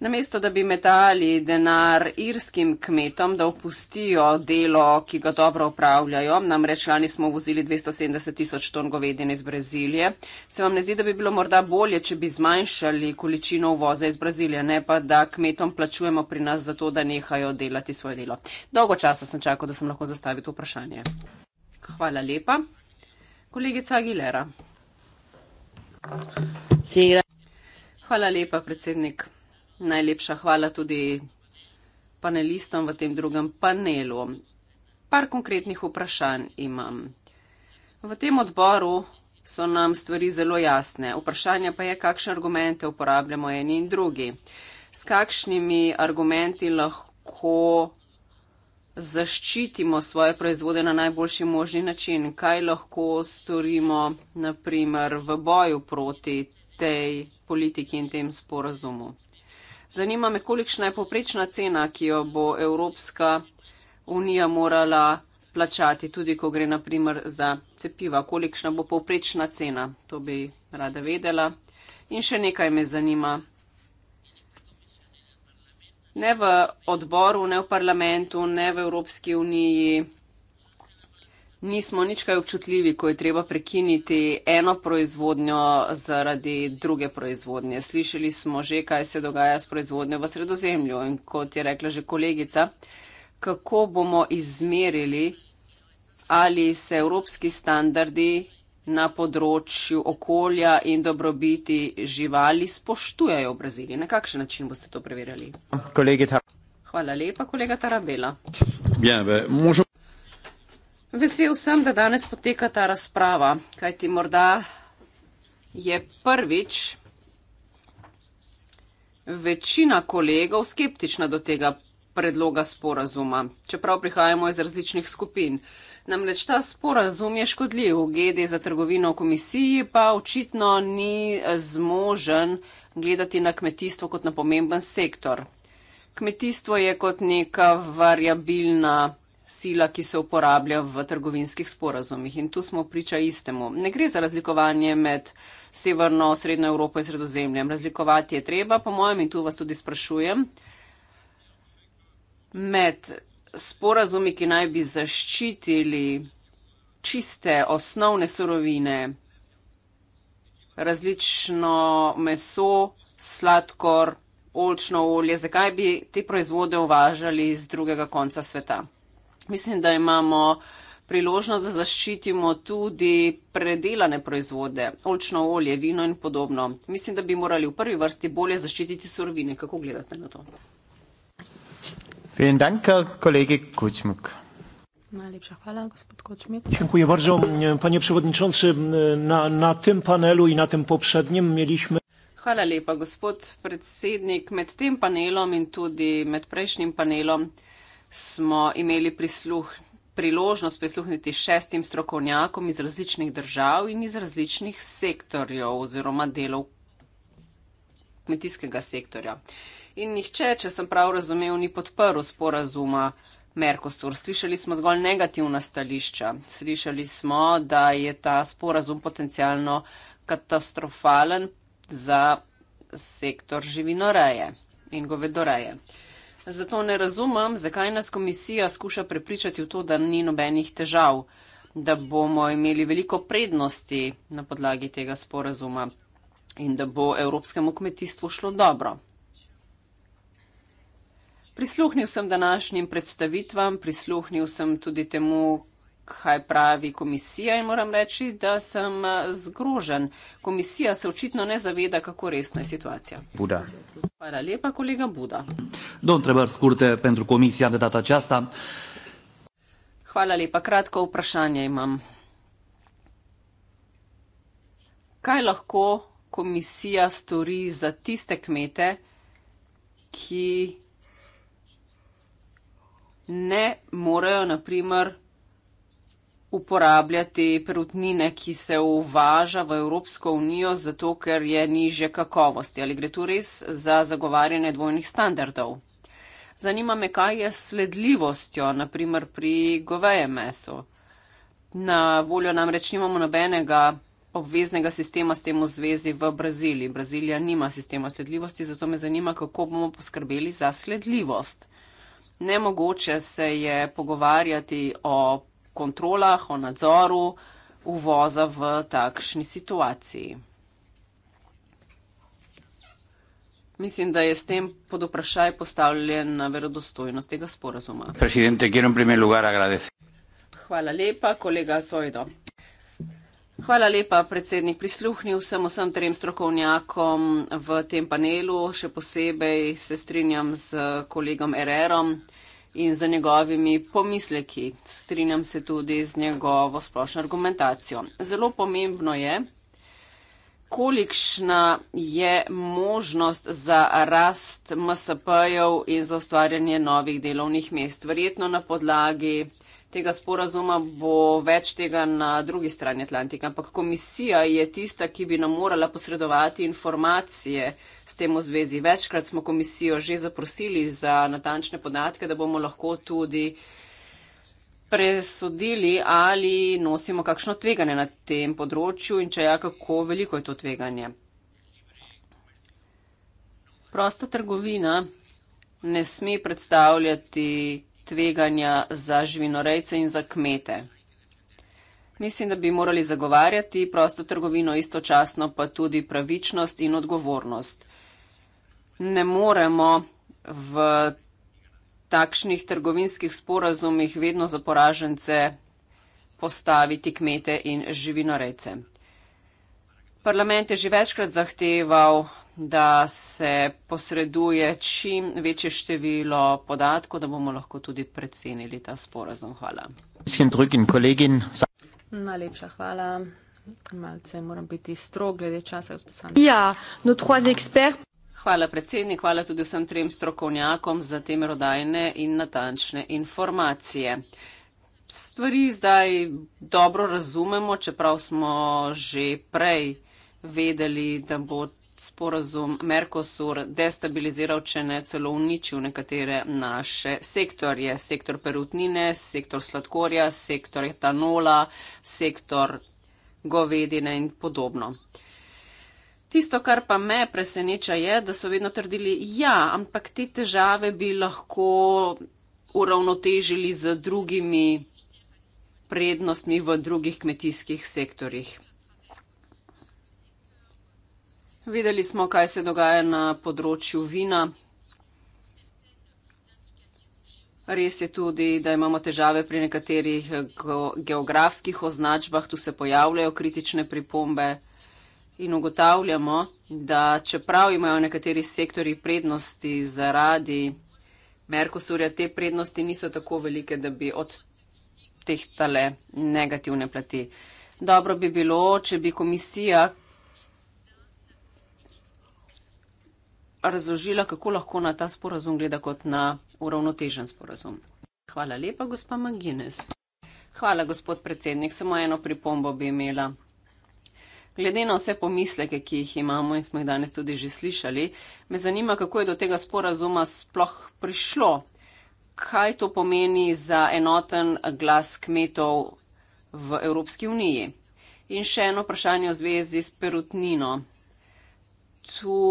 Namesto, da bi metali denar irskim kmetom, da opustijo delo, ki ga dobro upravljajo, namreč lani smo vozili 270 tisoč ton govedine iz Brazilije, se vam ne zdi, da bi bilo morda bolje, če bi zmanjšali količino uvoza iz Brazilije, ne pa da kmetom plačujemo pri nas za to, da nehajo delati svoje delo. Dolgo časa sem čakal, da sem lahko zastavil to vprašanje. Hvala lepa. Kolegica Aguilera. Hvala lepa, predsednik. Najlepša hvala tudi panelistom v tem drugem panelu. Par konkretnih vprašanj imam. V tem odboru so nam stvari zelo jasne. Vprašanje pa je, kakšne argumente uporabljamo eni in drugi. S kakšnimi argumenti lahko zaščitimo svoje proizvode na najboljši možni način? Kaj lahko storimo, naprimer, v boju proti tej politiki in tem sporazumu? Zanima me, kolikšna je poprečna cena, ki jo bo Evropska unija morala plačati, tudi ko gre naprimer za cepiva. Kolikšna bo poprečna cena, to bi rada vedela. In še nekaj me zanima. Ne v odboru, ne v parlamentu, ne v Evropski uniji nismo nič kaj občutljivi, ko je treba prekiniti eno proizvodnjo zaradi druge proizvodnje. Slišali smo že, kaj se dogaja s proizvodnjo v sredozemlju in kot je rekla že kolegica, kako bomo izmerili, ali se evropski standardi na področju okolja in dobrobiti živali spoštujejo v Braziliji. Na kakšen način boste to preverjali? Kolegita. Hvala lepa, kolega Tarabela. Bien, be, možem... Vesel sem, da danes poteka ta razprava, kajti morda je prvič večina kolegov skeptična do tega predloga sporazuma, čeprav prihajamo iz različnih skupin. Namreč ta sporazum je škodljiv, GD za trgovino v komisiji pa očitno ni zmožen gledati na kmetijstvo kot na pomemben sektor. Kmetijstvo je kot neka variabilna sila, ki se uporablja v trgovinskih sporazumih. In tu smo priča istemu. Ne gre za razlikovanje med severno, srednjo Evropo in sredozemljem. Razlikovati je treba, po mojem, in tu vas tudi sprašujem, med sporazumi, ki naj bi zaščitili čiste osnovne surovine, različno meso, sladkor, olčno olje, zakaj bi te proizvode uvažali iz drugega konca sveta. Mislim, da imamo priložnost, da zaščitimo tudi predelane proizvode, olčno olje, vino in podobno. Mislim, da bi morali v prvi vrsti bolje zaščititi surovine. Kako gledate na to? Najlepsza chwała, gospod Koczmiec. Dziękuję bardzo, panie przewodniczący. Na, na tym panelu i na tym poprzednim mieliśmy. Hvala lepa, gospod predsednik. Med tem panelom in tudi med prejšnjim panelom smo imeli prisluh, priložnost prisluhniti šestim strokovnjakom iz različnih držav in iz različnih sektorjev oziroma delov kmetijskega sektorja. In nihče, če sem prav razumev, ni podprl sporazuma. Merkostur. Slišali smo zgolj negativna stališča. Slišali smo, da je ta sporazum potencialno katastrofalen za sektor živinoreje in govedoreje. Zato ne razumem, zakaj nas komisija skuša prepričati v to, da ni nobenih težav, da bomo imeli veliko prednosti na podlagi tega sporazuma in da bo evropskemu kmetijstvu šlo dobro. Prisluhnil sem današnjim predstavitvam, prisluhnil sem tudi temu, kaj pravi komisija in moram reči, da sem eh, zgrožen. Komisija se očitno ne zaveda, kako resna je situacija. Buda. Hvala lepa, kolega Buda. Hvala lepa, kratko vprašanje imam. Kaj lahko komisija stori za tiste kmete, ki ne morejo, naprimer, uporabljati perutnine, ki se uvaža v Evropsko unijo, zato ker je nižje kakovosti. Ali gre tu res za zagovarjanje dvojnih standardov? Zanima me, kaj je sledljivostjo, naprimer pri goveje meso. Na voljo namreč nimamo nobenega obveznega sistema s tem v zvezi v Braziliji. Brazilija nima sistema sledljivosti, zato me zanima, kako bomo poskrbeli za sledljivost. Nemogoče se je pogovarjati o kontrolah, o nadzoru uvoza v takšni situaciji. Mislim, da je s tem pod vprašaj postavljena verodostojnost tega sporazuma. Hvala lepa, kolega Sojdo. Hvala lepa, predsednik. Prisluhnil sem vsem trem strokovnjakom v tem panelu, še posebej se strinjam z kolegom Ererom in za njegovimi pomisleki. Strinjam se tudi z njegovo splošno argumentacijo. Zelo pomembno je, kolikšna je možnost za rast MSP-jev in za ustvarjanje novih delovnih mest. Verjetno na podlagi tega sporazuma bo več tega na drugi strani Atlantika. Ampak komisija je tista, ki bi nam morala posredovati informacije s tem v zvezi. Večkrat smo komisijo že zaprosili za natančne podatke, da bomo lahko tudi presodili, ali nosimo kakšno tveganje na tem področju in če ja, kako veliko je to tveganje. Prosta trgovina ne sme predstavljati tveganja za živinorejce in za kmete. Mislim, da bi morali zagovarjati prosto trgovino, istočasno pa tudi pravičnost in odgovornost. Ne moremo v takšnih trgovinskih sporazumih vedno za poražence postaviti kmete in živinorejce. Parlament je že večkrat zahteval da se posreduje čim večje število podatkov, da bomo lahko tudi predsenili ta sporazum. Hvala. Najlepša hvala. Malce moram biti strog glede časa, gospod Sanders. Ja, no, trois experts. Hvala predsednik, hvala tudi vsem trem strokovnjakom za te merodajne in natančne informacije. Stvari zdaj dobro razumemo, čeprav smo že prej vedeli, da bo sporazum Mercosur destabiliziral, če ne celo uničil nekatere naše sektorje. Sektor perutnine, sektor sladkorja, sektor etanola, sektor govedine in podobno. Tisto, kar pa me preseneča, je, da so vedno trdili, ja, ampak te težave bi lahko uravnotežili z drugimi prednostmi v drugih kmetijskih sektorjih. Videli smo, kaj se dogaja na področju vina. Res je tudi, da imamo težave pri nekaterih geografskih označbah, tu se pojavljajo kritične pripombe in ugotavljamo, da čeprav imajo nekateri sektori prednosti zaradi Merkosurja, te prednosti niso tako velike, da bi od teh tale negativne plati. Dobro bi bilo, če bi komisija razložila, kako lahko na ta sporazum gleda kot na uravnotežen sporazum. Hvala lepa, gospa Magines. Hvala, gospod predsednik. Samo eno pripombo bi imela. Glede na vse pomisleke, ki jih imamo in smo jih danes tudi že slišali, me zanima, kako je do tega sporazuma sploh prišlo. Kaj to pomeni za enoten glas kmetov v Evropski uniji? In še eno vprašanje v zvezi s perutnino. Tu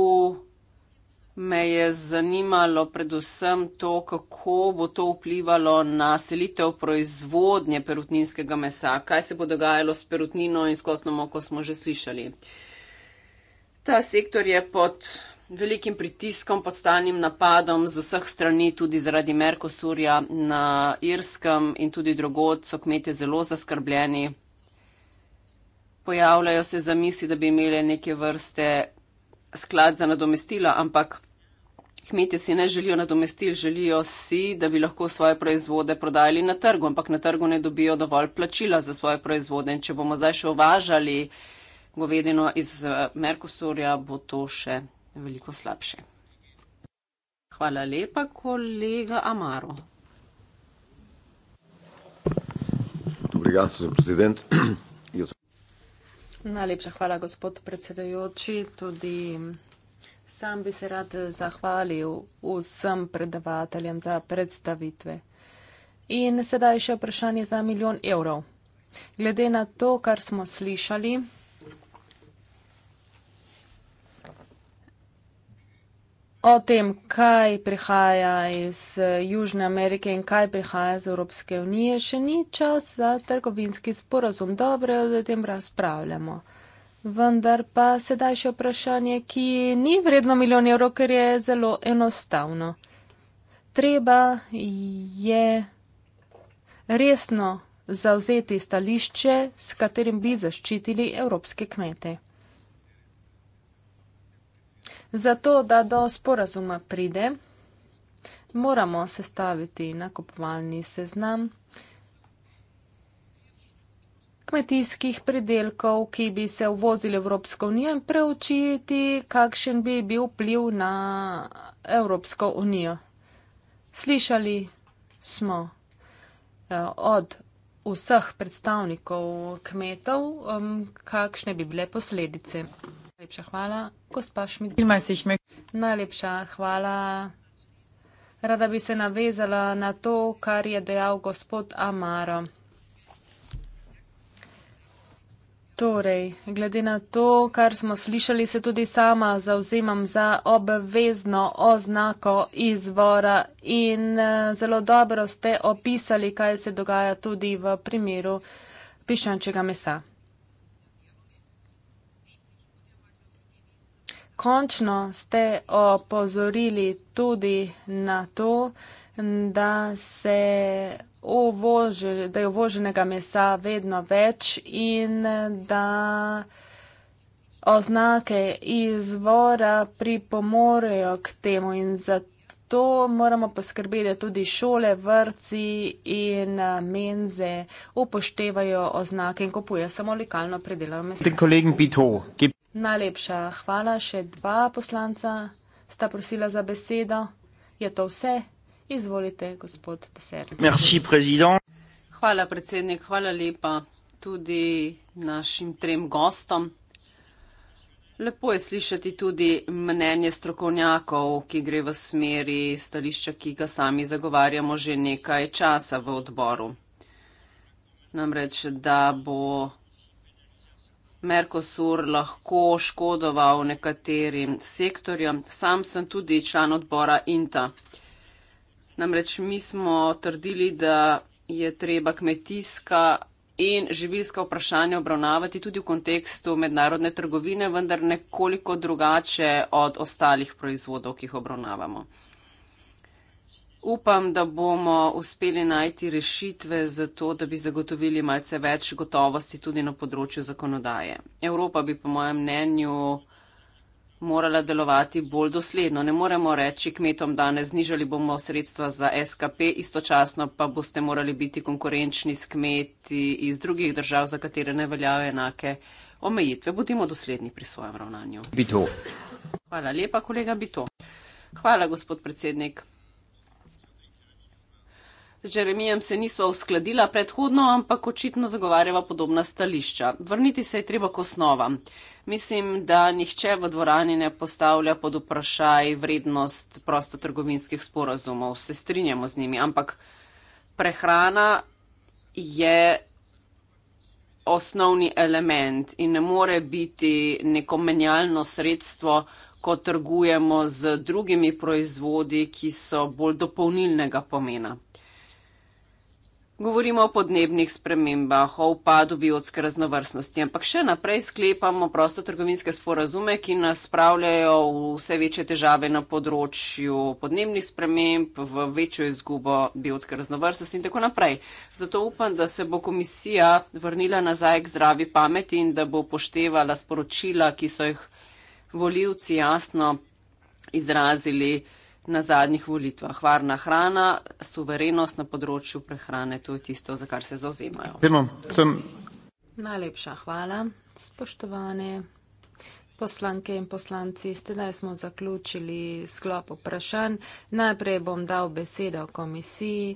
me je zanimalo predvsem to, kako bo to vplivalo na selitev proizvodnje perutninskega mesa, kaj se bo dogajalo s perutnino in s kostno moko, smo že slišali. Ta sektor je pod velikim pritiskom, pod stalnim napadom z vseh strani, tudi zaradi Merkosurja na Irskem in tudi drugod so kmete zelo zaskrbljeni. Pojavljajo se zamisli, da bi imeli neke vrste sklad za nadomestila, ampak Kmetje si ne želijo nadomestil, želijo si, da bi lahko svoje proizvode prodajali na trgu, ampak na trgu ne dobijo dovolj plačila za svoje proizvode. In če bomo zdaj še uvažali govedino iz eh, Merkosurja, bo to še veliko slabše. Hvala lepa, kolega Amaro. Obrigado, predsednik. Najlepša hvala, gospod predsedajoči, tudi Sam bi se rad eh, zahvalil vsem predavateljem za predstavitve. In sedaj še vprašanje za milijon evrov. Glede na to, kar smo slišali, o tem, kaj prihaja iz eh, Južne Amerike in kaj prihaja iz Evropske unije, še ni čas za trgovinski sporozum. Dobro, da o tem razpravljamo. Vendar pa sedaj še vprašanje, ki ni vredno milijon evrov, ker je zelo enostavno. Treba je resno zauzeti stališče, s katerim bi zaščitili evropske kmete. Zato, da do sporazuma pride, moramo sestaviti nakupovalni seznam kmetijskih pridelkov, ki bi se uvozili v Evropsko unijo in preučiti, kakšen bi bil vpliv na Evropsko unijo. Slišali smo eh, od vseh predstavnikov kmetov, kakšne bi bile posledice. Najlepša hvala, gospa Šmit. Najlepša hvala. Rada bi se navezala na to, kar je dejal gospod Amaro. Torej, glede na to, kar smo slišali, se tudi sama zauzemam za obvezno oznako izvora in eh, zelo dobro ste opisali, kaj se dogaja tudi v primeru pišančega mesa. Končno ste opozorili tudi na to, da se uvožili, da je uvoženega mesa vedno več in da oznake izvora pripomorejo k temu in zato moramo poskrbeti, da tudi šole, vrci in eh, menze upoštevajo oznake in kupujejo samo lokalno predelano meso. Najlepša hvala. Še dva poslanca sta prosila za besedo. Je to vse? Izvolite, gospod Deser. Merci, predsednik. Hvala, predsednik. Hvala lepa tudi našim trem gostom. Lepo je slišati tudi mnenje strokovnjakov, ki gre v smeri stališča, ki ga sami zagovarjamo že nekaj časa v odboru. Namreč, da bo Merkosur lahko škodoval nekaterim sektorjem. Sam sem tudi član odbora INTA. Namreč mi smo trdili, da je treba kmetijska in živilska vprašanja obravnavati tudi v kontekstu mednarodne trgovine, vendar nekoliko drugače od ostalih proizvodov, ki jih obravnavamo. Upam, da bomo uspeli najti rešitve za to, da bi zagotovili malce več gotovosti tudi na področju zakonodaje. Evropa bi, po mojem mnenju, morala delovati bolj dosledno. Ne moremo reči kmetom danes znižali bomo sredstva za SKP, istočasno pa boste morali biti konkurenčni s kmeti iz drugih držav, za katere ne veljajo enake omejitve. Bodimo dosledni pri svojem ravnanju. Bito. Hvala lepa, kolega Bito. Hvala, gospod predsednik. Z Jeremijem se nisva uskladila predhodno, ampak očitno zagovarjava podobna stališča. Vrniti se je treba k osnovam. Mislim, da nihče v dvorani ne postavlja pod vprašaj vrednost prostotrgovinskih sporazumov. Se strinjamo z njimi, ampak prehrana je osnovni element in ne more biti neko menjalno sredstvo, ko trgujemo z drugimi proizvodi, ki so bolj dopolnilnega pomena. Govorimo o podnebnih spremembah, o upadu biotske raznovrstnosti, ampak še naprej sklepamo prostotrgovinske sporazume, ki nas spravljajo v vse večje težave na področju podnebnih sprememb, v večjo izgubo biotske raznovrstnosti in tako naprej. Zato upam, da se bo komisija vrnila nazaj k zdravi pameti in da bo poštevala sporočila, ki so jih voljivci jasno izrazili na zadnjih volitvah. Varna hrana, suverenost na področju prehrane, to je tisto, za kar se zauzemajo. Demo, sem... Najlepša hvala, spoštovane. Poslanke in poslanci, sedaj smo zaključili sklop vprašanj. Najprej bom dal besedo komisiji,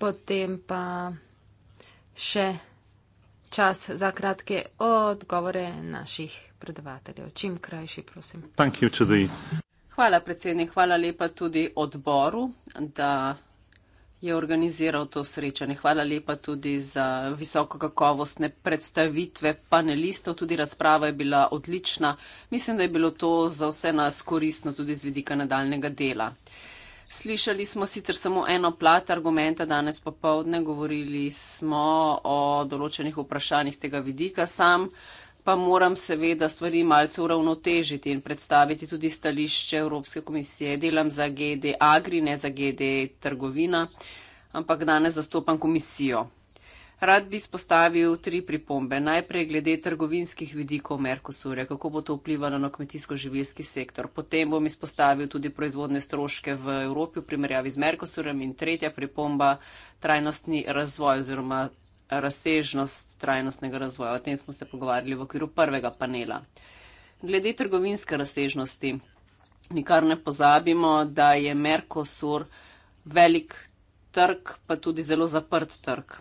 potem pa še čas za kratke odgovore naših predavateljev. Čim krajši, prosim. Thank you to the... Hvala predsednik, hvala lepa tudi odboru, da je organiziral to srečanje. Hvala lepa tudi za visoko kakovostne predstavitve panelistov, tudi razprava je bila odlična. Mislim, da je bilo to za vse nas koristno tudi z vidika nadaljnega dela. Slišali smo sicer samo eno plat argumenta danes popovdne, govorili smo o določenih vprašanjih z tega vidika. Sam uh, pa moram seveda stvari malce uravnotežiti in predstaviti tudi stališče Evropske komisije. Delam za GD Agri, ne za GD trgovina, ampak danes zastopam komisijo. Rad bi spostavil tri pripombe. Najprej glede trgovinskih vidikov Merkosurja, kako bo to vplivalo na kmetijsko-življski sektor. Potem bom izpostavil tudi proizvodne stroške v Evropi v primerjavi z Merkosurjem. In tretja pripomba, trajnostni razvoj oziroma razsežnost trajnostnega razvoja. O tem smo se pogovarjali v okviru prvega panela. Glede trgovinske razsežnosti, nikar ne pozabimo, da je Merkosur velik trg, pa tudi zelo zaprt trg.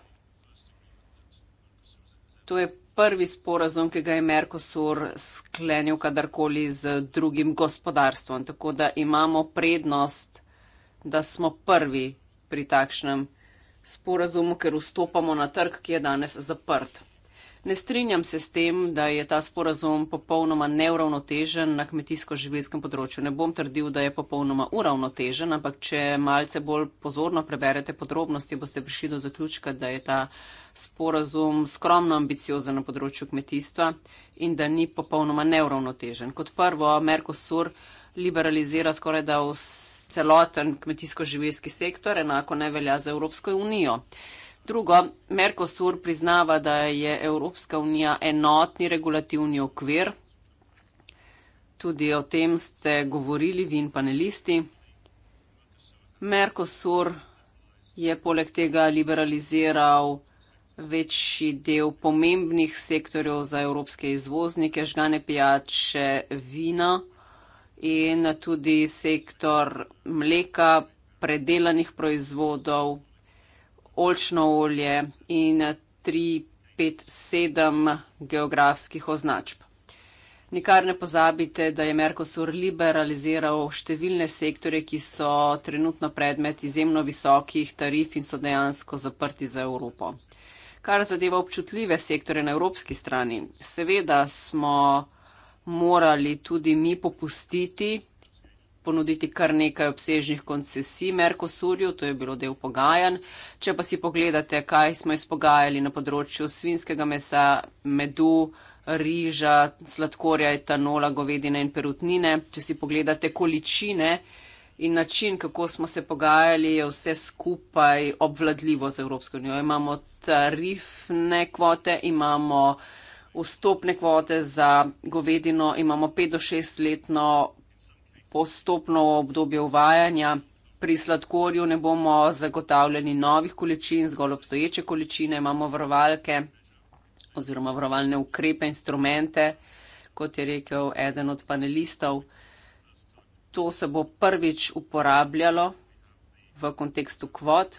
To je prvi sporazum, ki ga je Merkosur sklenil kadarkoli z drugim gospodarstvom. Tako da imamo prednost, da smo prvi pri takšnem sporazumu, ker vstopamo na trg, ki je danes zaprt. Ne strinjam se s tem, da je ta sporazum popolnoma neuravnotežen na kmetijsko-življenjskem področju. Ne bom trdil, da je popolnoma uravnotežen, ampak če malce bolj pozorno preberete podrobnosti, boste prišli do zaključka, da je ta sporazum skromno ambiciozen na področju kmetijstva in da ni popolnoma neuravnotežen. Kot prvo, Merkosur liberalizira skoraj da celoten kmetijsko-živilski sektor, enako ne velja za Evropsko unijo. Drugo, Mercosur priznava, da je Evropska unija enotni regulativni okvir. Tudi o tem ste govorili vi in panelisti. Mercosur je poleg tega liberaliziral večji del pomembnih sektorjev za evropske izvoznike, žgane pijače, vina in tudi sektor mleka, predelanih proizvodov, olčno olje in 3, 5, 7 geografskih označb. Nikar ne pozabite, da je Mercosur liberaliziral številne sektore, ki so trenutno predmet izjemno visokih tarif in so dejansko zaprti za Evropo. Kar zadeva občutljive sektore na evropski strani, seveda smo morali tudi mi popustiti, ponuditi kar nekaj obsežnih koncesij Merkosurju, to je bilo del pogajanj. Če pa si pogledate, kaj smo izpogajali na področju svinskega mesa, medu, riža, sladkorja, etanola, govedine in perutnine, če si pogledate količine in način, kako smo se pogajali, je vse skupaj obvladljivo za Evropsko unijo. Imamo tarifne kvote, imamo vstopne kvote za govedino, imamo 5 do 6 letno postopno obdobje uvajanja. Pri sladkorju ne bomo zagotavljali novih količin, zgolj obstoječe količine, imamo vrvalke oziroma vrvalne ukrepe, instrumente, kot je rekel eden od panelistov. To se bo prvič uporabljalo v kontekstu kvot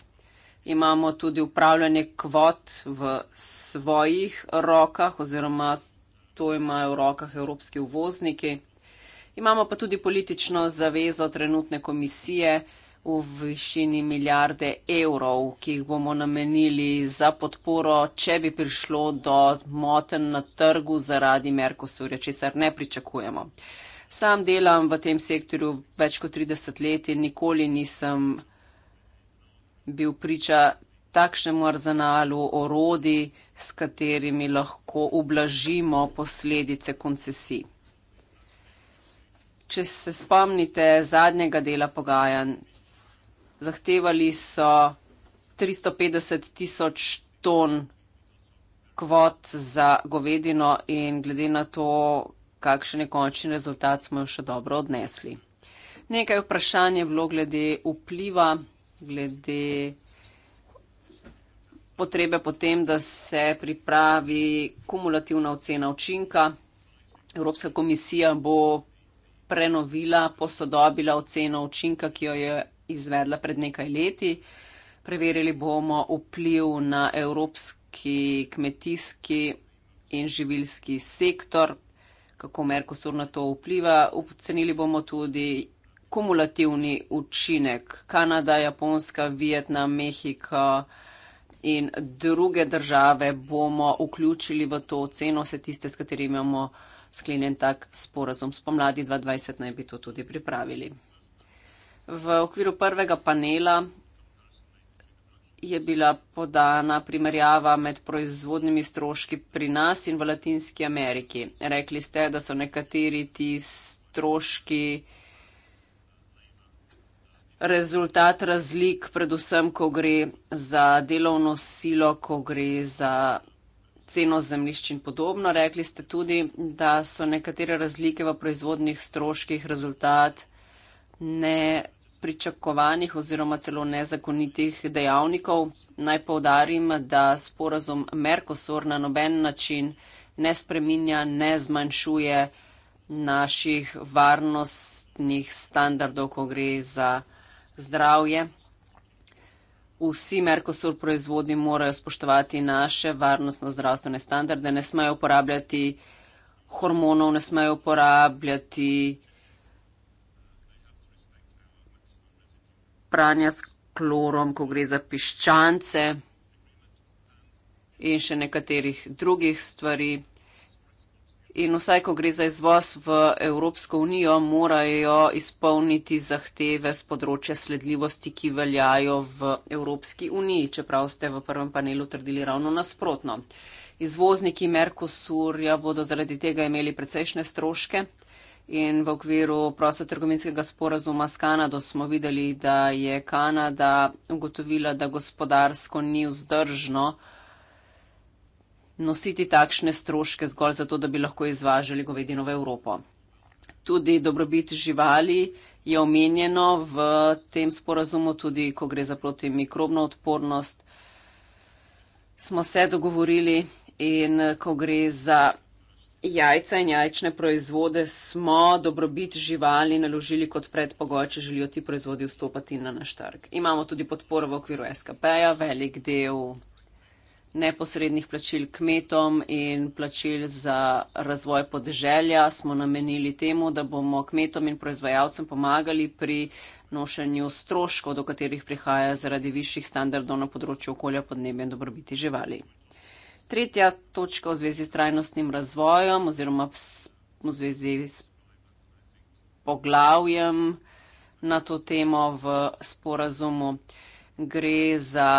imamo tudi upravljanje kvot v svojih rokah oziroma to imajo v rokah evropski uvozniki. Imamo pa tudi politično zavezo trenutne komisije v višini milijarde evrov, ki jih bomo namenili za podporo, če bi prišlo do moten na trgu zaradi Merkosurja, česar ne pričakujemo. Sam delam v tem sektorju več kot 30 let in nikoli nisem bil priča takšnemu arzenalu orodij, s katerimi lahko ublažimo posledice koncesij. Če se spomnite zadnjega dela pogajanj, zahtevali so 350 tisoč ton kvot za govedino in glede na to, kakšen je končni rezultat, smo jo še dobro odnesli. Nekaj vprašanj je bilo glede vpliva glede potrebe potem, da se pripravi kumulativna ocena učinka. Evropska komisija bo prenovila, posodobila oceno učinka, ki jo je izvedla pred nekaj leti. Preverili bomo vpliv na evropski kmetijski in živilski sektor, kako Merkosur na to vpliva. Ocenili bomo tudi kumulativni učinek. Kanada, Japonska, Vietnam, Mehika in druge države bomo vključili v to oceno, vse tiste, s katerimi imamo sklenjen tak sporazum. Spomladi 2020 naj bi to tudi pripravili. V okviru prvega panela je bila podana primerjava med proizvodnimi stroški pri nas in v Latinski Ameriki. Rekli ste, da so nekateri ti stroški rezultat razlik, predvsem, ko gre za delovno silo, ko gre za ceno zemljišč in podobno. Rekli ste tudi, da so nekatere razlike v proizvodnih stroških rezultat nepričakovanih oziroma celo nezakonitih dejavnikov. Naj povdarim, da sporazum Merkosur na noben način ne spreminja, ne zmanjšuje naših varnostnih standardov, ko gre za zdravje. Vsi Merkosur proizvodi morajo spoštovati naše varnostno zdravstvene standarde, ne smejo uporabljati hormonov, ne smejo uporabljati pranja s klorom, ko gre za piščance in še nekaterih drugih stvari in vsaj, ko gre za izvoz v Evropsko unijo, morajo izpolniti zahteve z področja sledljivosti, ki veljajo v Evropski uniji, čeprav ste v prvem panelu trdili ravno nasprotno. Izvozniki Merkosurja bodo zaradi tega imeli precejšne stroške in v okviru prostotrgovinskega sporazuma s Kanado smo videli, da je Kanada ugotovila, da gospodarsko ni vzdržno nositi takšne stroške zgolj zato, da bi lahko izvažali govedino v Evropo. Tudi dobrobit živali je omenjeno v tem sporazumu, tudi ko gre za protimikrobno odpornost. Smo se dogovorili in ko gre za jajca in jajčne proizvode, smo dobrobit živali naložili kot predpogoj, če želijo ti proizvodi vstopati na naš trg. Imamo tudi podporo v okviru SKP-ja, velik del neposrednih plačil kmetom in plačil za razvoj podeželja smo namenili temu, da bomo kmetom in proizvajalcem pomagali pri nošenju stroškov, do katerih prihaja zaradi višjih standardov na področju okolja, podnebja in dobrobiti živali. Tretja točka v zvezi s trajnostnim razvojem oziroma v zvezi s poglavjem na to temo v sporazumu gre za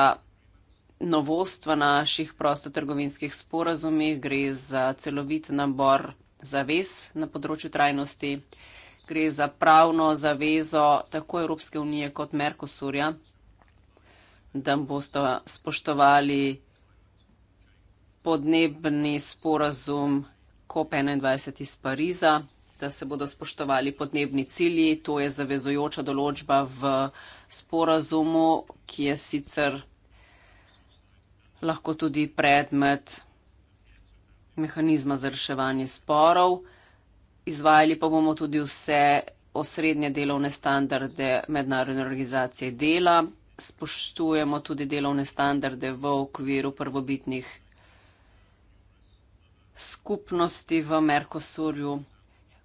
novost v naših prostotrgovinskih sporazumih, gre za celovit nabor zavez na področju trajnosti, gre za pravno zavezo tako Evropske unije kot Merkosurja, da boste spoštovali podnebni sporazum COP21 iz Pariza, da se bodo spoštovali podnebni cilji. To je zavezojoča določba v sporazumu, ki je sicer lahko tudi predmet mehanizma za reševanje sporov. Izvajali pa bomo tudi vse osrednje delovne standarde mednarodne organizacije dela. Spoštujemo tudi delovne standarde v okviru prvobitnih skupnosti v Merkosurju.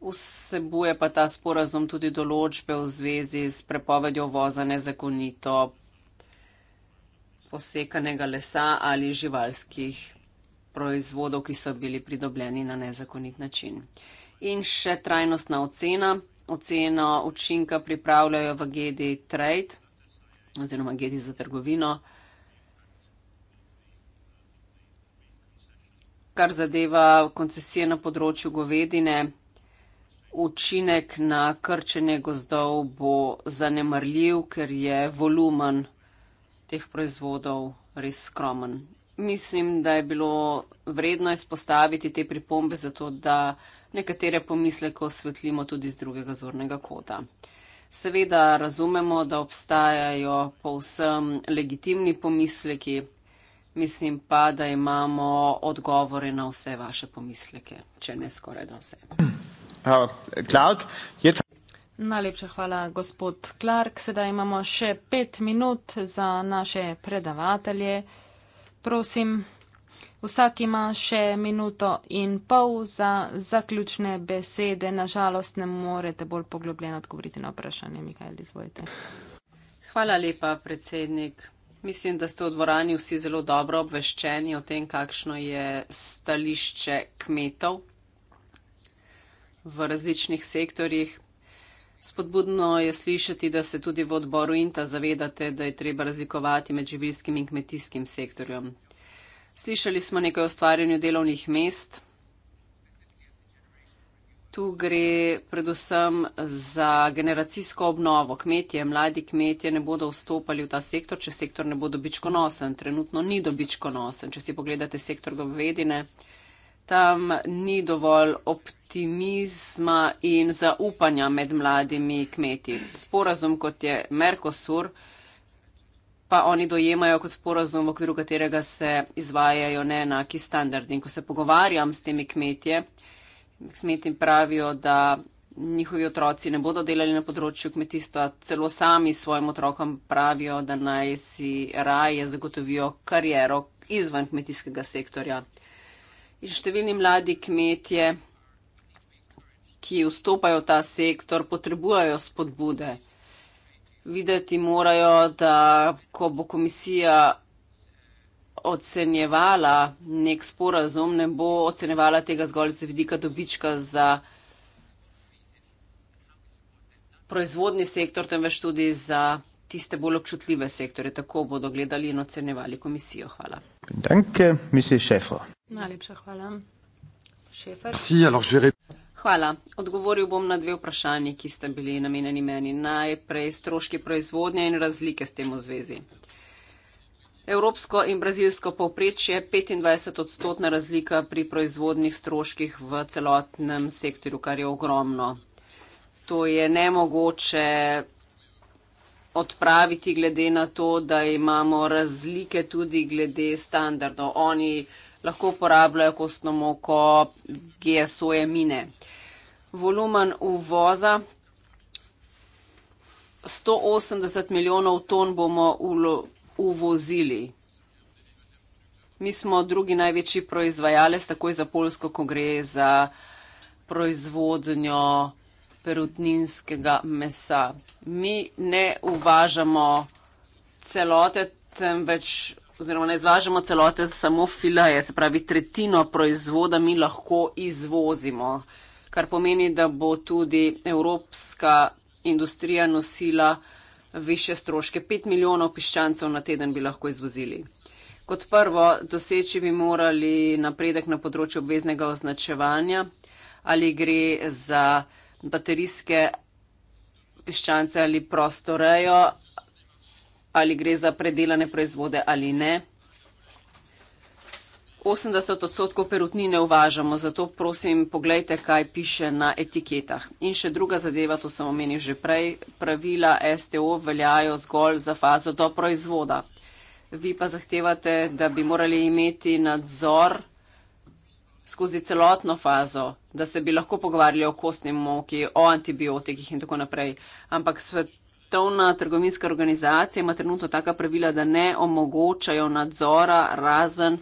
Vsebuje pa ta sporazum tudi določbe v zvezi s prepovedjo voza nezakonito posekanega lesa ali živalskih proizvodov, ki so bili pridobljeni na nezakonit način. In še trajnostna ocena. Oceno učinka pripravljajo v Gedi Trade oziroma Gedi za trgovino. Kar zadeva koncesije na področju govedine, učinek na krčenje gozdov bo zanemrljiv, ker je volumen teh proizvodov res skromen. Mislim, da je bilo vredno izpostaviti te pripombe, zato da nekatere pomisleke osvetlimo tudi z drugega zornega kota. Seveda razumemo, da obstajajo povsem legitimni pomisleki, mislim pa, da imamo odgovore na vse vaše pomisleke, če ne skoraj da vse. Uh, Klaud, Najlepša hvala, gospod Clark. Sedaj imamo še pet minut za naše predavatelje. Prosim, vsak ima še minuto in pol za zaključne besede. Nažalost, ne morete bolj poglobljeno odgovoriti na vprašanje. Mikael, izvolite. Hvala lepa, predsednik. Mislim, da ste v dvorani vsi zelo dobro obveščeni o tem, kakšno je stališče kmetov v različnih sektorjih. Spodbudno je slišati, da se tudi v odboru INTA zavedate, da je treba razlikovati med živilskim in kmetijskim sektorjem. Slišali smo nekaj o stvarjanju delovnih mest. Tu gre predvsem za generacijsko obnovo. Kmetje, mladi kmetje ne bodo vstopali v ta sektor, če sektor ne bo dobičkonosen. Trenutno ni dobičkonosen. Če si pogledate sektor govedine, tam ni dovolj optimizma in zaupanja med mladimi kmeti. Sporazum, kot je Merkosur, pa oni dojemajo kot sporazum, v okviru katerega se izvajajo neenaki standardi. In ko se pogovarjam s temi kmetje, kmeti pravijo, da njihovi otroci ne bodo delali na področju kmetijstva, celo sami svojim otrokom pravijo, da naj si raje zagotovijo kariero izven kmetijskega sektorja in številni mladi kmetje, ki vstopajo v ta sektor, potrebujejo spodbude. Videti morajo, da ko bo komisija ocenjevala nek sporazum, ne bo ocenjevala tega zgolj z vidika dobička za proizvodni sektor, temveč tudi za tiste bolj občutljive sektore. Tako bodo gledali in ocenjevali komisijo. Hvala. Danke, Najlepša hvala. Šefer. Hvala. Odgovoril bom na dve vprašanje, ki sta bili namenjeni meni. Najprej stroški proizvodnje in razlike s tem v zvezi. Evropsko in brazilsko povprečje je 25 odstotna razlika pri proizvodnih stroških v celotnem sektorju, kar je ogromno. To je nemogoče odpraviti, glede na to, da imamo razlike tudi glede standardov. Oni lahko uporabljajo kostno moko GSO emine. Volumen uvoza 180 milijonov ton bomo uvozili. Mi smo drugi največji proizvajalec, takoj za Polsko, ko gre za proizvodnjo perutninskega mesa. Mi ne uvažamo celote, temveč, oziroma ne izvažamo celote, samo fileje, se pravi, tretjino proizvoda mi lahko izvozimo, kar pomeni, da bo tudi evropska industrija nosila više stroške. 5 milijonov piščancev na teden bi lahko izvozili. Kot prvo, doseči bi morali napredek na področju obveznega označevanja ali gre za baterijske piščance ali prostorejo, ali gre za predelane proizvode ali ne. 80 odstotkov perutnine uvažamo, zato prosim, poglejte, kaj piše na etiketah. In še druga zadeva, to sem omenil že prej, pravila STO veljajo zgolj za fazo do proizvoda. Vi pa zahtevate, da bi morali imeti nadzor, skozi celotno fazo, da se bi lahko pogovarjali o kostni moki, o antibiotikih in tako naprej. Ampak svetovna trgovinska organizacija ima trenutno taka pravila, da ne omogočajo nadzora razen,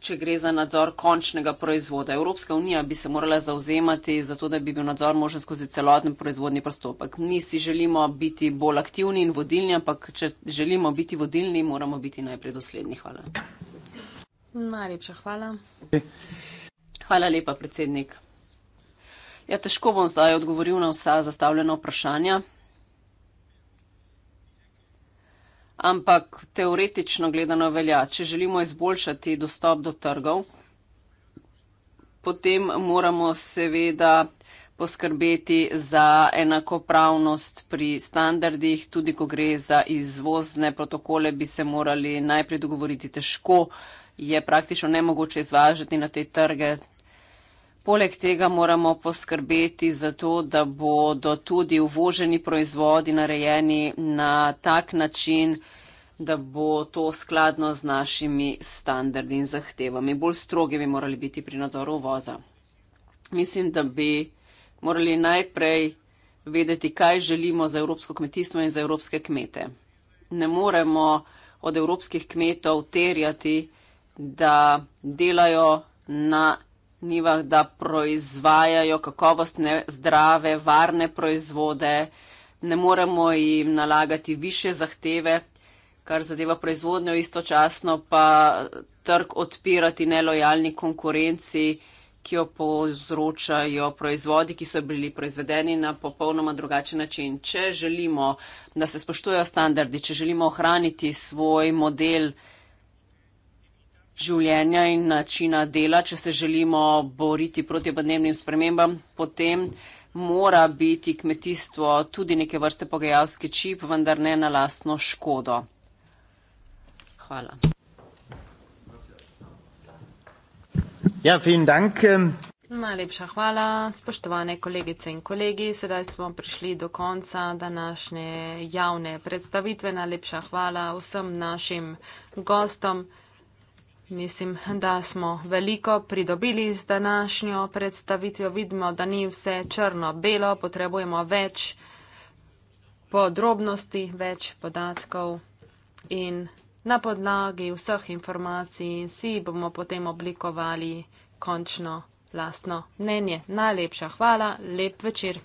če gre za nadzor končnega proizvoda. Evropska unija bi se morala zauzemati za to, da bi bil nadzor možen skozi celoten proizvodni postopek. Mi si želimo biti bolj aktivni in vodilni, ampak če želimo biti vodilni, moramo biti najprej dosledni. Hvala. Najlepša hvala. Okay. Hvala lepa, predsednik. Ja, težko bom zdaj odgovoril na vsa zastavljena vprašanja. Ampak teoretično gledano velja, če želimo izboljšati dostop do trgov, potem moramo seveda poskrbeti za enakopravnost pri standardih, tudi ko gre za izvozne protokole, bi se morali najprej dogovoriti težko, je praktično nemogoče izvažati na te trge, Poleg tega moramo poskrbeti za to, da bodo tudi uvoženi proizvodi narejeni na tak način, da bo to skladno z našimi standardi in zahtevami. Bolj strogi bi morali biti pri nadzoru uvoza. Mislim, da bi morali najprej vedeti, kaj želimo za evropsko kmetijstvo in za evropske kmete. Ne moremo od evropskih kmetov terjati, da delajo na njivah, da proizvajajo kakovostne, zdrave, varne proizvode, ne moremo jim nalagati više zahteve, kar zadeva proizvodnjo, istočasno pa trg odpirati nelojalni konkurenci, ki jo povzročajo proizvodi, ki so bili proizvedeni na popolnoma drugačen način. Če želimo, da se spoštujejo standardi, če želimo ohraniti svoj model, življenja in načina dela, če se želimo boriti proti podnebnim spremembam, potem mora biti kmetijstvo tudi neke vrste pogajalski čip, vendar ne na lastno škodo. Hvala. Ja, fin dank. Ähm. Najlepša hvala, spoštovane kolegice in kolegi. Sedaj smo prišli do konca današnje javne predstavitve. Najlepša hvala vsem našim gostom. Mislim, da smo veliko pridobili z današnjo predstavitvijo. Vidimo, da ni vse črno-belo, potrebujemo več podrobnosti, več podatkov in na podlagi vseh informacij si bomo potem oblikovali končno lastno mnenje. Najlepša hvala, lep večer.